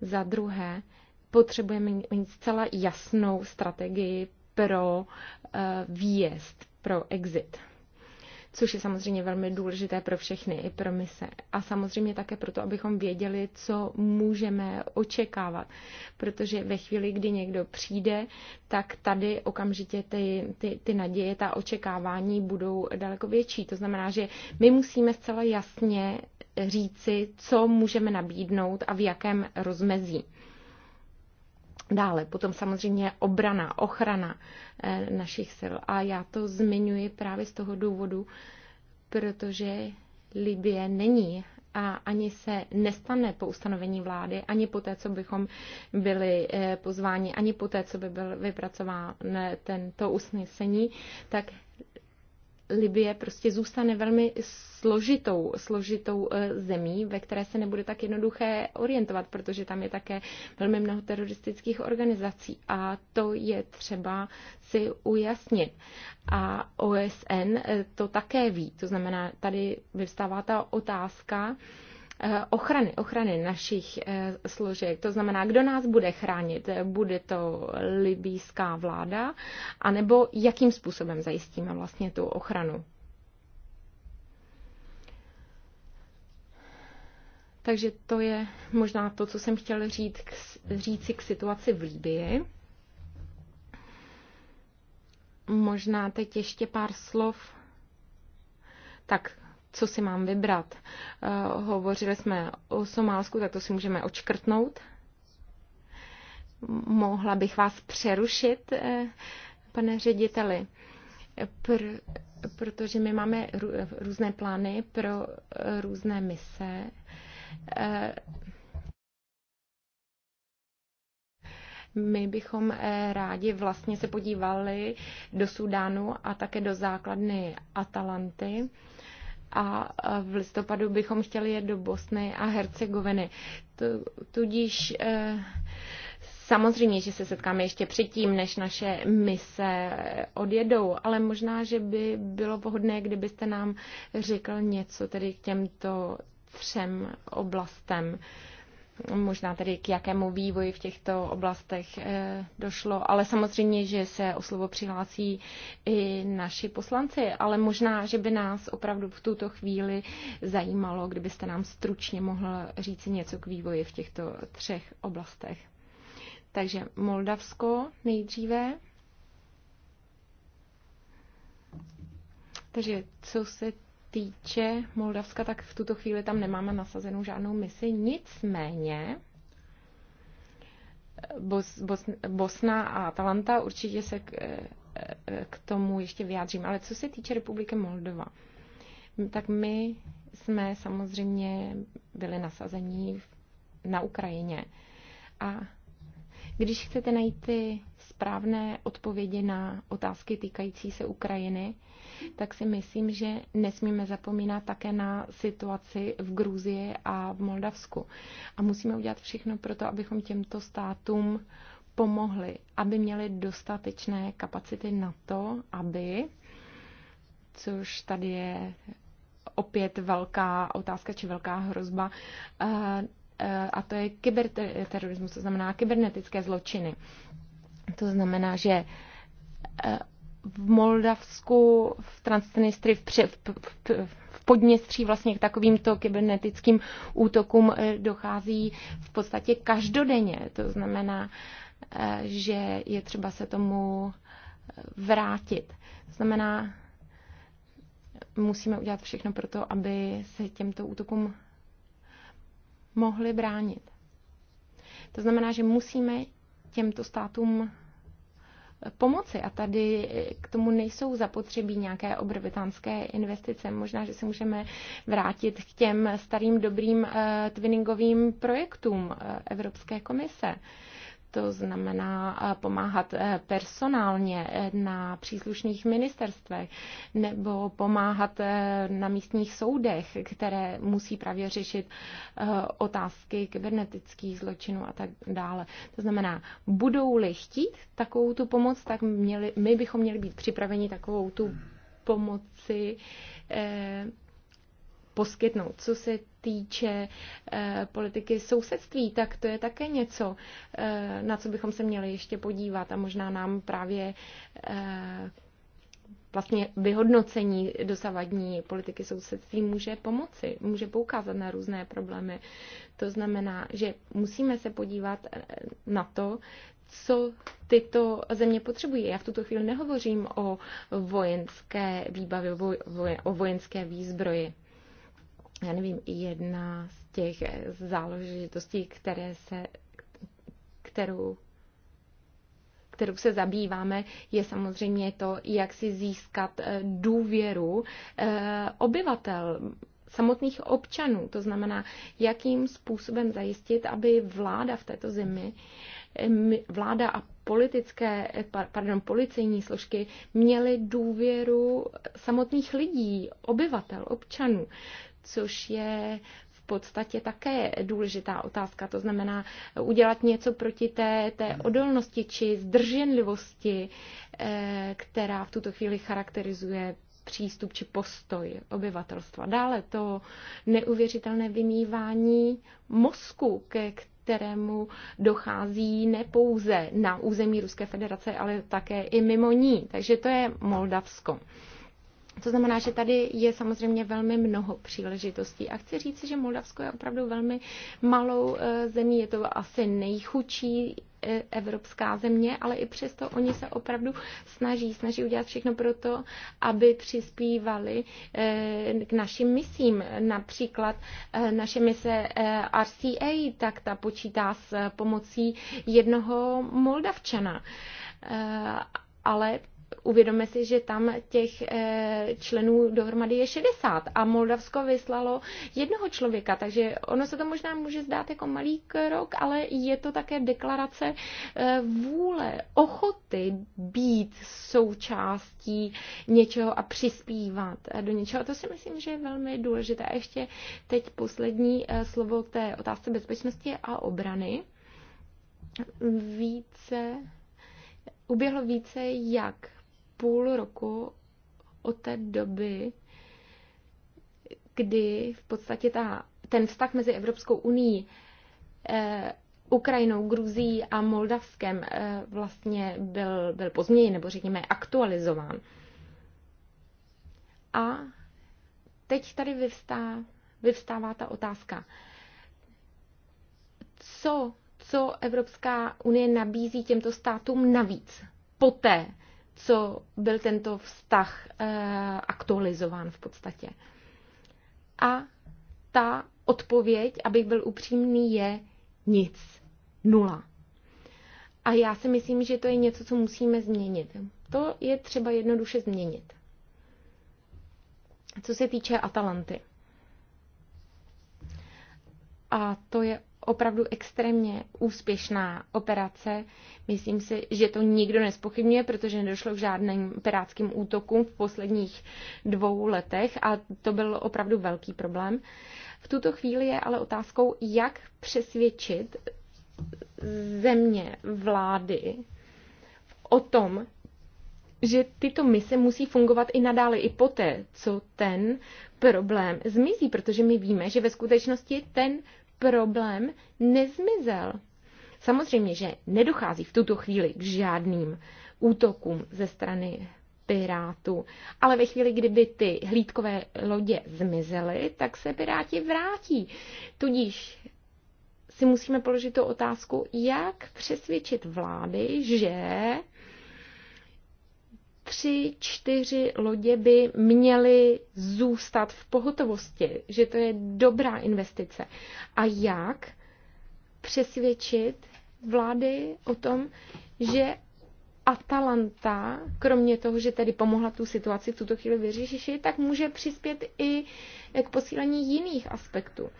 Za druhé, potřebujeme mít zcela jasnou strategii pro eh, výjezd, pro exit což je samozřejmě velmi důležité pro všechny i pro mise. A samozřejmě také proto, abychom věděli, co můžeme očekávat. Protože ve chvíli, kdy někdo přijde, tak tady okamžitě ty, ty, ty naděje, ta očekávání budou daleko větší. To znamená, že my musíme zcela jasně říci, co můžeme nabídnout a v jakém rozmezí. Dále potom samozřejmě obrana, ochrana eh, našich sil. A já to zmiňuji právě z toho důvodu, protože Libie není a ani se nestane po ustanovení vlády, ani po té, co bychom byli eh, pozváni, ani po té, co by byl vypracován eh, tento usnesení, tak Libie prostě zůstane velmi složitou, složitou eh, zemí, ve které se nebude tak jednoduché orientovat, protože tam je také velmi mnoho teroristických organizací a to je třeba si ujasnit. A OSN eh, to také ví, to znamená, tady vyvstává ta otázka, Eh, ochrany, ochrany našich eh, složek. To znamená, kdo nás bude chránit? Bude to libýská vláda? A nebo jakým způsobem zajistíme vlastně tu ochranu? Takže to je možná to, co jsem chtěl říct, říci k situaci v Líbii. Možná teď ještě pár slov. Tak co si mám vybrat. Eh, hovořili jsme o Somálsku, tak to si můžeme očkrtnout. Mohla bych vás přerušit, eh, pane řediteli, pr- protože my máme různé plány pro eh, různé mise. my bychom rádi vlastně se podívali do Sudánu a také do základny Atalanty a v listopadu bychom chtěli jet do Bosny a Hercegoviny. Tudíž eh, Samozřejmě, že se setkáme ještě předtím, než naše mise odjedou, ale možná, že by bylo vhodné, kdybyste nám řekl něco tedy k těmto třem oblastem. Uh, možná tedy k jakému vývoji v těchto oblastech eh, došlo, ale samozřejmě, že se o slovo přihlásí i naši poslanci, ale možná, že by nás opravdu v tuto chvíli zajímalo, kdybyste nám stručně mohl říci něco k vývoji v těchto třech oblastech. Takže Moldavsko nejdříve. Takže co se týče Moldavska, tak v tuto chvíli tam nemáme nasazenou žádnou misi. Nicméně Bos, Bos, Bosna a Atalanta určitě se k, eh, eh, k tomu ještě vyjádřím. Ale co se týče Republiky Moldova, tak my jsme samozřejmě byli nasazení na Ukrajině. A když chcete najít ty správné odpovědi na otázky týkající se Ukrajiny, tak si myslím, že nesmíme zapomínat také na situaci v Gruzii a v Moldavsku. A musíme udělat všechno pro to, abychom těmto státům pomohli, aby měli dostatečné kapacity na to, aby, což tady je opět velká otázka či velká hrozba, eh, eh, a to je kyberterorismus, to znamená kybernetické zločiny. To znamená, že eh, v Moldavsku, v Transnistrii, v, pře, v, v, v Podněstří vlastně k takovýmto kybernetickým útokům eh, dochází v podstatě každodenně. To znamená, eh, že je třeba se tomu eh, vrátit. To znamená, musíme udělat všechno pro to, aby se těmto útokům mohli bránit. To znamená, že musíme těmto státům pomoci a tady k tomu nejsou zapotřebí nějaké obrovitánské investice. Možná, že se můžeme vrátit k těm starým dobrým eh, twinningovým projektům eh, Evropské komise to znamená eh, pomáhat eh, personálně eh, na příslušných ministerstvech nebo pomáhat na místních soudech, které musí právě řešit otázky kybernetických zločinů a tak dále. To znamená, budou-li chtít takovou tu pomoc, tak měli, my bychom měli být připraveni takovou tu pomoci eh, poskytnout. Co se týče eh, politiky sousedství, tak to je také něco, eh, na co bychom se měli ještě podívat a možná nám právě eh, vlastně vyhodnocení dosavadní politiky sousedství může pomoci, může poukázat na různé problémy. To znamená, že musíme se podívat na to, co tyto země potřebují. Já v tuto chvíli nehovořím o vojenské výbavě, o vojenské výzbroji já nevím, jedna z těch záležitostí, které se, kterou kterou se zabýváme, je samozřejmě to, jak si získat eh, důvěru eh, obyvatel, samotných občanů. To znamená, jakým způsobem zajistit, aby vláda v této zemi, eh, vláda a politické, pardon, policejní složky měly důvěru samotných lidí, obyvatel, občanů což je v podstatě také důležitá otázka. To znamená udělat něco proti té, té odolnosti či zdrženlivosti, eh, která v tuto chvíli charakterizuje přístup či postoj obyvatelstva. Dále to neuvěřitelné vymývání mozku, ke kterému dochází nepouze na území Ruské federace, ale také i mimo ní. Takže to je Moldavsko. To znamená, že tady je samozřejmě velmi mnoho příležitostí. A chci říct, že Moldavsko je opravdu velmi malou eh, zemí, je to asi nejchučší eh, evropská země, ale i přesto oni se opravdu snaží, snaží udělat všechno pro to, aby přispívali eh, k našim misím. Například naše mise RCA, tak ta počítá s pomocí jednoho Moldavčana ale uvědomme si, že tam těch eh, členů dohromady je 60 a Moldavsko vyslalo jednoho člověka, takže ono se to možná může zdát jako malý krok, ale je to také deklarace eh, vůle, ochoty být součástí něčeho a přispívat do něčeho. A to si myslím, že je velmi důležité. A ještě teď poslední eh, slovo k té otázce bezpečnosti a obrany. Více uběhlo více jak půl roku od té doby, kdy v podstatě ta, ten vztah mezi Evropskou unii, eh, Ukrajinou, Gruzí a Moldavskem eh, vlastně byl, byl pozměněn, nebo řekněme aktualizován. A teď tady vyvstá, vyvstává ta otázka, co, co Evropská unie nabízí těmto státům navíc poté, co byl tento vztah eh, aktualizován v podstatě. A ta odpověď, abych byl upřímný, je nic. Nula. A já si myslím, že to je něco, co musíme změnit. To je třeba jednoduše změnit. Co se týče Atalanty. A to je opravdu extrémně úspěšná operace. Myslím si, že to nikdo nespochybňuje, protože nedošlo k žádným pirátským útokům v posledních dvou letech a to byl opravdu velký problém. V tuto chvíli je ale otázkou, jak přesvědčit země, vlády o tom, že tyto mise musí fungovat i nadále, i poté, co ten problém zmizí, protože my víme, že ve skutečnosti ten problém nezmizel. Samozřejmě, že nedochází v tuto chvíli k žádným útokům ze strany pirátů. Ale ve chvíli, kdyby ty hlídkové lodě zmizely, tak se piráti vrátí. Tudíž si musíme položit tu otázku, jak přesvědčit vlády, že tři, čtyři lodě by měly zůstat v pohotovosti, že to je dobrá investice. A jak přesvědčit vlády o tom, že Atalanta, kromě toho, že tedy pomohla tu situaci v tuto chvíli vyřešit, tak může přispět i k posílení jiných aspektů.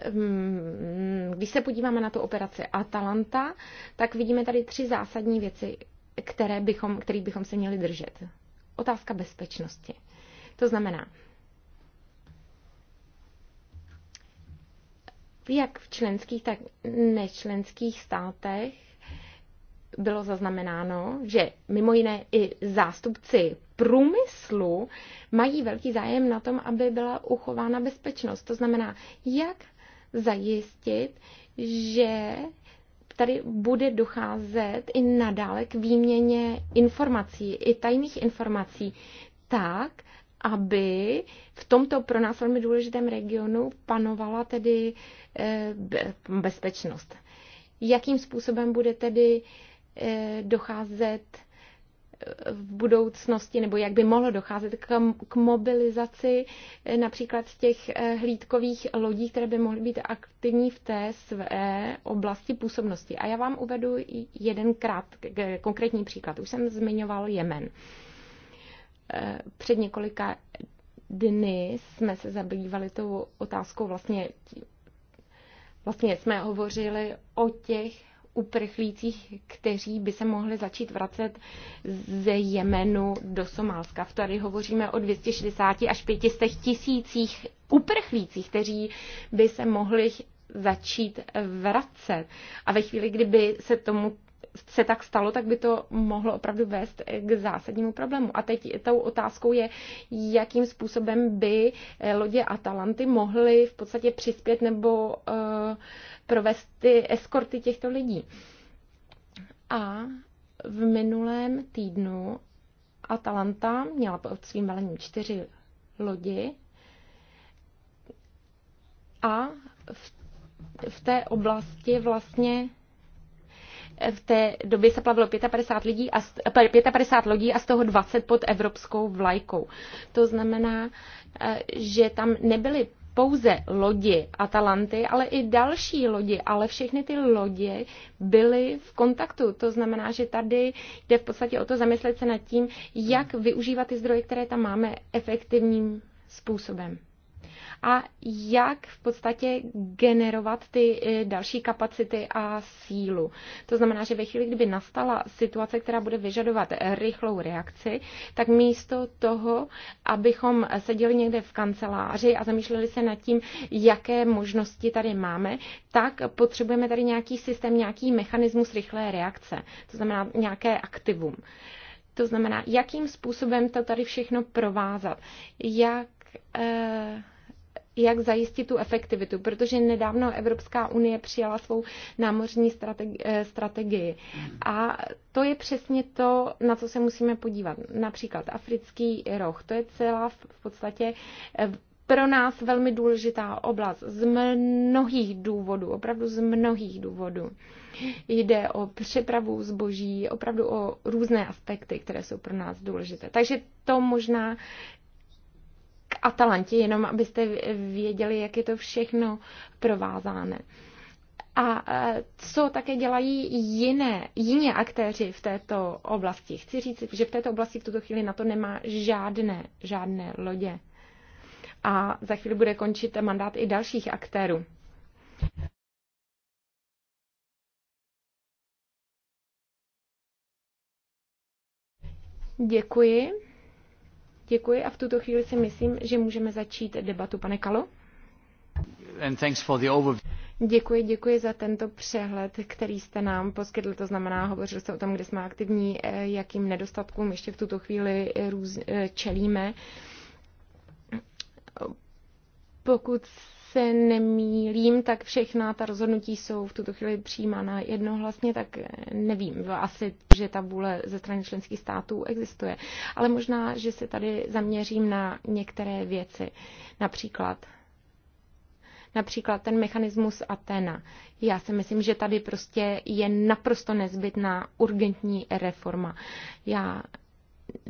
Ehm, když se podíváme na tu operaci Atalanta, tak vidíme tady tři zásadní věci, které bychom, který bychom se měli držet. Otázka bezpečnosti. To znamená, jak v členských, tak nečlenských státech bylo zaznamenáno, že mimo jiné i zástupci průmyslu mají velký zájem na tom, aby byla uchována bezpečnost. To znamená, jak zajistit, že tady bude docházet i nadále k výměně informací, i tajných informací, tak, aby v tomto pro nás velmi důležitém regionu panovala tedy eh, bezpečnost. Jakým způsobem bude tedy eh, docházet v budoucnosti, nebo jak by mohlo docházet k, k mobilizaci eh, například těch eh, hlídkových lodí, které by mohly být aktivní v té své oblasti působnosti. A já vám uvedu jeden krát, konkrétní příklad. Už jsem zmiňoval Jemen. Eh, před několika dny jsme se zabývali tou otázkou vlastně, vlastně jsme hovořili o těch uprchlících, kteří by se mohli začít vracet ze Jemenu do Somálska. V tady hovoříme o 260 až 500 tisících uprchlících, kteří by se mohli začít vracet. A ve chvíli, kdyby se tomu se tak stalo, tak by to mohlo opravdu vést k zásadnímu problému. A teď tou otázkou je, jakým způsobem by eh, lodě Atalanty mohly v podstatě přispět nebo uh, provést ty eskorty těchto lidí. A v minulém týdnu Atalanta měla pod svým velením čtyři lodi a v, v té oblasti vlastně v té době se plavilo 55, lidí a, 55 eh, lodí a z toho 20 pod evropskou vlajkou. To znamená, eh, že tam nebyly pouze lodi Atalanty, ale i další lodi, ale všechny ty lodě byly v kontaktu. To znamená, že tady jde v podstatě o to zamyslet se nad tím, jak využívat ty zdroje, které tam máme, efektivním způsobem a jak v podstatě generovat ty e, další kapacity a sílu. To znamená, že ve chvíli, kdyby nastala situace, která bude vyžadovat rychlou reakci, tak místo toho, abychom seděli někde v kanceláři a zamýšleli se nad tím, jaké možnosti tady máme, tak potřebujeme tady nějaký systém, nějaký mechanismus rychlé reakce, to znamená nějaké aktivum. To znamená, jakým způsobem to tady všechno provázat, jak. Eh, jak zajistit tu efektivitu, protože nedávno Evropská unie přijala svou námořní strategi- eh, strategii. A to je přesně to, na co se musíme podívat. Například africký roh, to je celá v podstatě eh, pro nás velmi důležitá oblast z mnohých důvodů, opravdu z mnohých důvodů. Jde o přepravu zboží, opravdu o různé aspekty, které jsou pro nás důležité. Takže to možná Atalantě, jenom abyste věděli, jak je to všechno provázáno. A e, co také dělají jiné, jiní aktéři v této oblasti? Chci říct, že v této oblasti v tuto chvíli na to nemá žádné, žádné lodě. A za chvíli bude končit mandát i dalších aktérů. Děkuji. Děkuji a v tuto chvíli si myslím, že můžeme začít debatu. Pane Kalo? And thanks for the overview. Děkuji, děkuji za tento přehled, který jste nám poskytl. To znamená, hovořil jste o tom, kde jsme aktivní, eh, jakým nedostatkům ještě v tuto chvíli růz, eh, čelíme. Pokud se nemýlím, tak všechna ta rozhodnutí jsou v tuto chvíli přijímána jednohlasně, tak nevím, asi, že ta vůle ze strany členských států existuje. Ale možná, že se tady zaměřím na některé věci. Například například ten mechanismus Atena. Já si myslím, že tady prostě je naprosto nezbytná urgentní reforma. Já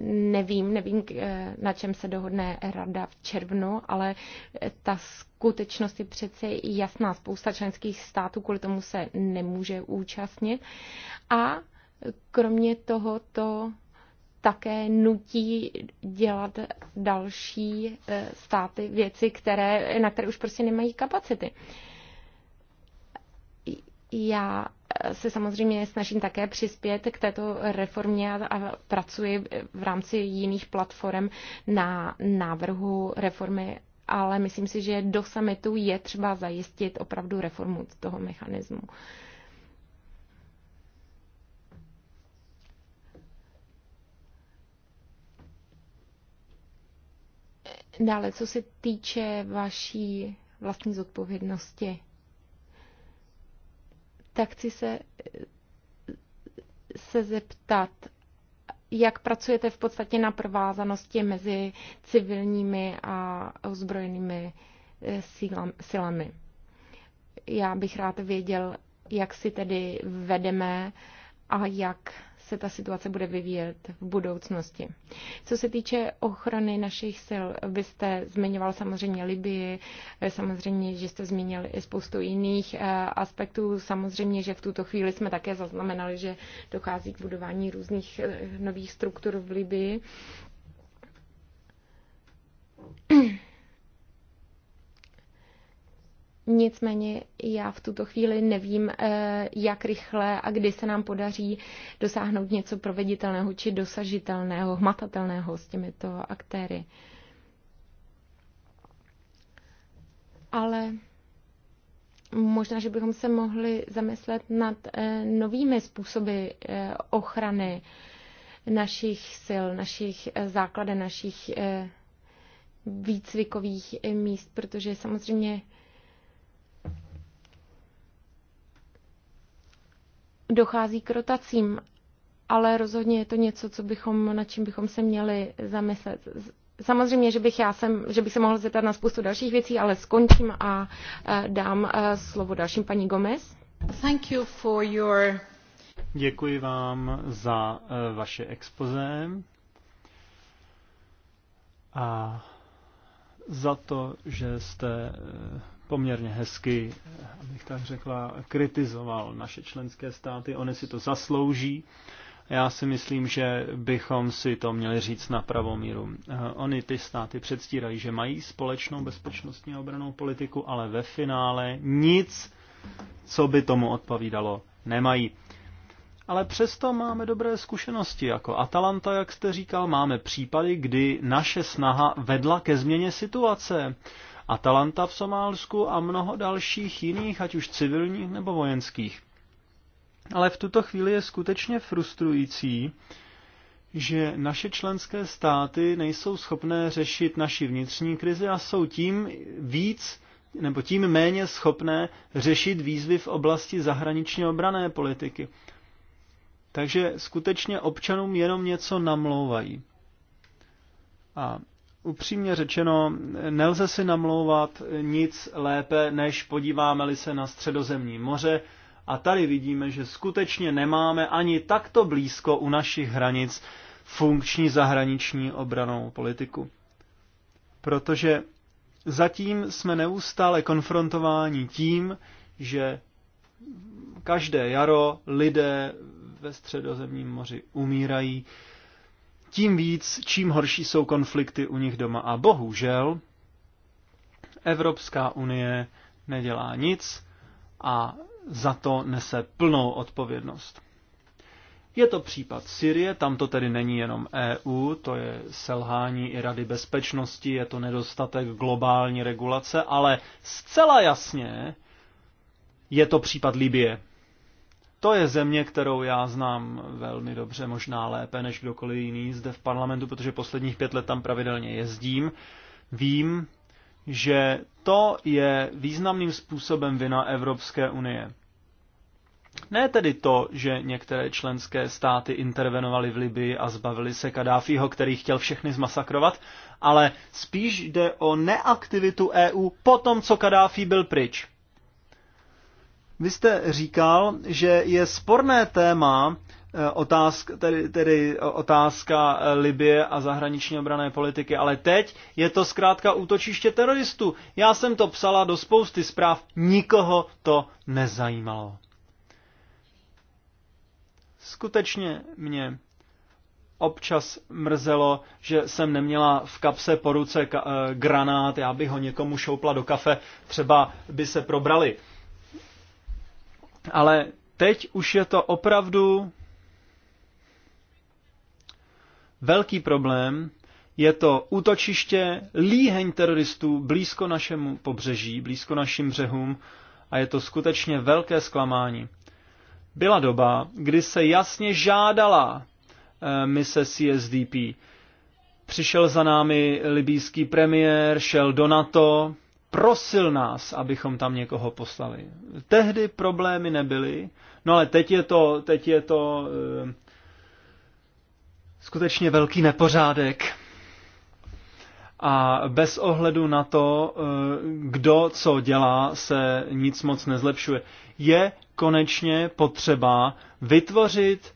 nevím, nevím, eh, na čem se dohodne rada v červnu, ale eh, ta skutečnost je přece jasná. Spousta členských států kvůli tomu se nemůže účastnit. A kromě toho to také nutí dělat další eh, státy věci, které, na které už prostě nemají kapacity. Já se samozřejmě snažím také přispět k této reformě a pracuji v rámci jiných platform na návrhu reformy, ale myslím si, že do summitu je třeba zajistit opravdu reformu toho mechanismu. Dále, co se týče vaší vlastní zodpovědnosti tak chci se, se zeptat, jak pracujete v podstatě na provázanosti mezi civilními a ozbrojenými eh, silami. Já bych rád věděl, jak si tedy vedeme a jak se ta situace bude vyvíjet v budoucnosti. Co se týče ochrany našich sil, vy jste zmiňoval samozřejmě Libii, samozřejmě, že jste zmínil i spoustu jiných eh, aspektů. Samozřejmě, že v tuto chvíli jsme také zaznamenali, že dochází k budování různých eh, nových struktur v Libii. Nicméně já v tuto chvíli nevím, eh, jak rychle a kdy se nám podaří dosáhnout něco proveditelného či dosažitelného, hmatatelného s těmito aktéry. Ale možná, že bychom se mohli zamyslet nad eh, novými způsoby eh, ochrany našich sil, našich základen, našich výcvikových míst, protože samozřejmě dochází k rotacím, ale rozhodně je to něco, co bychom, nad čím bychom se měli zamyslet. Samozřejmě, že bych, já sem, že bych se mohla zeptat na spoustu dalších věcí, ale skončím a e, dám e, slovo dalším paní Gomez. Thank you for your... Děkuji vám za e, vaše expoze a za to, že jste poměrně hezky, abych tak řekla, kritizoval naše členské státy. Oni si to zaslouží. Já si myslím, že bychom si to měli říct na pravou míru. Eh, Oni ty státy předstírají, že mají společnou bezpečnostní a obranou politiku, ale ve finále nic, co by tomu odpovídalo, nemají. Ale přesto máme dobré zkušenosti, jako Atalanta, jak jste říkal, máme případy, kdy naše snaha vedla ke změně situace. Atalanta v Somálsku a mnoho dalších jiných, ať už civilních nebo vojenských. Ale v tuto chvíli je skutečně frustrující, že naše členské státy nejsou schopné řešit naši vnitřní krizi a jsou tím víc nebo tím méně schopné řešit výzvy v oblasti zahraničně obrané politiky. Takže skutečně občanům jenom něco namlouvají. A upřímně řečeno, nelze si namlouvat nic lépe, než podíváme-li se na středozemní moře. A tady vidíme, že skutečně nemáme ani takto blízko u našich hranic funkční zahraniční obranou politiku. Protože zatím jsme neustále konfrontováni tím, že každé jaro lidé ve středozemním moři umírají, tím víc, čím horší jsou konflikty u nich doma. A bohužel Evropská unie nedělá nic a za to nese plnou odpovědnost. Je to případ Syrie, tam to tedy není jenom EU, to je selhání i Rady bezpečnosti, je to nedostatek globální regulace, ale zcela jasně je to případ Libie. To je země, kterou já znám velmi dobře, možná lépe než kdokoliv jiný zde v parlamentu, protože posledních pět let tam pravidelně jezdím. Vím, že to je významným způsobem vina Evropské unie. Ne tedy to, že některé členské státy intervenovaly v Libii a zbavili se Kadáfího, který chtěl všechny zmasakrovat, ale spíš jde o neaktivitu EU po tom, co Kadáfí byl pryč. Vy jste říkal, že je sporné téma eh, otázka, tedy, tedy otázka eh, Libie a zahraniční obrané politiky, ale teď je to zkrátka útočiště teroristů. Já jsem to psala do spousty zpráv, nikoho to nezajímalo. Skutečně mě občas mrzelo, že jsem neměla v kapse po ruce eh, granát, já bych ho někomu šoupla do kafe, třeba by se probrali. Ale teď už je to opravdu velký problém. Je to útočiště líheň teroristů blízko našemu pobřeží, blízko našim břehům a je to skutečně velké zklamání. Byla doba, kdy se jasně žádala eh, mise CSDP. Přišel za námi libýský premiér, šel do NATO, prosil nás, abychom tam někoho poslali. Tehdy problémy nebyly, no ale teď je to, teď je to e, skutečně velký nepořádek. A bez ohledu na to, eh, kdo co dělá, se nic moc nezlepšuje. Je konečně potřeba vytvořit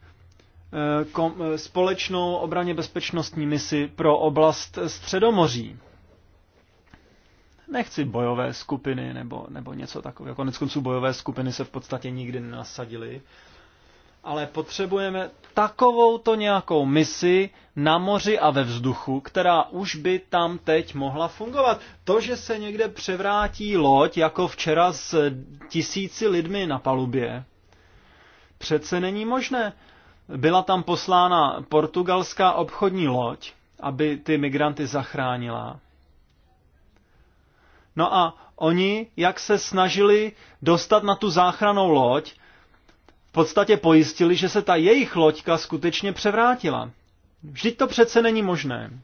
eh, společnou obraně bezpečnostní misi pro oblast Středomoří Nechci bojové skupiny nebo, nebo něco takového. Konec konců bojové skupiny se v podstatě nikdy nenasadily. Ale potřebujeme takovou to nějakou misi na moři a ve vzduchu, která už by tam teď mohla fungovat. To, že se někde převrátí loď, jako včera s tisíci lidmi na palubě, přece není možné. Byla tam poslána portugalská obchodní loď, aby ty migranty zachránila. No a oni, jak se snažili dostat na tu záchranou loď, v podstatě pojistili, že se ta jejich loďka skutečně převrátila. Vždyť to přece není možné.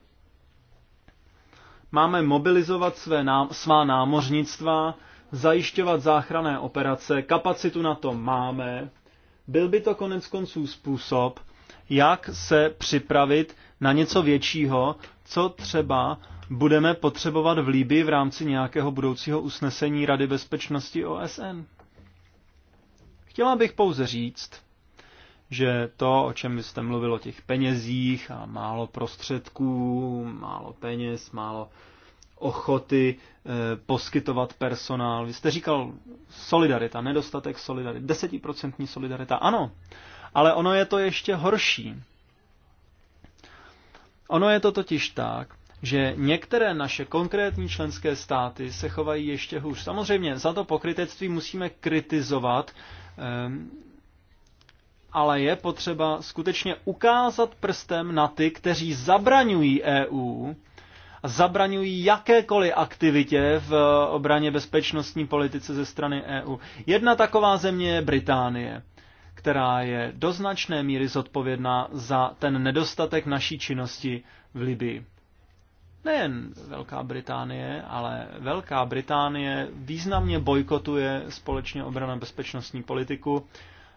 Máme mobilizovat své nám, svá námořnictva, zajišťovat záchranné operace, kapacitu na to máme. Byl by to konec konců způsob, jak se připravit na něco většího, co třeba budeme potřebovat v Líbii v rámci nějakého budoucího usnesení Rady bezpečnosti OSN. Chtěla bych pouze říct, že to, o čem jste mluvil, o těch penězích a málo prostředků, málo peněz, málo ochoty e, poskytovat personál. Vy jste říkal solidarita, nedostatek solidarity, desetiprocentní solidarita, ano, ale ono je to ještě horší. Ono je to totiž tak, že některé naše konkrétní členské státy se chovají ještě hůř. Samozřejmě za to pokrytectví musíme kritizovat, ehm, ale je potřeba skutečně ukázat prstem na ty, kteří zabraňují EU a zabraňují jakékoliv aktivitě v obraně bezpečnostní politice ze strany EU. Jedna taková země je Británie která je do značné míry zodpovědná za ten nedostatek naší činnosti v Libii. Nejen Velká Británie, ale Velká Británie významně bojkotuje společně obrana bezpečnostní politiku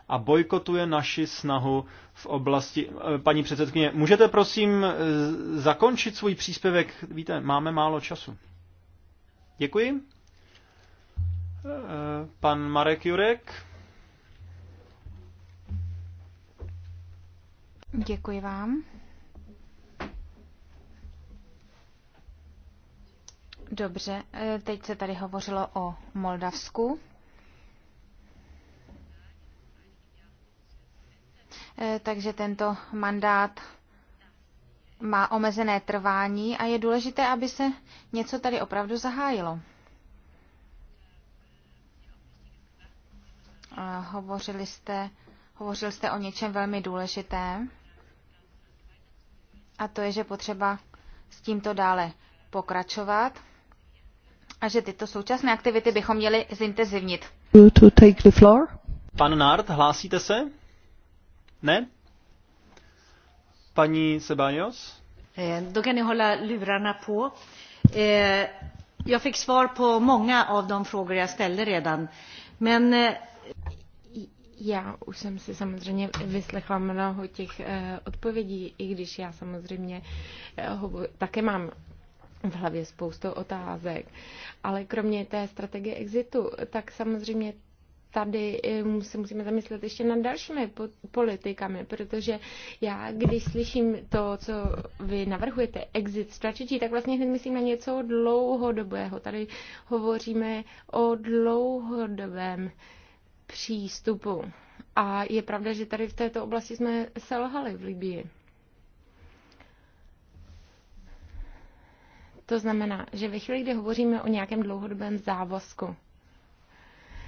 a bojkotuje naši snahu v oblasti... Eh, paní předsedkyně, můžete prosím eh, zakončit svůj příspěvek? Víte, máme málo času. Děkuji. Eh, pan Marek Jurek. Děkuji vám. Dobře, eh, teď se tady hovořilo o Moldavsku. Eh, takže tento mandát má omezené trvání a je důležité, aby se něco tady opravdu zahájilo. Hovořili jste, hovořil jste o něčem velmi důležitém a to je, že potřeba s tímto dále pokračovat a že tyto současné aktivity bychom měli zintenzivnit. Pan Nard, hlásíte se? Ne? Paní Sebanios? Eh, då kan ni hålla lurarna på. Eh, jag fick svar på många av de frågor jag ställde redan. Men eh, já už jsem si samozřejmě vyslechla mnoho těch odpovědí, i když já samozřejmě také mám v hlavě spoustu otázek. Ale kromě té strategie exitu, tak samozřejmě tady eh, se musíme zamyslet ještě nad dalšími politikami, protože já, když slyším to, co vy navrhujete, exit strategy, tak vlastně hned myslím na něco dlouhodobého. Tady hovoříme o dlouhodobém přístupu. A je pravda, že tady v této oblasti jsme selhali v Libii. To znamená, že ve chvíli, kdy hovoříme o nějakém dlouhodobém závazku,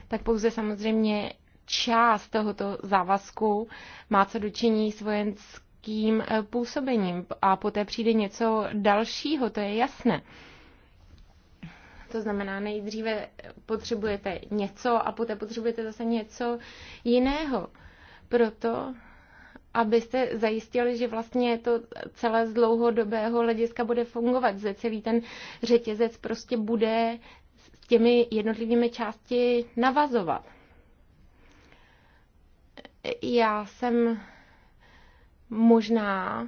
tak pouze samozřejmě část tohoto závazku má co dočiní s vojenským eh, působením a poté přijde něco dalšího, to je jasné. To znamená, nejdříve potřebujete něco a poté potřebujete zase něco jiného. Proto abyste zajistili, že vlastně to celé z dlouhodobého hlediska bude fungovat, že celý ten řetězec prostě bude s těmi jednotlivými části navazovat. Já jsem možná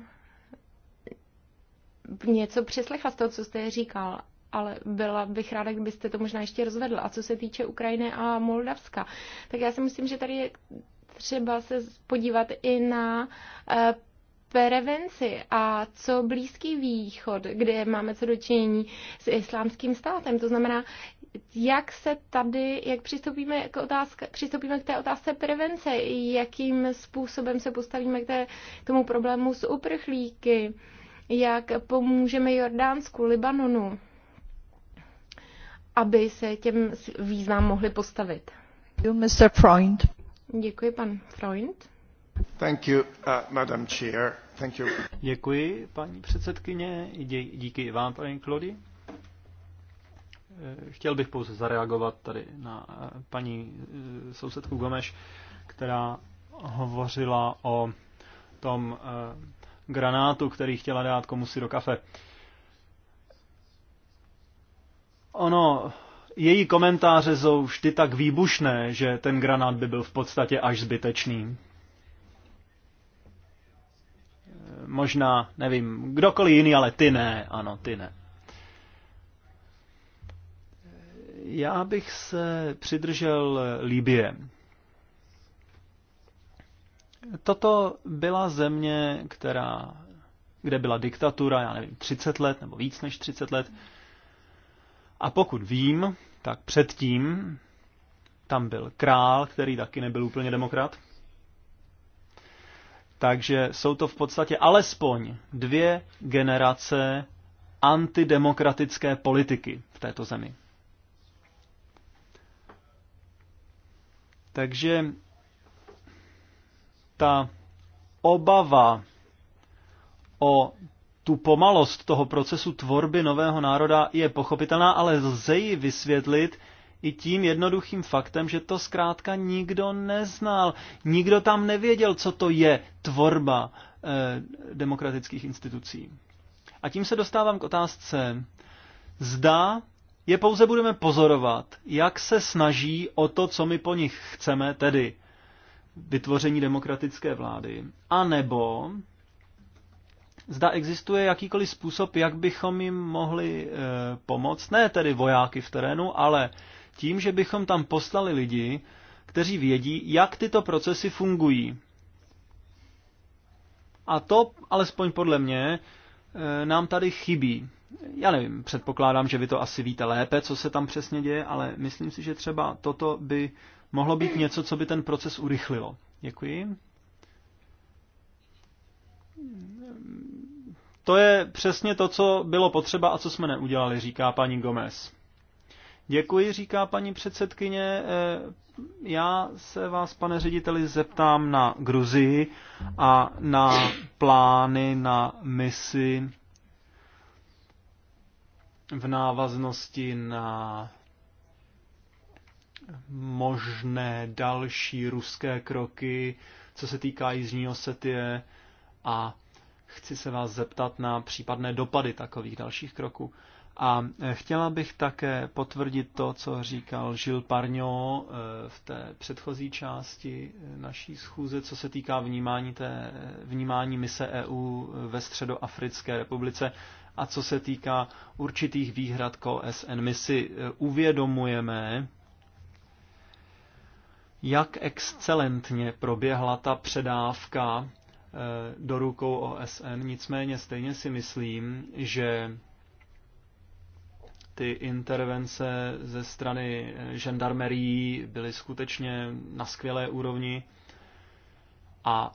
něco přeslechla z toho, co jste říkal, ale byla bych ráda, kdybyste to možná ještě rozvedla. A co se týče Ukrajiny a Moldavska, tak já si myslím, že tady je třeba se podívat i na eh, prevenci a co Blízký východ, kde máme co dočinění s islámským státem. To znamená, jak se tady, jak přistoupíme k, otázka, přistoupíme k té otázce prevence, jakým způsobem se postavíme k, té, k tomu problému s uprchlíky, jak pomůžeme Jordánsku, Libanonu, aby se těm výzvám mohli postavit. Mr. Freund. Děkuji, pan Freund. Thank you, uh, Madam Chair. Thank you. Děkuji, paní předsedkyně. Díky i vám, paní Klody. Eh, chtěl bych pouze zareagovat tady na eh, paní eh, sousedku Gomeš, která hovořila o tom granátu, který chtěla dát komu si do kafe. Ono, její komentáře jsou vždy tak výbušné, že ten granát by byl v podstatě až zbytečný. Možná, nevím, kdokoliv jiný, ale ty ne, ano, ty ne. Já bych se přidržel Líbie. Toto byla země, která, kde byla diktatura, já nevím, 30 let nebo víc než 30 let. A pokud vím, tak předtím tam byl král, který taky nebyl úplně demokrat. Takže jsou to v podstatě alespoň dvě generace antidemokratické politiky v této zemi. Takže ta obava o tu pomalost toho procesu tvorby nového národa je pochopitelná, ale lze ji vysvětlit i tím jednoduchým faktem, že to zkrátka nikdo neznal. Nikdo tam nevěděl, co to je tvorba eh, demokratických institucí. A tím se dostávám k otázce, zda je pouze budeme pozorovat, jak se snaží o to, co my po nich chceme, tedy vytvoření demokratické vlády, anebo zda existuje jakýkoliv způsob, jak bychom jim mohli e, pomoct, ne tedy vojáky v terénu, ale tím, že bychom tam poslali lidi, kteří vědí, jak tyto procesy fungují. A to, alespoň podle mě, e, nám tady chybí. Já nevím, předpokládám, že vy to asi víte lépe, co se tam přesně děje, ale myslím si, že třeba toto by mohlo být něco, co by ten proces urychlilo. Děkuji. To je přesně to, co bylo potřeba a co jsme neudělali, říká paní Gomez. Děkuji, říká paní předsedkyně. Eh, já se vás, pane řediteli, zeptám na Gruzii a na plány, na misi v návaznosti na možné další ruské kroky, co se týká Jižní Osetie a Chci se vás zeptat na případné dopady takových dalších kroků. A eh, chtěla bych také potvrdit to, co říkal Žil Parňo eh, v té předchozí části eh, naší schůze, co se týká vnímání, té, vnímání mise EU ve Středoafrické republice a co se týká určitých výhrad k OSN. My si uvědomujeme, jak excelentně proběhla ta předávka Eh, do rukou OSN. Nicméně stejně si myslím, že ty intervence ze strany eh, žandarmerií byly skutečně na skvělé úrovni a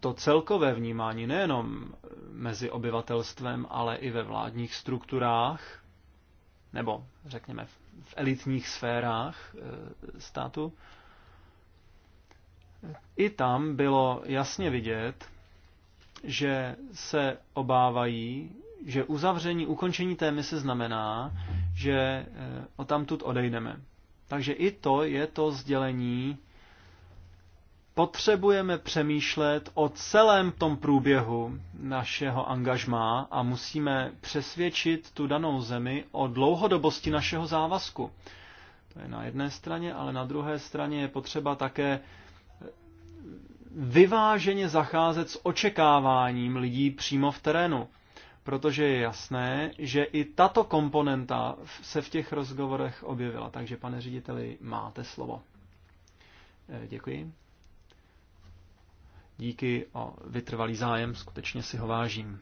to celkové vnímání nejenom mezi obyvatelstvem, ale i ve vládních strukturách, nebo řekněme v elitních sférách eh, státu, i tam bylo jasně vidět, že se obávají, že uzavření, ukončení té mise znamená, že eh, o tamtud odejdeme. Takže i to je to sdělení. Potřebujeme přemýšlet o celém tom průběhu našeho angažmá a musíme přesvědčit tu danou zemi o dlouhodobosti našeho závazku. To je na jedné straně, ale na druhé straně je potřeba také vyváženě zacházet s očekáváním lidí přímo v terénu. Protože je jasné, že i tato komponenta se v těch rozhovorech objevila. Takže, pane řediteli, máte slovo. Eh, děkuji. Díky o vytrvalý zájem, skutečně si ho vážím.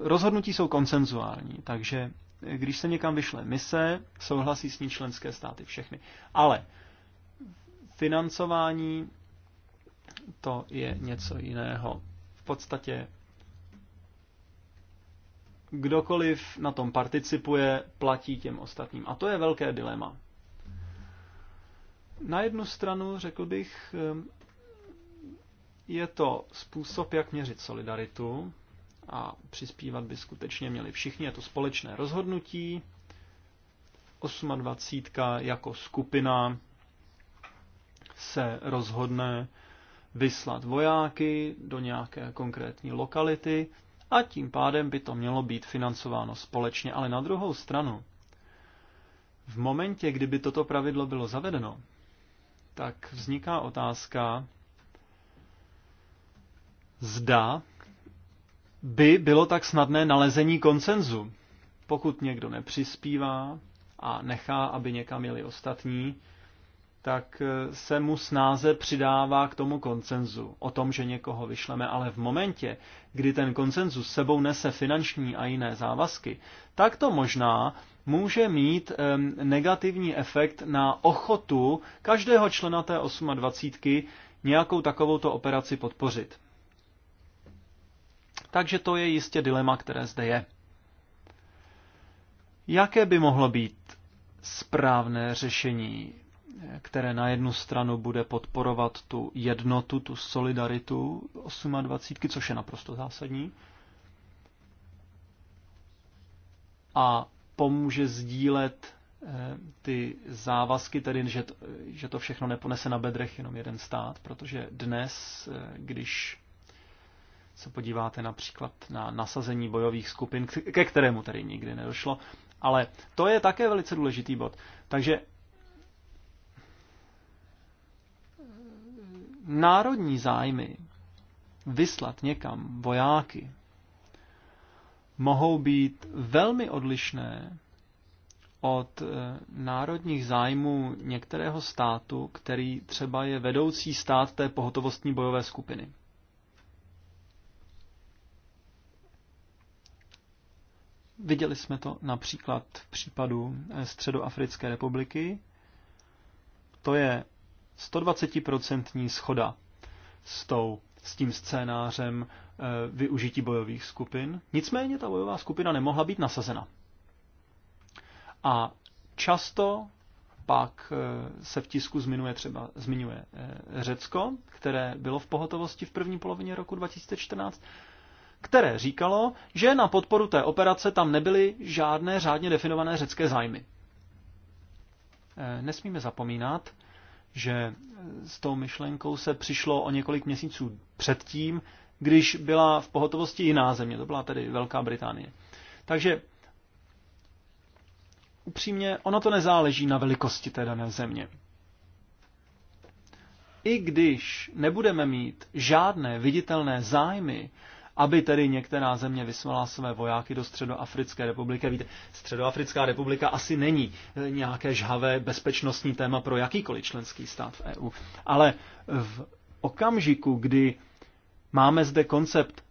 rozhodnutí jsou konsenzuální, takže když se někam vyšle mise, souhlasí s ní členské státy všechny. Ale financování to je něco jiného. V podstatě kdokoliv na tom participuje, platí těm ostatním. A to je velké dilema. Na jednu stranu, řekl bych, je to způsob, jak měřit solidaritu, a přispívat by skutečně měli všichni. Je to společné rozhodnutí. 28. jako skupina se rozhodne vyslat vojáky do nějaké konkrétní lokality a tím pádem by to mělo být financováno společně. Ale na druhou stranu, v momentě, kdyby toto pravidlo bylo zavedeno, tak vzniká otázka, zda by bylo tak snadné nalezení konsenzu. Pokud někdo nepřispívá a nechá, aby někam jeli ostatní, tak eh, se mu snáze přidává k tomu koncenzu o tom, že někoho vyšleme, ale v momentě, kdy ten koncenzus sebou nese finanční a jiné závazky, tak to možná může mít um, negativní efekt na ochotu každého člena té 28 nějakou takovouto operaci podpořit. Takže to je jistě dilema, které zde je. Jaké by mohlo být správné řešení, které na jednu stranu bude podporovat tu jednotu, tu solidaritu 28, což je naprosto zásadní, a pomůže sdílet eh, ty závazky, tedy že to, že to všechno neponese na bedrech jenom jeden stát, protože dnes, eh, když se podíváte například na nasazení bojových skupin, ke kterému tady nikdy nedošlo, ale to je také velice důležitý bod. Takže národní zájmy vyslat někam vojáky mohou být velmi odlišné od eh, národních zájmů některého státu, který třeba je vedoucí stát té pohotovostní bojové skupiny. Viděli jsme to například v případu eh, Středoafrické republiky. To je 120% schoda s, tou, s tím scénářem eh, využití bojových skupin. Nicméně ta bojová skupina nemohla být nasazena. A často pak eh, se v tisku zmiňuje třeba zmiňuje Řecko, které bylo v pohotovosti v první polovině roku 2014, které říkalo, že na podporu té operace tam nebyly žádné řádně definované řecké zájmy. E, nesmíme zapomínat, že s tou myšlenkou se přišlo o několik měsíců předtím, když byla v pohotovosti jiná země, to byla tedy Velká Británie. Takže upřímně, ono to nezáleží na velikosti té dané země. I když nebudeme mít žádné viditelné zájmy aby tedy některá země vyslala své vojáky do Středoafrické republiky. Víte, Středoafrická republika asi není eh, nějaké žhavé bezpečnostní téma pro jakýkoliv členský stát v EU. Ale v okamžiku, kdy máme zde koncept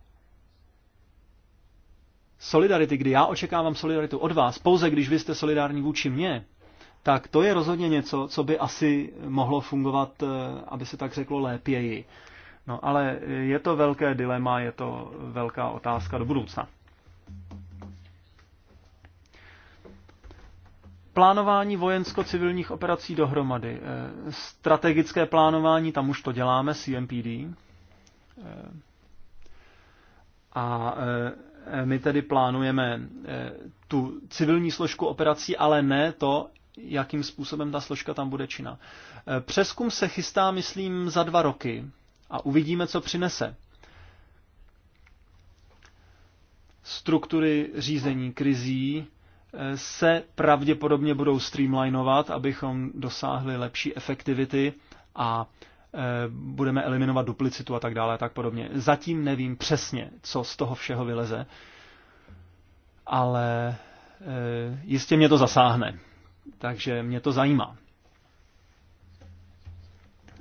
solidarity, kdy já očekávám solidaritu od vás, pouze když vy jste solidární vůči mně, tak to je rozhodně něco, co by asi mohlo fungovat, eh, aby se tak řeklo, lépěji, No ale je to velké dilema, je to velká otázka do budoucna. Plánování vojensko-civilních operací dohromady. Eh, strategické plánování, tam už to děláme, CMPD. Eh, a eh, my tedy plánujeme tu civilní složku operací, ale ne to, jakým způsobem ta složka tam bude čina. Přeskum se chystá, myslím, za dva roky a uvidíme, co přinese. Struktury řízení krizí eh, se pravděpodobně budou streamlinovat, abychom dosáhli lepší efektivity a eh, budeme eliminovat duplicitu a tak dále a tak podobně. Zatím nevím přesně, co z toho všeho vyleze, ale eh, jistě mě to zasáhne. Takže mě to zajímá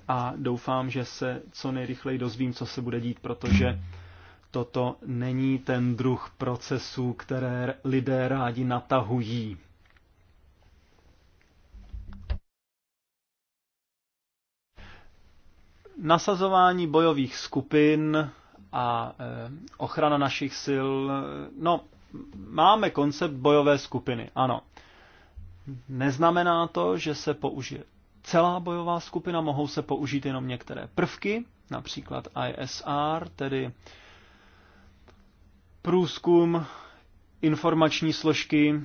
a doufám, že se co nejrychleji dozvím, co se bude dít, protože toto není ten druh procesů, které lidé rádi natahují. Nasazování bojových skupin a eh, ochrana našich sil. Eh, no, máme koncept bojové skupiny, ano. Neznamená to, že se použije celá bojová skupina, mohou se použít jenom některé prvky, například ISR, tedy průzkum, informační složky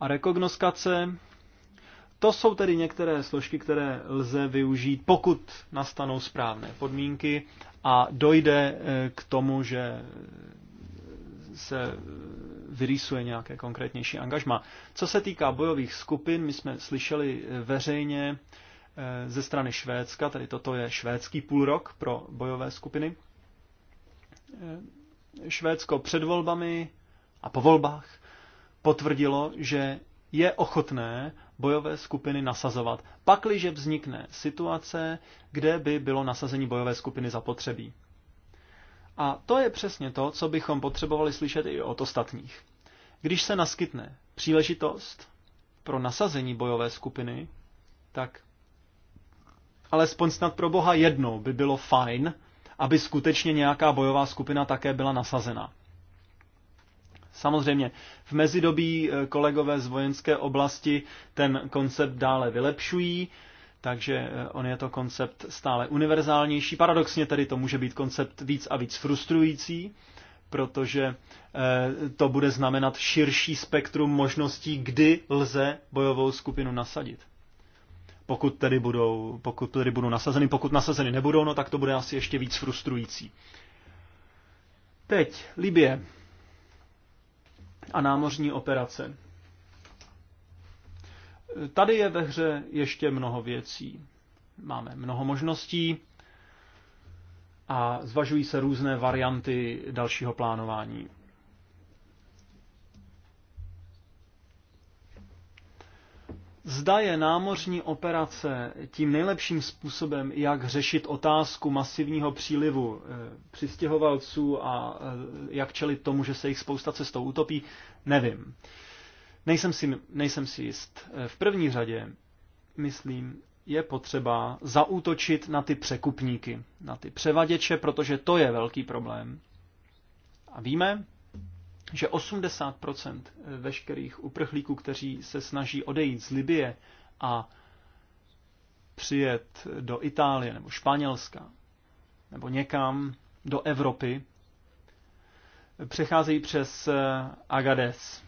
a rekognoskace. To jsou tedy některé složky, které lze využít, pokud nastanou správné podmínky a dojde eh, k tomu, že se eh, vyrýsuje nějaké konkrétnější angažma. Co se týká bojových skupin, my jsme slyšeli eh, veřejně eh, ze strany Švédska, tady toto je švédský půlrok pro bojové skupiny. Švédsko před volbami a po volbách potvrdilo, že je ochotné bojové skupiny nasazovat, pakliže vznikne situace, kde by bylo nasazení bojové skupiny zapotřebí. A to je přesně to, co bychom potřebovali slyšet i od ostatních. Když se naskytne příležitost pro nasazení bojové skupiny, tak alespoň snad pro boha jednou by bylo fajn, aby skutečně nějaká bojová skupina také byla nasazena. Samozřejmě, v mezidobí eh, kolegové z vojenské oblasti ten koncept dále vylepšují, takže eh, on je to koncept stále univerzálnější. Paradoxně tedy to může být koncept víc a víc frustrující, protože eh, to bude znamenat širší spektrum možností, kdy lze bojovou skupinu nasadit. Pokud tedy budou, pokud tedy budou nasazeny, pokud nasazeny nebudou, no tak to bude asi ještě víc frustrující. Teď Libie a námořní operace. Tady je ve hře ještě mnoho věcí. Máme mnoho možností a zvažují se různé varianty dalšího plánování. Zda je námořní operace tím nejlepším způsobem, jak řešit otázku masivního přílivu eh, přistěhovalců a eh, jak čelit tomu, že se jich spousta cestou utopí, nevím. Nejsem si, nejsem si jist. Eh, v první řadě, myslím, je potřeba zaútočit na ty překupníky, na ty převaděče, protože to je velký problém. A víme, že 80% eh, veškerých uprchlíků, kteří se snaží odejít z Libie a přijet do Itálie nebo Španělska nebo někam do Evropy, přecházejí přes eh, Agades.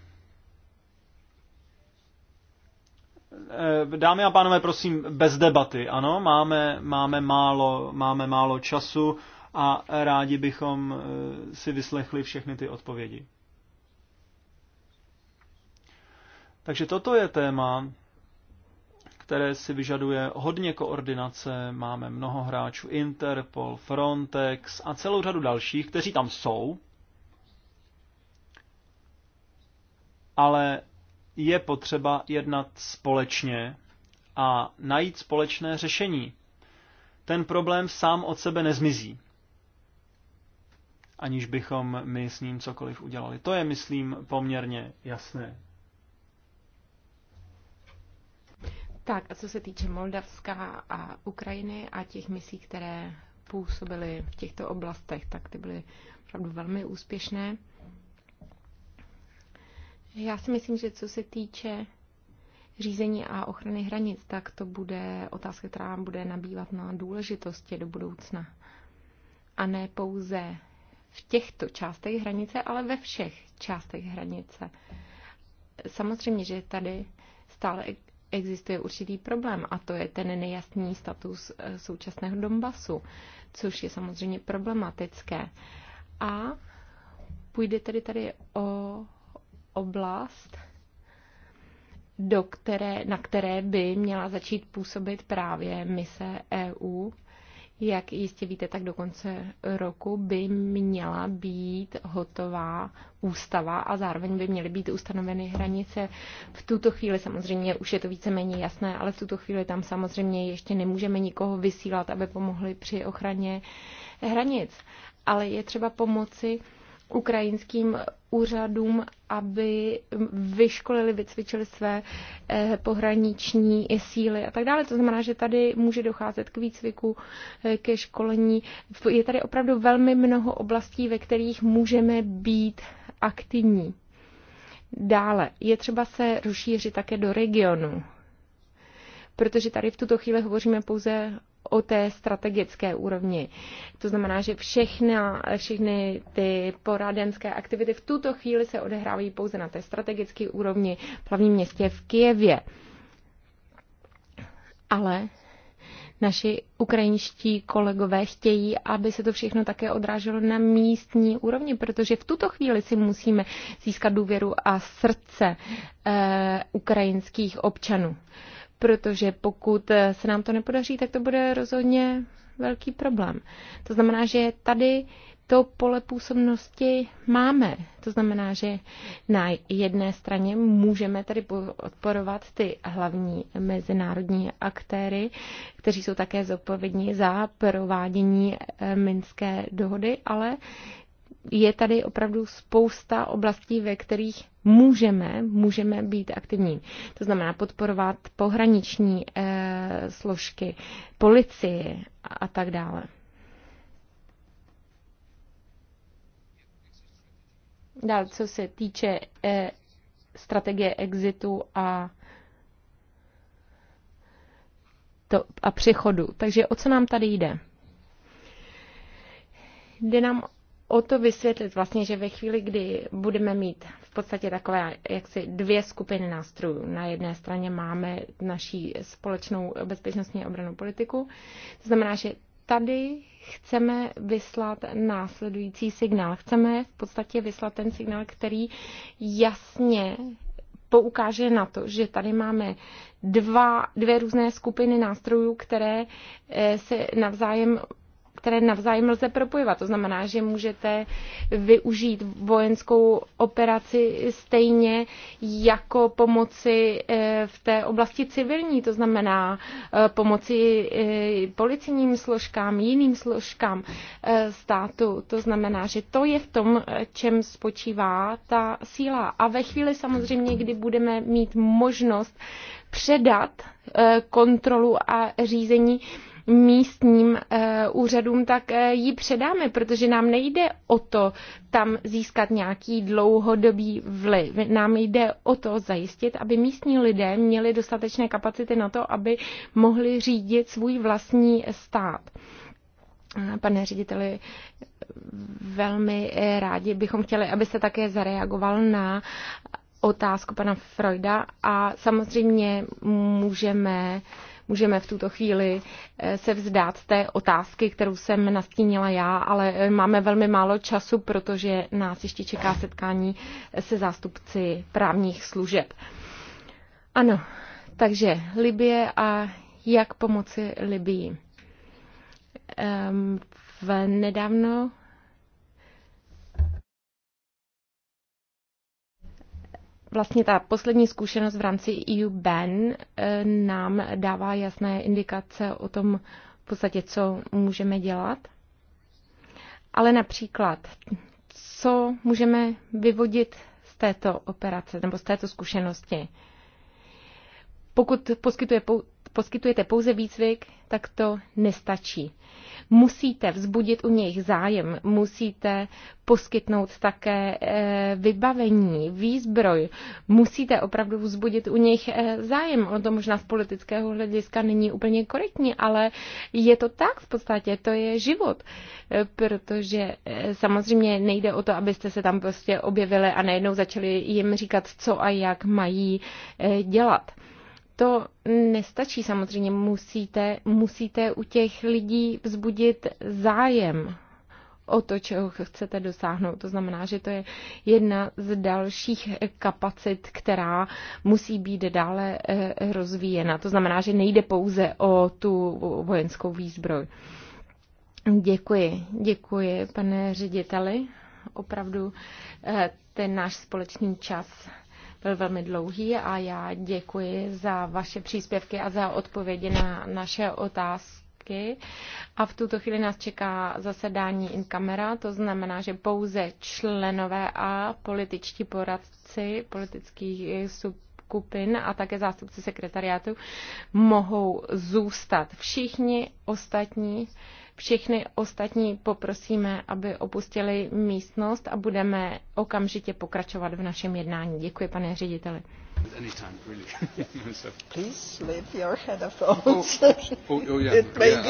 Eh, dámy a pánové, prosím, bez debaty, ano, máme, máme, málo, máme málo času a rádi bychom eh, si vyslechli všechny ty odpovědi. Takže toto je téma, které si vyžaduje hodně koordinace. Máme mnoho hráčů Interpol, Frontex a celou řadu dalších, kteří tam jsou. Ale je potřeba jednat společně a najít společné řešení. Ten problém sám od sebe nezmizí, aniž bychom my s ním cokoliv udělali. To je, myslím, poměrně jasné. Tak a co se týče Moldavska a Ukrajiny a těch misí, které působily v těchto oblastech, tak ty byly opravdu velmi úspěšné. Já si myslím, že co se týče řízení a ochrany hranic, tak to bude otázka, která bude nabývat na důležitosti do budoucna. A ne pouze v těchto částech hranice, ale ve všech částech hranice. Samozřejmě, že tady stále e- existuje určitý problém a to je ten nejasný status e, současného Donbasu, což je samozřejmě problematické. A půjde tedy tady o oblast, do které, na které by měla začít působit právě mise EU. Jak jistě víte, tak do konce roku by měla být hotová ústava a zároveň by měly být ustanoveny hranice. V tuto chvíli samozřejmě už je to víceméně jasné, ale v tuto chvíli tam samozřejmě ještě nemůžeme nikoho vysílat, aby pomohli při ochraně hranic. Ale je třeba pomoci ukrajinským úřadům, aby vyškolili, vycvičili své eh, pohraniční síly a tak dále. To znamená, že tady může docházet k výcviku, eh, ke školení. Je tady opravdu velmi mnoho oblastí, ve kterých můžeme být aktivní. Dále je třeba se rozšířit také do regionu, protože tady v tuto chvíli hovoříme pouze o té strategické úrovni. To znamená, že všechny, všechny ty poradenské aktivity v tuto chvíli se odehrávají pouze na té strategické úrovni v hlavním městě v Kijevě. Ale naši ukrajinští kolegové chtějí, aby se to všechno také odráželo na místní úrovni, protože v tuto chvíli si musíme získat důvěru a srdce eh, ukrajinských občanů. Eh, protože pokud se nám to nepodaří, tak to bude rozhodně velký problém. To znamená, že tady to pole působnosti máme. To znamená, že na jedné straně můžeme tady odporovat ty hlavní mezinárodní aktéry, kteří jsou také zodpovědní za provádění eh, Minské dohody, ale je tady opravdu spousta oblastí, ve kterých můžeme, můžeme být aktivní. To znamená podporovat pohraniční e, složky, policii a, a tak dále. Dále, co se týče e, strategie exitu a to, a přechodu. Takže o co nám tady jde? Jde nám o to vysvětlit vlastně, že ve chvíli, kdy budeme mít v podstatě takové jaksi dvě skupiny nástrojů. Na jedné straně máme naší společnou bezpečnostní obranou politiku. To znamená, že tady chceme vyslat následující signál. Chceme v podstatě vyslat ten signál, který jasně poukáže na to, že tady máme dva, dvě různé skupiny nástrojů, které eh, se navzájem které navzájem lze propojovat. To znamená, že můžete využít vojenskou operaci stejně jako pomoci eh, v té oblasti civilní, to znamená eh, pomoci eh, policijním složkám, jiným složkám státu. To znamená, že to je v tom, čem spočívá ta síla. A ve chvíli samozřejmě, kdy budeme mít možnost předat kontrolu a řízení místním eh, úřadům, tak eh, ji předáme, protože nám nejde o to tam získat nějaký dlouhodobý vliv. Nám jde o to zajistit, aby místní lidé měli dostatečné kapacity na to, aby mohli řídit svůj vlastní stát. Eh, pane řediteli, velmi rádi bychom chtěli, aby se také zareagoval na otázku pana Freuda a samozřejmě můžeme uh, můžeme v tuto chvíli eh, se vzdát té otázky, kterou jsem nastínila já, ale eh, máme velmi málo času, protože nás ještě čeká setkání eh, se zástupci právních služeb. Ano, takže Libie a jak pomoci Libii. Ehm, v nedávno vlastně ta poslední zkušenost v rámci EU Ben eh, nám dává jasné indikace o tom, v podstatě, co můžeme dělat. Ale například, co můžeme vyvodit z této operace nebo z této zkušenosti? Pokud poskytuje poskytujete pouze výcvik, tak to nestačí. Musíte vzbudit u nich zájem, musíte poskytnout také eh, vybavení, výzbroj, musíte opravdu vzbudit u nich eh, zájem. Ono to možná z politického hlediska není úplně korektní, ale je to tak v podstatě, to je život, eh, protože samozřejmě nejde o to, abyste se tam prostě objevili a najednou začali jim říkat, co a jak mají dělat to nestačí samozřejmě, musíte, musíte u těch lidí vzbudit zájem o to, čeho chcete dosáhnout. To znamená, že to je jedna z dalších kapacit, která musí být dále eh, rozvíjena. To znamená, že nejde pouze o tu vojenskou výzbroj. Děkuji, děkuji, pane řediteli. Opravdu eh, ten náš společný čas byl velmi dlouhý a já děkuji za vaše příspěvky a za odpovědi na naše otázky. A v tuto chvíli nás čeká zasedání in camera, to znamená, že pouze členové a političtí poradci politických sub skupin a také zástupci sekretariátu mohou zůstat. Všichni ostatní všechny ostatní poprosíme, aby opustili místnost a budeme okamžitě pokračovat v našem jednání. Děkuji, pane řediteli. Please leave your oh, oh, oh, oh, yeah. yeah,